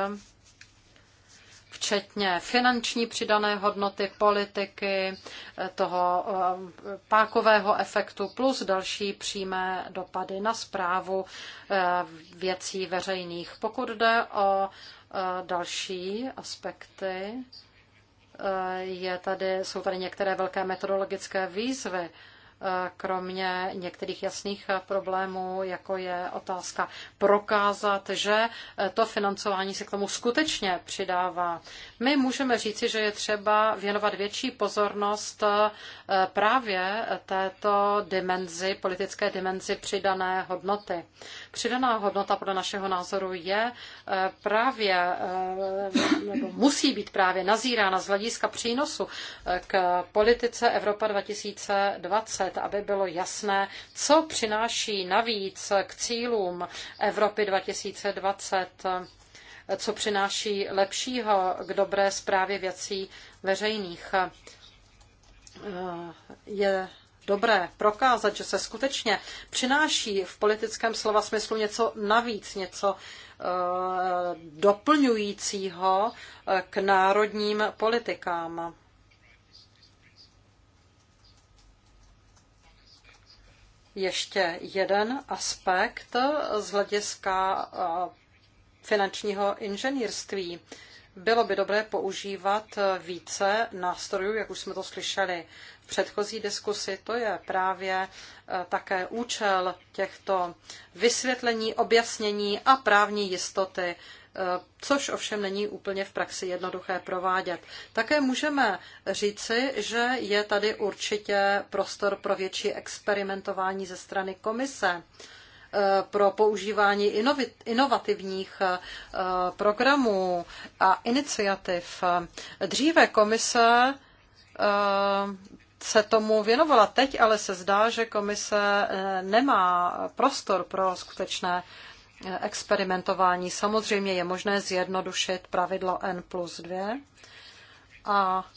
včetně finanční přidané hodnoty politiky, eh, toho eh, pákového efektu plus další přímé dopady na zprávu eh, věcí veřejných. Pokud jde o další aspekty, je tady, jsou tady některé velké metodologické výzvy Eh, kromě některých jasných eh, problémů, jako je otázka prokázat, že eh, to financování se k tomu skutečně přidává. My můžeme říci, že je třeba věnovat větší pozornost právě této dimenzi, politické dimenzi přidané hodnoty. Přidaná hodnota podle našeho názoru je právě, nebo musí být právě nazírána z hlediska přínosu k politice Evropa 2020 2020, aby bylo jasné, co přináší navíc k cílům Evropy 2020 co přináší lepšího k dobré zprávě věcí veřejných. Je dobré prokázat, že se skutečně přináší v politickém slova smyslu něco navíc, něco eh, doplňujícího eh, k národním politikám. ještě jeden aspekt z hlediska finančního inženýrství. Bylo by dobré používat více nástrojů, jak už jsme to slyšeli v předchozí diskusi. To je právě také účel těchto vysvětlení, objasnění a právní jistoty Eh, což ovšem není úplně v praxi jednoduché provádět. Také můžeme říci, že je tady určitě prostor pro větší experimentování ze strany komise eh, pro používání inovativních eh, programů a iniciativ. Dříve komise se tomu věnovala teď, ale se zdá, že komise nemá prostor pro skutečné experimentování. Samozřejmě je možné zjednodušit pravidlo N plus 2 a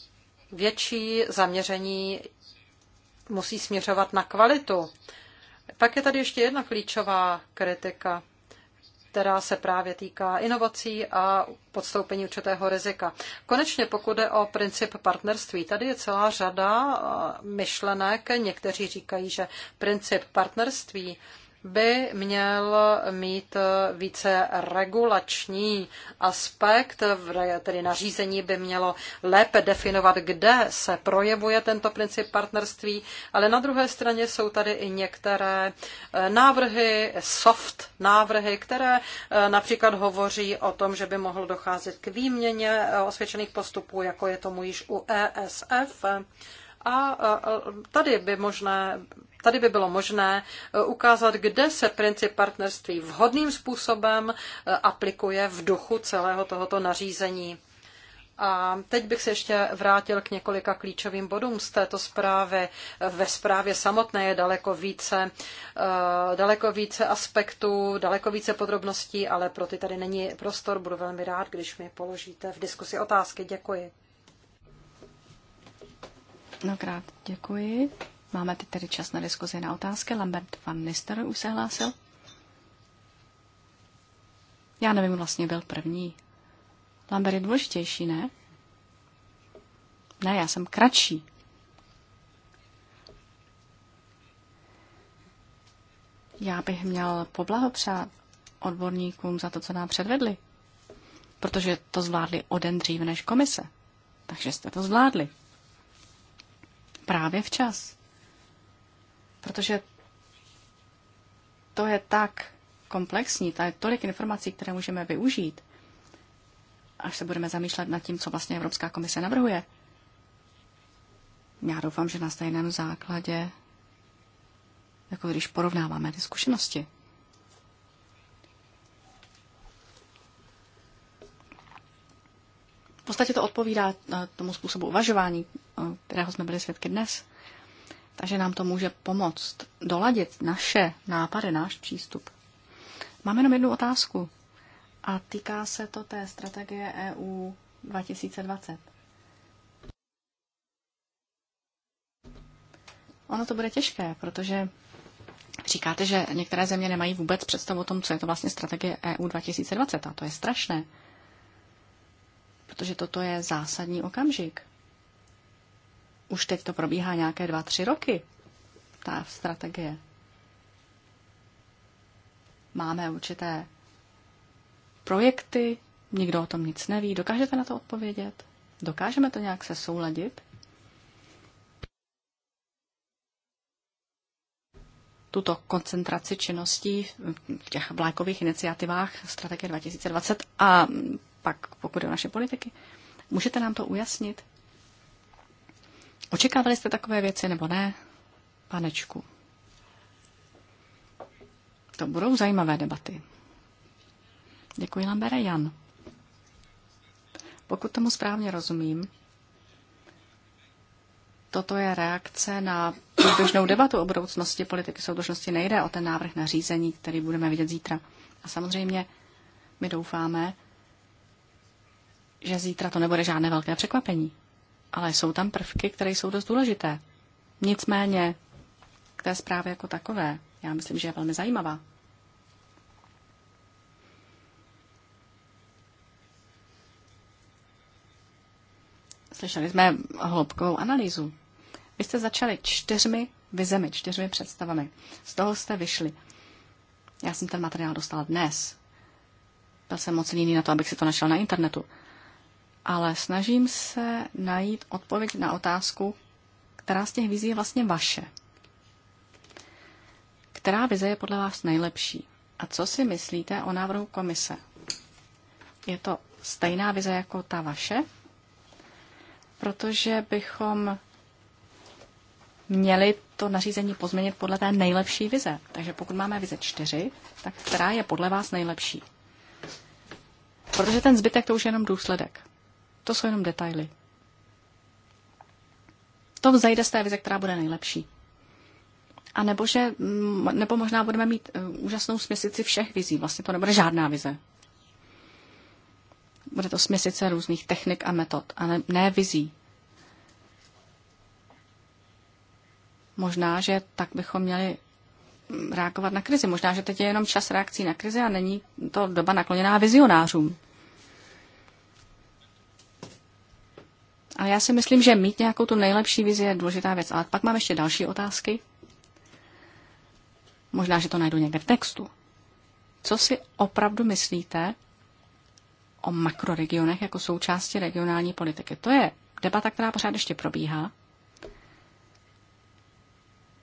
větší zaměření musí směřovat na kvalitu. Pak je tady ještě jedna klíčová kritika, která se právě týká inovací a podstoupení určitého rizika. Konečně pokud jde o princip partnerství, tady je celá řada myšlenek. Někteří říkají, že princip partnerství by měl mít více regulační aspekt, tedy nařízení by mělo lépe definovat, kde se projevuje tento princip partnerství, ale na druhé straně jsou tady i některé eh, návrhy, soft návrhy, které eh, například hovoří o tom, že by mohlo docházet k výměně eh, osvědčených postupů, jako je tomu již u ESF. A tady by možné Tady by bylo možné eh, ukázat, kde se princip partnerství vhodným způsobem eh, aplikuje v duchu celého tohoto nařízení. A teď bych se ještě vrátil k několika klíčovým bodům z této zprávy. Eh, ve zprávě samotné je daleko více, daleko více aspektů, daleko více podrobností, ale pro ty tady není prostor. Budu velmi rád, když mi položíte v diskusi otázky. Děkuji. Mnohokrát děkuji. Máme teď tedy čas na diskuzi na otázky. Lambert van Nister už se hlásil. Já nevím, vlastně byl první. Lambert je důležitější, ne? Ne, já jsem kratší. Já bych měl poblahopřát odborníkům za to, co nám předvedli. Protože to zvládli o den dřív než komise. Takže jste to zvládli. Právě včas. Protože to je tak komplexní, to je tolik informací, které můžeme využít, až se budeme zamýšlet nad tím, co vlastně Evropská komise navrhuje. Já doufám, že na stejném základě, jako když porovnáváme ty zkušenosti. V podstatě to odpovídá eh, tomu způsobu uvažování, eh, kterého jsme byli svědky dnes. Takže nám to může pomoct doladit naše nápady, náš přístup. Mám jenom jednu otázku a týká se to té strategie EU 2020. Ono to bude těžké, protože říkáte, že některé země nemají vůbec představu o tom, co je to vlastně strategie EU 2020 a to je strašné, protože toto je zásadní okamžik. Už teď to probíhá nějaké dva, tři roky, ta strategie. Máme určité projekty, nikdo o tom nic neví. Dokážete na to odpovědět? Dokážeme to nějak se souladit? tuto koncentraci činností v těch vlákových iniciativách strategie 2020 a pak pokud je o naše politiky. Můžete nám to ujasnit? Očekávali jste takové věci nebo ne? Panečku. To budou zajímavé debaty. Děkuji, Lambere. Jan. Pokud tomu správně rozumím, toto je reakce na průběžnou debatu o budoucnosti politiky soudržnosti. Nejde o ten návrh na řízení, který budeme vidět zítra. A samozřejmě my doufáme, že zítra to nebude žádné velké překvapení ale jsou tam prvky, které jsou dost důležité. Nicméně k té zprávě jako takové, já myslím, že je velmi zajímavá. Slyšeli jsme hloubkovou analýzu. Vy jste začali čtyřmi vizemi, čtyřmi představami. Z toho jste vyšli. Já jsem ten materiál dostala dnes. Byl jsem moc líný na to, abych si to našel na internetu ale snažím se najít odpověď na otázku, která z těch vizí je vlastně vaše. Která vize je podle vás nejlepší? A co si myslíte o návrhu komise? Je to stejná vize jako ta vaše? Protože bychom měli to nařízení pozměnit podle té nejlepší vize. Takže pokud máme vize 4, tak která je podle vás nejlepší? Protože ten zbytek to už je jenom důsledek. To jsou jenom detaily. To vzejde z té vize, která bude nejlepší. A nebo, že, mm, nebo možná budeme mít eh, úžasnou směsici všech vizí. Vlastně to nebude žádná vize. Bude to směsice různých technik a metod, a ne, ne vizí. Možná, že tak bychom měli mm, reagovat na krizi. Možná, že teď je jenom čas reakcí na krizi a není to doba nakloněná vizionářům. A já si myslím, že mít nějakou tu nejlepší vizi je důležitá věc. Ale pak mám ještě další otázky. Možná, že to najdu někde v textu. Co si opravdu myslíte o makroregionech jako součásti regionální politiky? To je debata, která pořád ještě probíhá.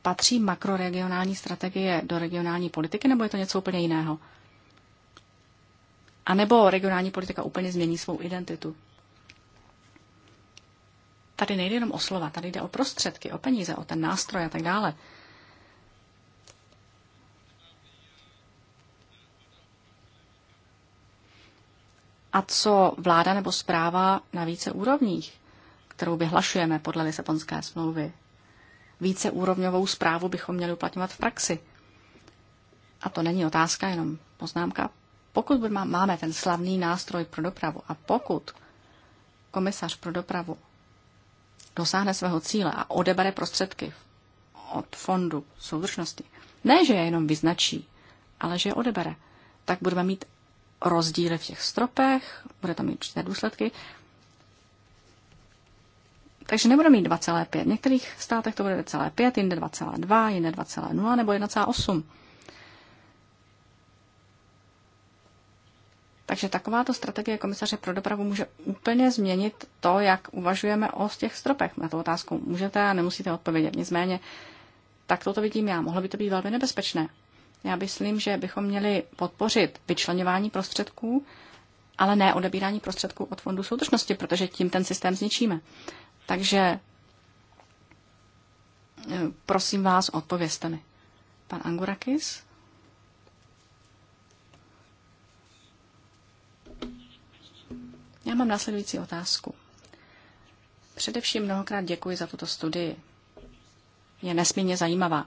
Patří makroregionální strategie do regionální politiky, nebo je to něco úplně jiného? A nebo regionální politika úplně změní svou identitu? tady nejde jenom o slova, tady jde o prostředky, o peníze, o ten nástroj a tak dále. A co vláda nebo zpráva na více úrovních, kterou vyhlašujeme podle Lisabonské smlouvy? Více úrovňovou zprávu bychom měli uplatňovat v praxi. A to není otázka, jenom poznámka. Pokud máme ten slavný nástroj pro dopravu a pokud komisař pro dopravu dosáhne svého cíle a odebere prostředky od fondu soudržnosti, ne, že je jenom vyznačí, ale že je odebere, tak budeme mít rozdíly v těch stropech, bude tam mít určité důsledky. Takže nebudeme mít 2,5. V některých státech to bude 2,5, jinde 2,2, jinde 2,0 nebo 1,8. Takže takováto strategie komisaře pro dopravu může úplně změnit to, jak uvažujeme o těch stropech. Na tu otázku můžete a nemusíte odpovědět. Nicméně, tak toto vidím já. Mohlo by to být velmi nebezpečné. Já myslím, že bychom měli podpořit vyčlenování prostředků, ale ne odebírání prostředků od Fondu soudržnosti, protože tím ten systém zničíme. Takže eh, prosím vás, odpovězte mi. Pan Angurakis? Já mám následující otázku. Především mnohokrát děkuji za tuto studii. Je nesmírně zajímavá.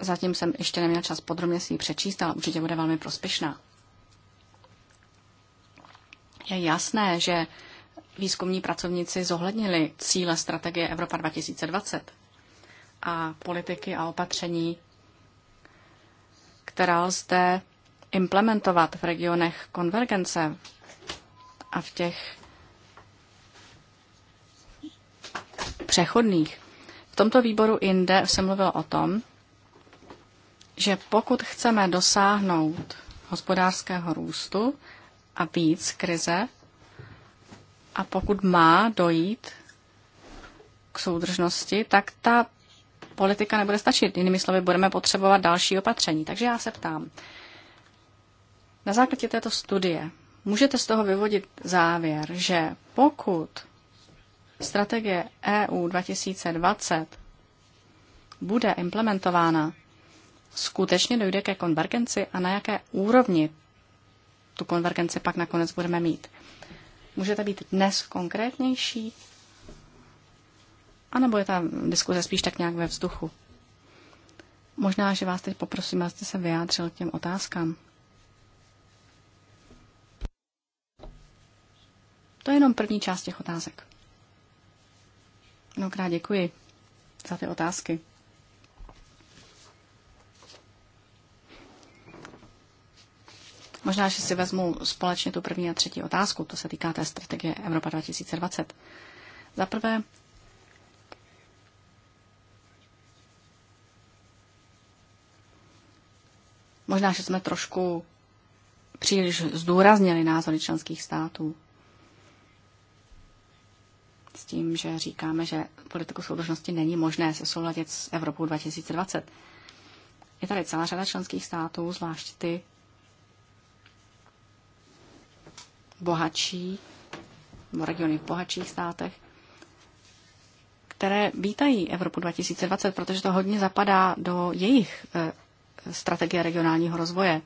Zatím jsem ještě neměl čas podrobně si ji přečíst, ale určitě bude velmi prospěšná. Je jasné, že výzkumní pracovníci zohlednili cíle strategie Evropa 2020 a politiky a opatření, která zde implementovat v regionech konvergence a v těch přechodných. V tomto výboru jinde se mluvil o tom, že pokud chceme dosáhnout hospodářského růstu a víc krize, a pokud má dojít k soudržnosti, tak ta politika nebude stačit. Jinými slovy, budeme potřebovat další opatření. Takže já se ptám, na základě této studie můžete z toho vyvodit závěr, že pokud strategie EU 2020 bude implementována, skutečně dojde ke konvergenci a na jaké úrovni tu konvergenci pak nakonec budeme mít. Můžete být dnes konkrétnější? anebo nebo je ta diskuze spíš tak nějak ve vzduchu? Možná, že vás teď poprosím, abyste se vyjádřil k těm otázkám. To je jenom první část těch otázek. Mnohokrát děkuji za ty otázky. Možná, že si vezmu společně tu první a třetí otázku, to se týká té strategie Evropa 2020. Za prvé, možná, že jsme trošku příliš zdůraznili názory členských států s tím, že říkáme, že politiku soudržnosti není možné se souladit s Evropou 2020. Je tady celá řada členských států, zvlášť ty bohatší, regiony v bohatších státech, které vítají Evropu 2020, protože to hodně zapadá do jejich eh, strategie regionálního rozvoje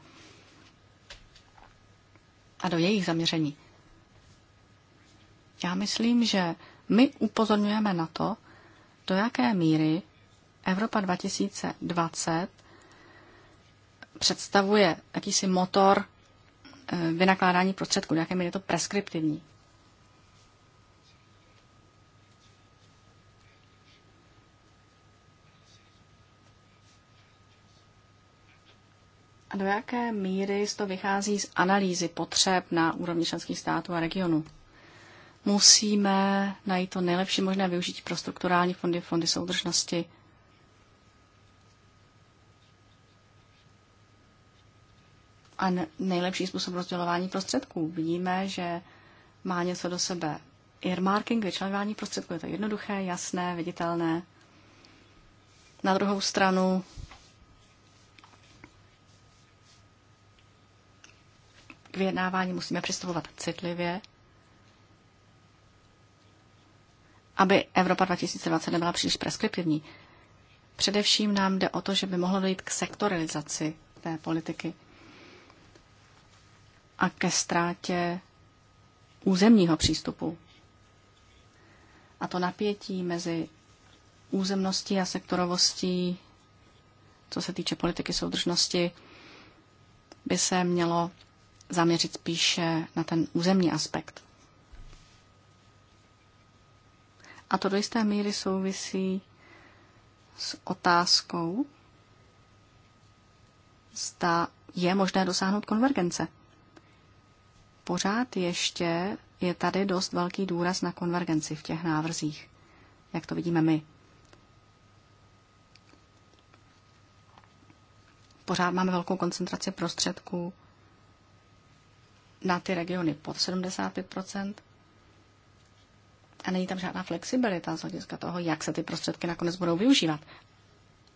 a do jejich zaměření. Já myslím, že my upozorňujeme na to, do jaké míry Evropa 2020 představuje jakýsi motor eh, vynakládání prostředků, do jaké míry je to preskriptivní. A do jaké míry to vychází z analýzy potřeb na úrovni členských států a regionů? musíme najít to nejlepší možné využití pro strukturální fondy, fondy soudržnosti. A nejlepší způsob rozdělování prostředků. Vidíme, že má něco do sebe earmarking, vyčlenování prostředků. Je to jednoduché, jasné, viditelné. Na druhou stranu k vyjednávání musíme přistupovat citlivě, aby Evropa 2020 nebyla příliš preskriptivní. Především nám jde o to, že by mohlo dojít k sektorizaci té politiky a ke ztrátě územního přístupu. A to napětí mezi územností a sektorovostí, co se týče politiky soudržnosti, by se mělo zaměřit spíše na ten územní aspekt. A to do jisté míry souvisí s otázkou, zda je možné dosáhnout konvergence. Pořád ještě je tady dost velký důraz na konvergenci v těch návrzích, jak to vidíme my. Pořád máme velkou koncentraci prostředků na ty regiony pod 75 a není tam žádná flexibilita z hlediska toho, jak se ty prostředky nakonec budou využívat.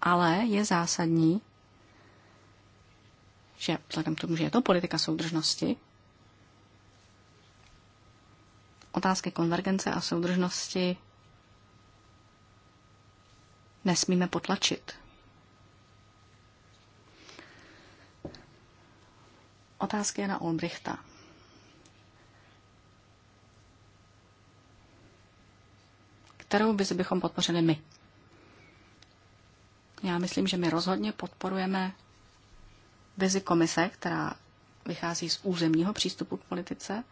Ale je zásadní, že vzhledem k tomu, že je to politika soudržnosti, otázky konvergence a soudržnosti nesmíme potlačit. Otázky je na Olbrichta. kterou se bychom podpořili my. Já myslím, že my rozhodně podporujeme vizi komise, která vychází z územního přístupu k politice.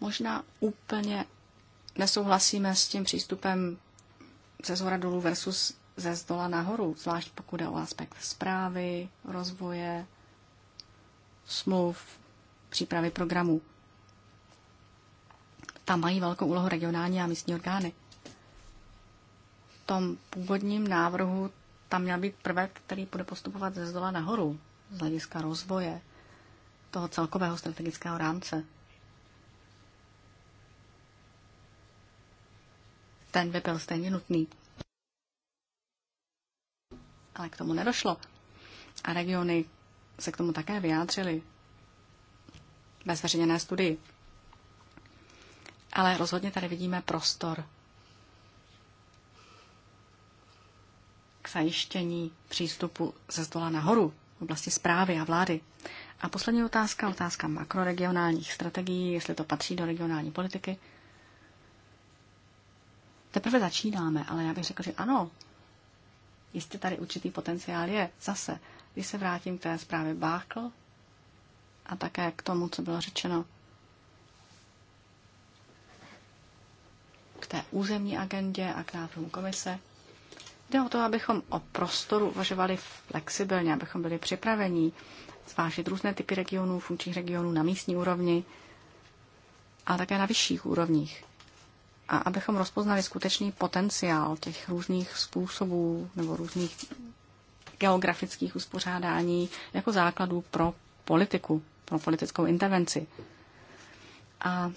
Možná úplně nesouhlasíme s tím přístupem ze zhora dolů versus ze zdola nahoru, zvlášť pokud je o aspekt zprávy, rozvoje, smluv, přípravy programů. Tam mají velkou úlohu regionální a místní orgány. V tom původním návrhu tam měl být prvek, který bude postupovat ze zdola nahoru z hlediska rozvoje toho celkového strategického rámce. Ten by byl stejně nutný. Ale k tomu nedošlo. A regiony, se k tomu také vyjádřili ve zveřejněné studii. Ale rozhodně tady vidíme prostor k zajištění přístupu ze stola nahoru v oblasti zprávy a vlády. A poslední otázka, otázka makroregionálních strategií, jestli to patří do regionální politiky. Teprve začínáme, ale já bych řekl, že ano, jistě tady určitý potenciál je. Zase, když se vrátím k té zprávě Bákl a také k tomu, co bylo řečeno k té územní agendě a k návrhům komise, jde o to, abychom o prostoru uvažovali flexibilně, abychom byli připraveni zvážit různé typy regionů, funkčních regionů na místní úrovni a také na vyšších úrovních. A abychom rozpoznali skutečný potenciál těch různých způsobů nebo různých geografických uspořádání jako základů pro politiku, pro politickou intervenci. A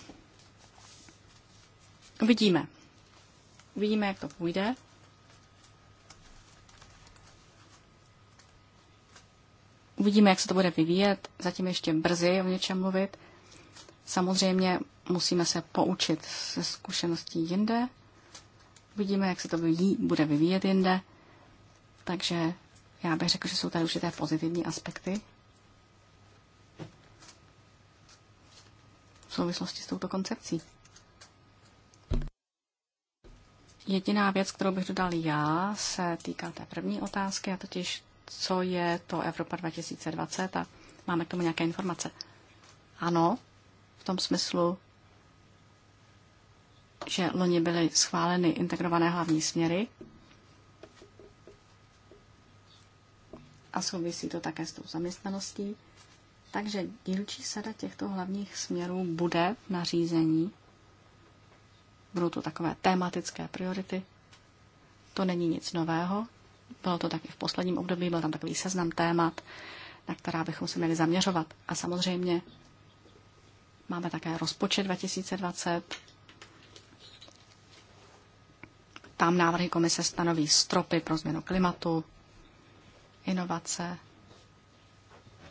vidíme, vidíme, jak to půjde. Uvidíme, jak se to bude vyvíjet. Zatím ještě brzy o něčem mluvit. Samozřejmě musíme se poučit ze zkušeností jinde. Uvidíme, jak se to vyvíjí, bude vyvíjet jinde. Takže já bych řekl, že jsou tady určité pozitivní aspekty v souvislosti s touto koncepcí. Jediná věc, kterou bych dodal já, se týká té první otázky, a totiž, co je to Evropa 2020 a máme k tomu nějaké informace. Ano, v tom smyslu, že loni byly schváleny integrované hlavní směry, a souvisí to také s tou zaměstnaností. Takže dílčí sada těchto hlavních směrů bude v nařízení. Budou to takové tématické priority. To není nic nového. Bylo to taky v posledním období, byl tam takový seznam témat, na která bychom se měli zaměřovat. A samozřejmě máme také rozpočet 2020. Tam návrhy komise stanoví stropy pro změnu klimatu, inovace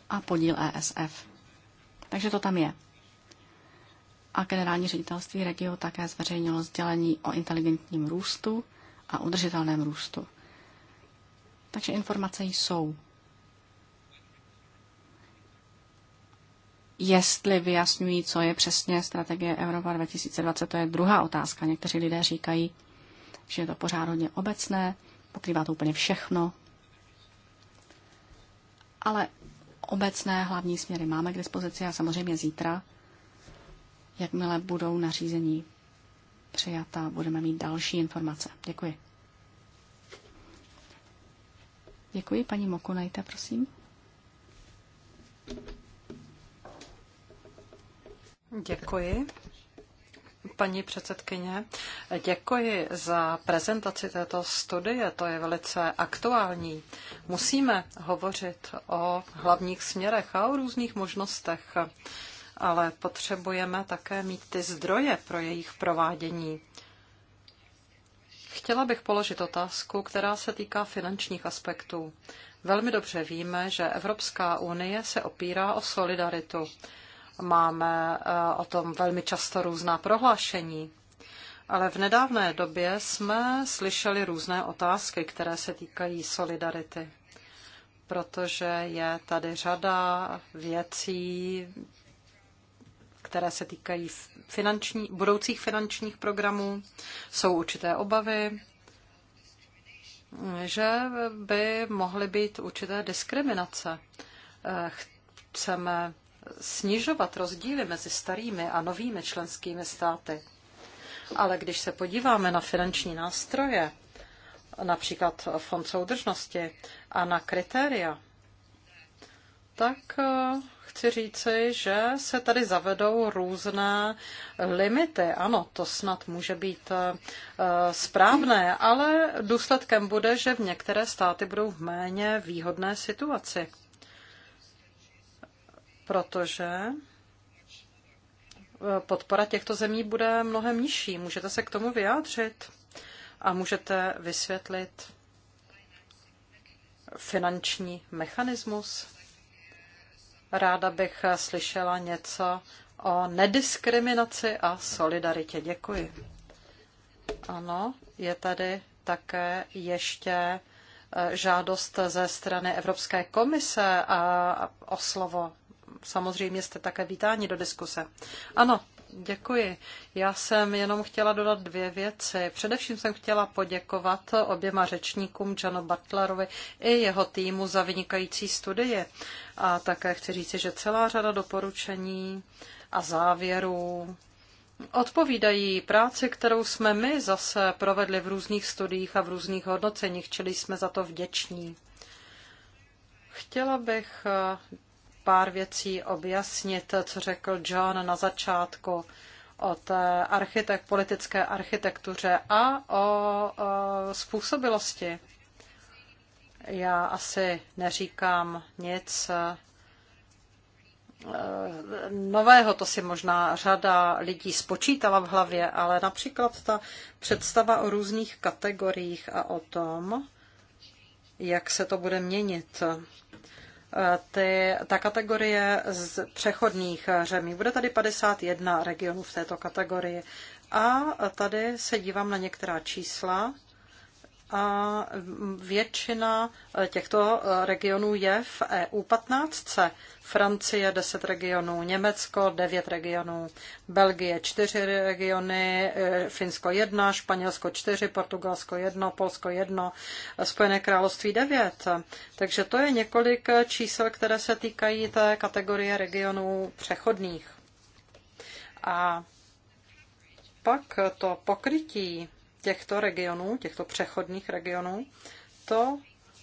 a podíl ESF. Takže to tam je. A generální ředitelství Regio také zveřejnilo sdělení o inteligentním růstu a udržitelném růstu. Takže informace jsou. Jestli vyjasňují, co je přesně strategie Evropa 2020, to je druhá otázka. Někteří lidé říkají, že je to pořád hodně obecné, pokrývá to úplně všechno. Ale obecné hlavní směry máme k dispozici a samozřejmě zítra, jakmile budou nařízení přijata, budeme mít další informace. Děkuji. Děkuji. Paní Mokunajte, prosím. Děkuji paní předsedkyně. Děkuji za prezentaci této studie, to je velice aktuální. Musíme hovořit o hlavních směrech a o různých možnostech, ale potřebujeme také mít ty zdroje pro jejich provádění. Chtěla bych položit otázku, která se týká finančních aspektů. Velmi dobře víme, že Evropská unie se opírá o solidaritu. Máme eh, o tom velmi často různá prohlášení. Ale v nedávné době jsme slyšeli různé otázky, které se týkají solidarity, protože je tady řada věcí, které se týkají finanční, budoucích finančních programů. Jsou určité obavy, že by mohly být určité diskriminace. Eh, chceme snižovat rozdíly mezi starými a novými členskými státy. Ale když se podíváme na finanční nástroje, například Fond soudržnosti a na kritéria, tak eh, chci říci, že se tady zavedou různé limity. Ano, to snad může být eh, správné, ale důsledkem bude, že v některé státy budou v méně výhodné situaci protože e, podpora těchto zemí bude mnohem nižší. Můžete se k tomu vyjádřit a můžete vysvětlit finanční mechanismus. Ráda bych slyšela něco o nediskriminaci a solidaritě. Děkuji. Ano, je tady také ještě e, žádost ze strany Evropské komise a o slovo samozřejmě jste také vítáni do diskuse. Ano, děkuji. Já jsem jenom chtěla dodat dvě věci. Především jsem chtěla poděkovat oběma řečníkům, Janu Butlerovi i jeho týmu za vynikající studie. A také chci říci, že celá řada doporučení a závěrů odpovídají práci, kterou jsme my zase provedli v různých studiích a v různých hodnoceních, čili jsme za to vděční. Chtěla bych pár věcí objasnit, co řekl John na začátku o té architekt, politické architektuře a o, o způsobilosti. Já asi neříkám nic eh, nového, to si možná řada lidí spočítala v hlavě, ale například ta představa o různých kategoriích a o tom, jak se to bude měnit ty, ta kategorie z přechodných řemí. Bude tady 51 regionů v této kategorii. A tady se dívám na některá čísla a většina eh, těchto eh, regionů je v EU 15. Francie 10 regionů, Německo 9 regionů, Belgie 4 regiony, eh, Finsko 1, Španělsko 4, Portugalsko 1, Polsko 1, Spojené království 9. Takže to je několik čísel, které se týkají té kategorie regionů přechodných. A pak to pokrytí těchto regionů, těchto přechodných regionů, to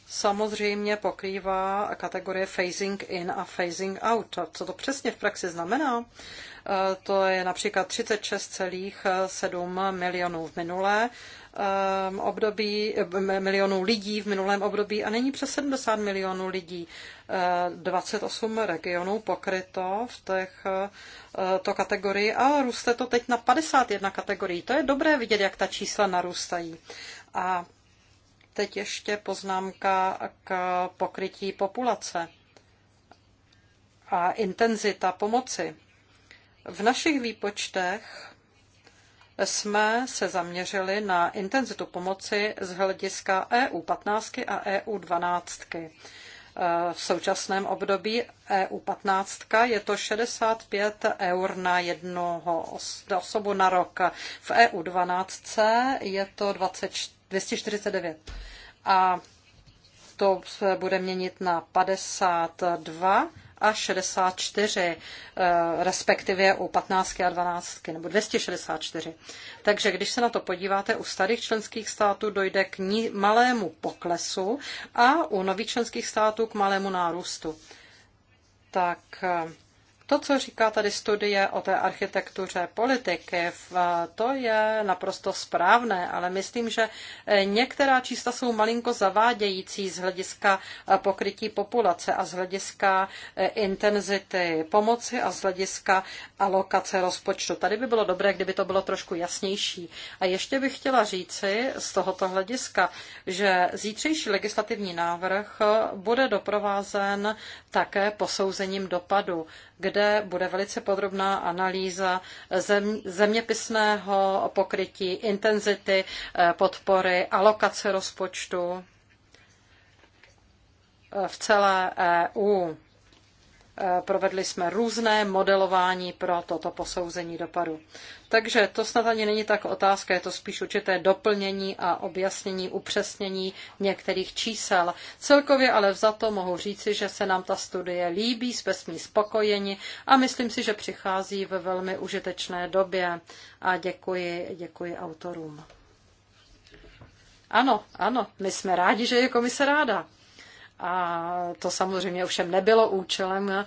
samozřejmě pokrývá kategorie phasing in a phasing out. A co to přesně v praxi znamená? E, to je například 36,7 milionů v minulé Um, období, milionů lidí v minulém období a není přes 70 milionů lidí. 28 uh, regionů pokryto v těch uh, to kategorii a růste to teď na 51 kategorií. To je dobré vidět, jak ta čísla narůstají. A teď ještě poznámka k pokrytí populace a intenzita pomoci. V našich výpočtech jsme se zaměřili na intenzitu pomoci z hlediska EU 15 a EU 12. V současném období EU 15 je to 65 eur na jednoho osobu na rok. V EU 12 je to 249. A to se bude měnit na 52 a 64, eh, respektive u 15 a 12, nebo 264. Takže když se na to podíváte, u starých členských států dojde k malému poklesu a u nových členských států k malému nárůstu. Tak eh, to, co říká tady studie o té architektuře politiky, to je naprosto správné, ale myslím, že eh, některá čísla jsou malinko zavádějící z hlediska eh, pokrytí populace a z hlediska eh, intenzity pomoci a z hlediska alokace rozpočtu. Tady by bylo dobré, kdyby to bylo trošku jasnější. A ještě bych chtěla říci z tohoto hlediska, že zítřejší legislativní návrh bude doprovázen také posouzením dopadu, kde kde bude velice podrobná analýza zem, zeměpisného pokrytí, intenzity eh, podpory, alokace rozpočtu eh, v celé EU. Eh, provedli jsme různé modelování pro toto posouzení dopadu. Takže to snad ani není tak otázka, je to spíš určité doplnění a objasnění, upřesnění některých čísel. Celkově ale vzato mohu říci, že se nám ta studie líbí, jsme s ní spokojeni a myslím si, že přichází ve velmi užitečné době a děkuji, děkuji autorům. Ano, ano, my jsme rádi, že je komise ráda. A to samozřejmě ovšem nebylo účelem eh,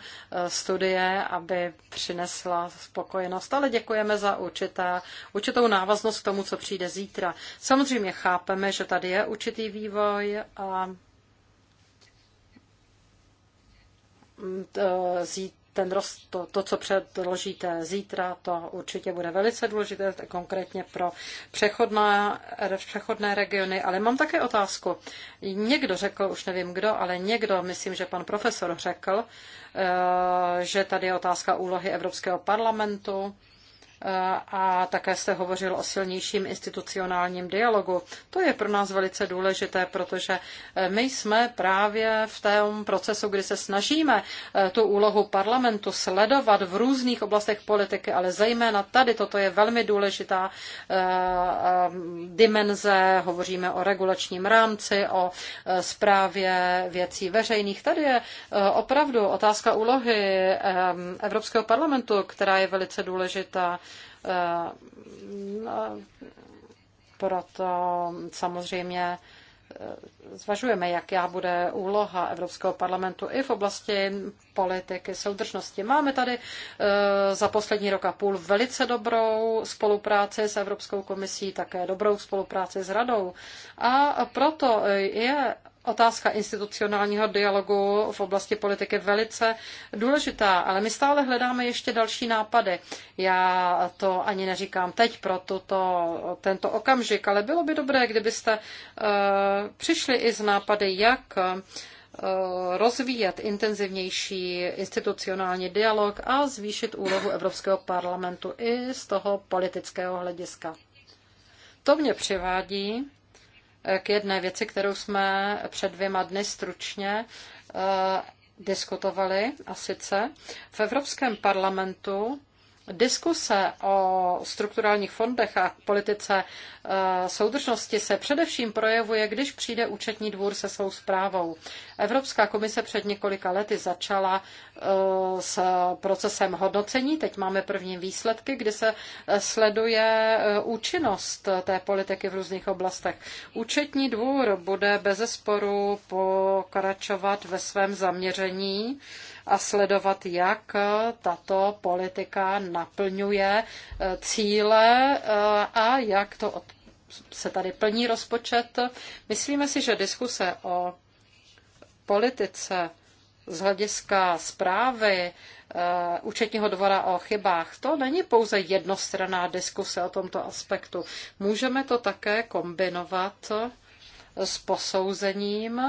studie, aby přinesla spokojenost, ale děkujeme za určitá, určitou návaznost k tomu, co přijde zítra. Samozřejmě chápeme, že tady je určitý vývoj a mm, eh, zít ten roz, to, to, co předložíte zítra, to určitě bude velice důležité, konkrétně pro přechodná, přechodné regiony. Ale mám také otázku. Někdo řekl, už nevím kdo, ale někdo, myslím, že pan profesor řekl, eh, že tady je otázka úlohy Evropského parlamentu a také jste hovořil o silnějším institucionálním dialogu. To je pro nás velice důležité, protože eh, my jsme právě v tom procesu, kdy se snažíme eh, tu úlohu parlamentu sledovat v různých oblastech politiky, ale zejména tady toto je velmi důležitá eh, dimenze. Hovoříme o regulačním rámci, o zprávě věcí veřejných. Tady je opravdu otázka úlohy Evropského parlamentu, která je velice důležitá. Eh, no, proto samozřejmě eh, zvažujeme, jaká bude úloha Evropského parlamentu i v oblasti politiky soudržnosti. Máme tady eh, za poslední rok a půl velice dobrou spolupráci s Evropskou komisí, také dobrou spolupráci s radou. A proto je otázka institucionálního dialogu v oblasti politiky velice důležitá, ale my stále hledáme ještě další nápady. Já to ani neříkám teď pro tuto, tento okamžik, ale bylo by dobré, kdybyste uh, přišli i z nápady, jak eh, rozvíjet intenzivnější institucionální dialog a zvýšit úlohu Evropského parlamentu i z toho politického hlediska. To mě přivádí k jedné věci, kterou jsme před dvěma dny stručně eh, diskutovali, a sice v Evropském parlamentu Diskuse o strukturálních fondech a politice e, soudržnosti se především projevuje, když přijde účetní dvůr se svou zprávou. Evropská komise před několika lety začala e, s procesem hodnocení. Teď máme první výsledky, kdy se e, sleduje účinnost té politiky v různých oblastech. Účetní dvůr bude bezesporu pokračovat ve svém zaměření a sledovat, jak tato politika naplňuje eh, cíle eh, a jak to se tady plní rozpočet. Myslíme si, že diskuse o politice z hlediska zprávy eh, účetního dvora o chybách. To není pouze jednostranná diskuse o tomto aspektu. Můžeme to také kombinovat s posouzením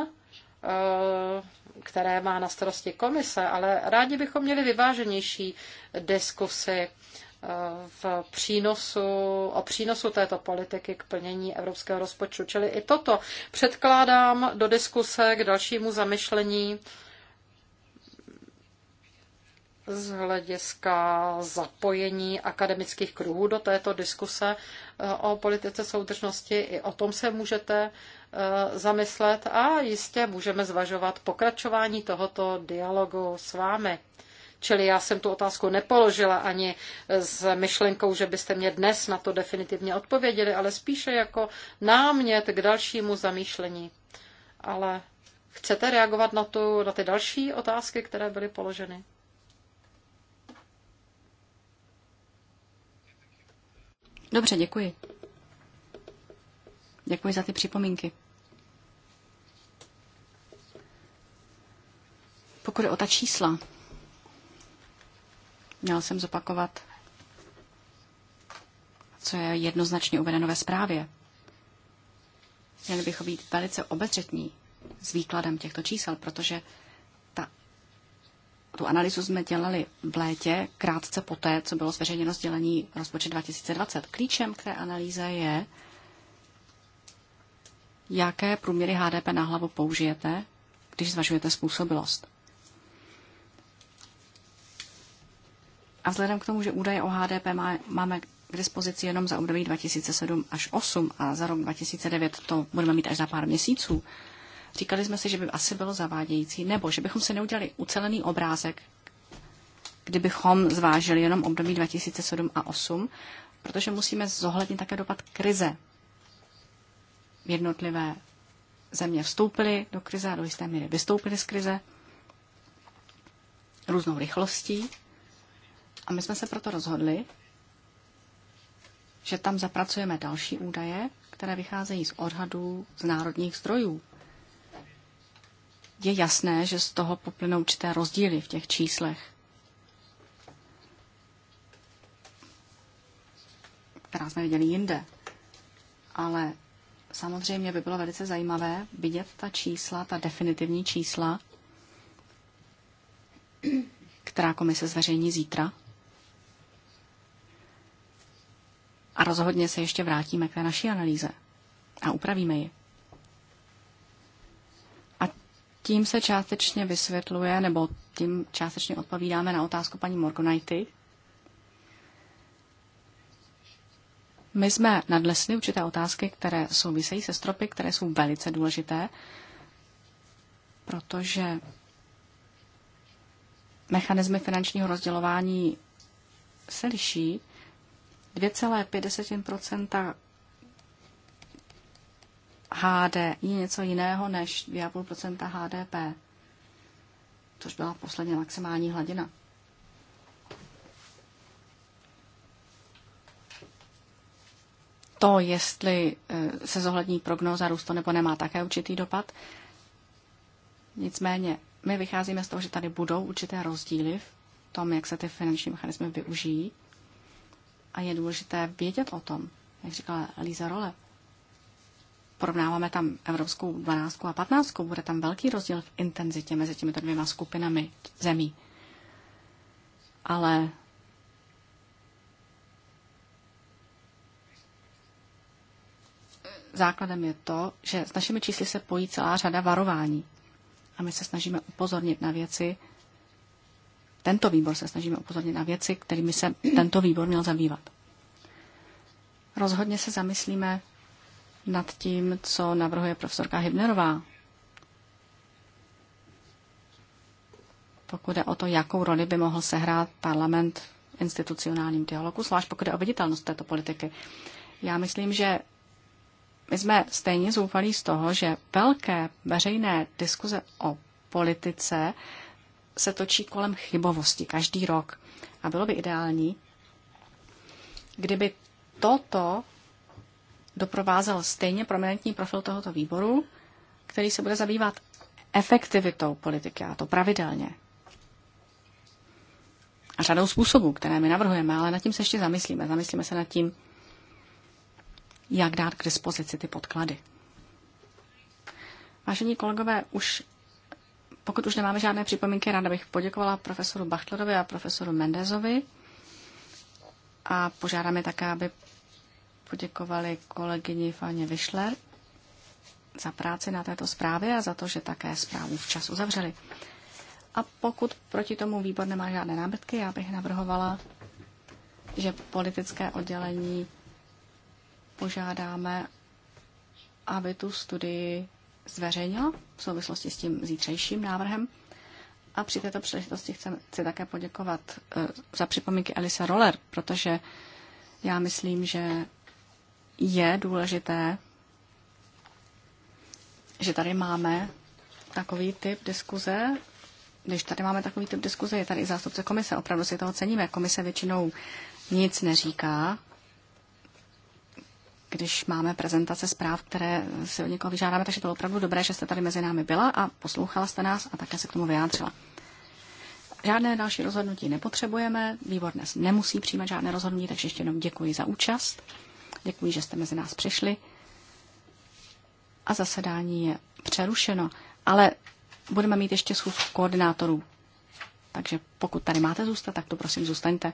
které má na starosti komise, ale rádi bychom měli vyváženější diskusy eh, v přínosu, o přínosu této politiky k plnění evropského rozpočtu. Čili i toto předkládám do diskuse k dalšímu zamyšlení z hlediska zapojení akademických kruhů do této diskuse eh, o politice soudržnosti. I o tom se můžete Eh, zamyslet a jistě můžeme zvažovat pokračování tohoto dialogu s vámi. Čili já jsem tu otázku nepoložila ani s myšlenkou, že byste mě dnes na to definitivně odpověděli, ale spíše jako námět k dalšímu zamýšlení. Ale chcete reagovat na, tu, na ty další otázky, které byly položeny? Dobře, děkuji. Děkuji za ty připomínky. Pokud je o ta čísla, měl jsem zopakovat, co je jednoznačně uvedeno ve zprávě. Měli bychom být velice obezřetní s výkladem těchto čísel, protože ta, tu analýzu jsme dělali v létě, krátce poté, co bylo zveřejněno sdělení rozpočet 2020. Klíčem k té analýze je, jaké průměry HDP na hlavu použijete, když zvažujete způsobilost. A vzhledem k tomu, že údaje o HDP má, máme k dispozici jenom za období 2007 až 8, a za rok 2009 to budeme mít až za pár měsíců, říkali jsme si, že by asi bylo zavádějící, nebo že bychom si neudělali ucelený obrázek, kdybychom zvážili jenom období 2007 a 8, protože musíme zohlednit také dopad krize. Jednotlivé země vstoupily do krize a do jisté míry vystoupily z krize různou rychlostí a my jsme se proto rozhodli, že tam zapracujeme další údaje, které vycházejí z odhadů z národních zdrojů. Je jasné, že z toho poplynou určité rozdíly v těch číslech, která jsme viděli jinde. Ale samozřejmě by bylo velice zajímavé vidět ta čísla, ta definitivní čísla, která komise zveřejní zítra. rozhodně se ještě vrátíme k té naší analýze a upravíme ji. A tím se částečně vysvětluje, nebo tím částečně odpovídáme na otázku paní Morgonajty. My jsme nadlesli určité otázky, které souvisejí se stropy, které jsou velice důležité, protože mechanismy finančního rozdělování se liší 2,5 HD je něco jiného než 2,5 HDP, což byla posledně maximální hladina. To, jestli eh, se zohlední prognóza růstu nebo nemá také určitý dopad. Nicméně my vycházíme z toho, že tady budou určité rozdíly v tom, jak se ty finanční mechanismy využijí a je důležité vědět o tom, jak říkala Líza Role. Porovnáváme tam evropskou 12 a 15, bude tam velký rozdíl v intenzitě mezi těmito dvěma skupinami zemí. Ale základem je to, že s našimi čísly se pojí celá řada varování. A my se snažíme upozornit na věci, tento výbor se snažíme upozornit na věci, kterými se tento výbor měl zabývat. Rozhodně se zamyslíme nad tím, co navrhuje profesorka Hybnerová. Pokud je o to, jakou roli by mohl sehrát parlament v institucionálním dialogu, zvlášť pokud je o viditelnost této politiky. Já myslím, že my jsme stejně zoufalí z toho, že velké veřejné diskuze o politice se točí kolem chybovosti každý rok. A bylo by ideální, kdyby toto doprovázel stejně prominentní profil tohoto výboru, který se bude zabývat efektivitou politiky, a to pravidelně. A řadou způsobů, které my navrhujeme, ale nad tím se ještě zamyslíme. Zamyslíme se nad tím, jak dát k dispozici ty podklady. Vážení kolegové, už pokud už nemáme žádné připomínky, ráda bych poděkovala profesoru Bachtlerovi a profesoru Mendezovi a požádáme také, aby poděkovali kolegyni Faně Vyšler za práci na této zprávě a za to, že také zprávu včas uzavřeli. A pokud proti tomu výbor nemá žádné námitky, já bych navrhovala, že politické oddělení požádáme, aby tu studii zveřejnilo v souvislosti s tím zítřejším návrhem. A při této příležitosti chcem, chci také poděkovat eh, za připomínky Elisa Roller, protože já myslím, že je důležité, že tady máme takový typ diskuze. Když tady máme takový typ diskuze, je tady i zástupce komise. Opravdu si toho ceníme. Komise většinou nic neříká když máme prezentace zpráv, které si od někoho vyžádáme, takže bylo opravdu dobré, že jste tady mezi námi byla a poslouchala jste nás a také se k tomu vyjádřila. Žádné další rozhodnutí nepotřebujeme, výbor dnes nemusí přijímat žádné rozhodnutí, takže ještě jednou děkuji za účast, děkuji, že jste mezi nás přišli a zasedání je přerušeno, ale budeme mít ještě schůzku koordinátorů, takže pokud tady máte zůstat, tak to prosím zůstaňte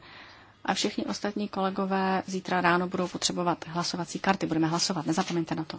a všichni ostatní kolegové zítra ráno budou potřebovat hlasovací karty. Budeme hlasovat, nezapomeňte na to.